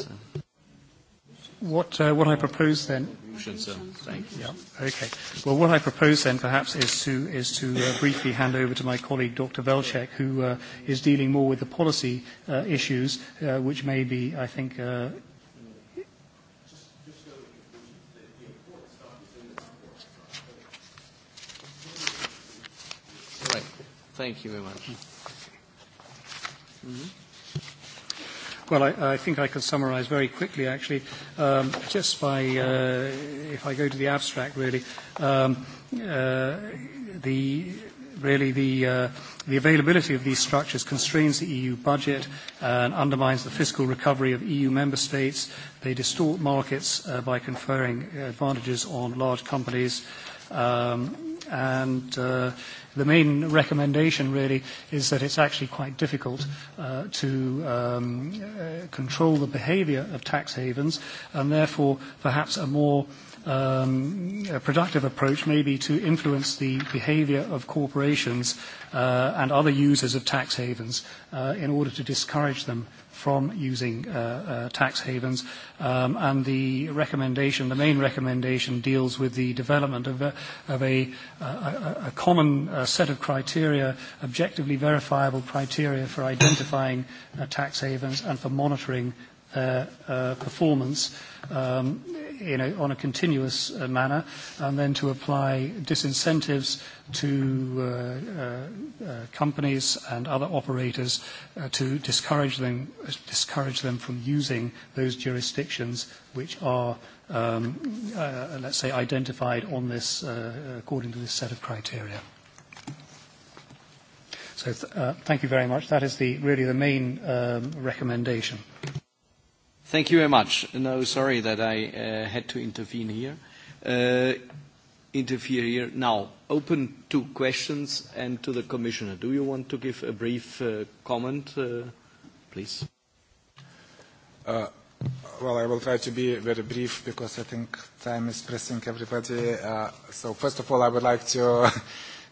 [SPEAKER 5] What, uh, what I propose then. Thank you. Yeah, okay. Well, what I propose then perhaps is to, is to uh, briefly hand over to my colleague, Dr. Velchek, who uh, is dealing more with the policy uh, issues, uh, which may be, I think. Uh,
[SPEAKER 1] Thank you very much. Mm-hmm.
[SPEAKER 5] Well, I, I think I could summarize very quickly, actually, um, just by, uh, if I go to the abstract, really, um, uh, the really the, uh, the availability of these structures constrains the EU budget and undermines the fiscal recovery of EU member states. They distort markets uh, by conferring advantages on large companies. Um, and uh, The main recommendation really is that it's actually quite difficult uh, to um, uh, control the behavior of tax havens, and therefore perhaps a more um, a productive approach may be to influence the behavior of corporations uh, and other users of tax havens uh, in order to discourage them from using uh, uh, tax havens. Um, and the recommendation, the main recommendation, deals with the development of a, common uh, set of criteria, objectively verifiable criteria for identifying tax havens and for monitoring their uh, performance in um, a, on a continuous uh, manner, and then to apply disincentives to uh, uh, uh companies and other operators uh, to discourage them, discourage them from using those jurisdictions which are, um, let's say, identified on this according to this set of criteria. So th thank you very much. That is the, really the main um, recommendation.
[SPEAKER 1] Thank you very much. No, sorry that I uh, had to intervene here. Uh, interfere here. Now, open to questions and to the
[SPEAKER 6] Commissioner. Do you want to give a brief uh, comment, uh, please? Uh, well, I will try to be very brief because I think time is pressing everybody. Uh, so first of all, I would like to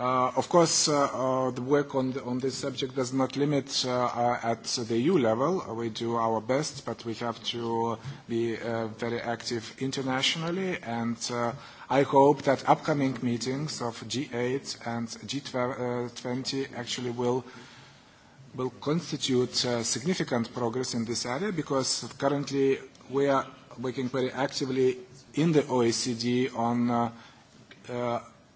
[SPEAKER 6] Uh, of course, uh, uh, the work on, the, on this subject does not limit uh, uh, at the EU level. Uh, we do our best, but we have to be uh, very active internationally. And uh, I hope that upcoming meetings of G8 and G20 uh, actually will will constitute uh, significant progress in this area because currently we are working very actively in the OECD on uh, uh,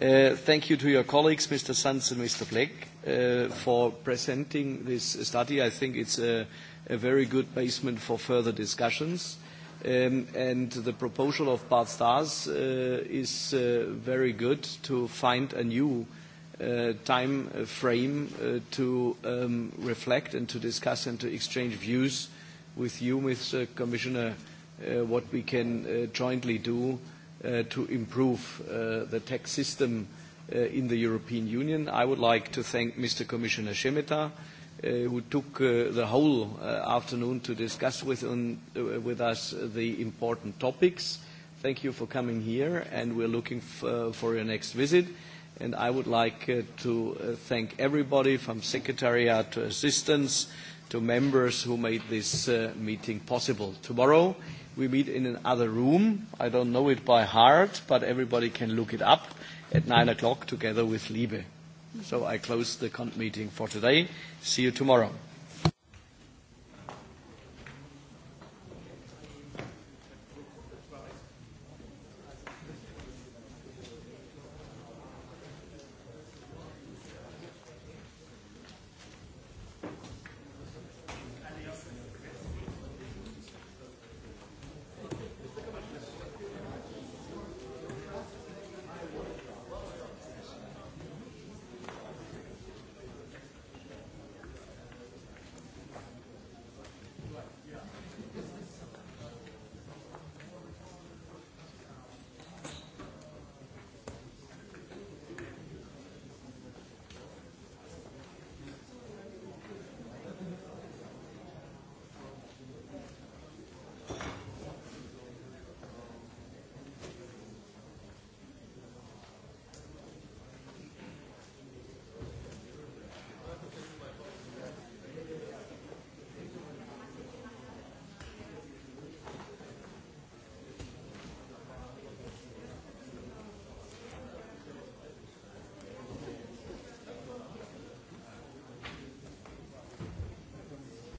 [SPEAKER 1] Uh, thank you to your colleagues, Mr. Sanz and Mr. Fleck, uh, for presenting this study. I think it's a, a very good basement for further discussions. Um, and the proposal of Bart Stars uh, is uh, very good to find a new uh, time frame uh, to um, reflect and to discuss and to exchange views with you, Mr. Commissioner, uh, what we can uh, jointly do uh, to improve uh, the tax system uh, in the European Union. I would like to thank Mr. Commissioner Šemeta, uh, who took uh, the whole uh, afternoon to discuss with, un, uh, with us the important topics. Thank you for coming here, and we're looking f uh, for your next visit. And I would like uh, to uh, thank everybody from Secretariat to assistants to members who made this uh, meeting possible. Tomorrow, We meet in another room. I don't know it by heart, but everybody can look it up at 9 o'clock together with Liebe. So I close the meeting for today. See you tomorrow.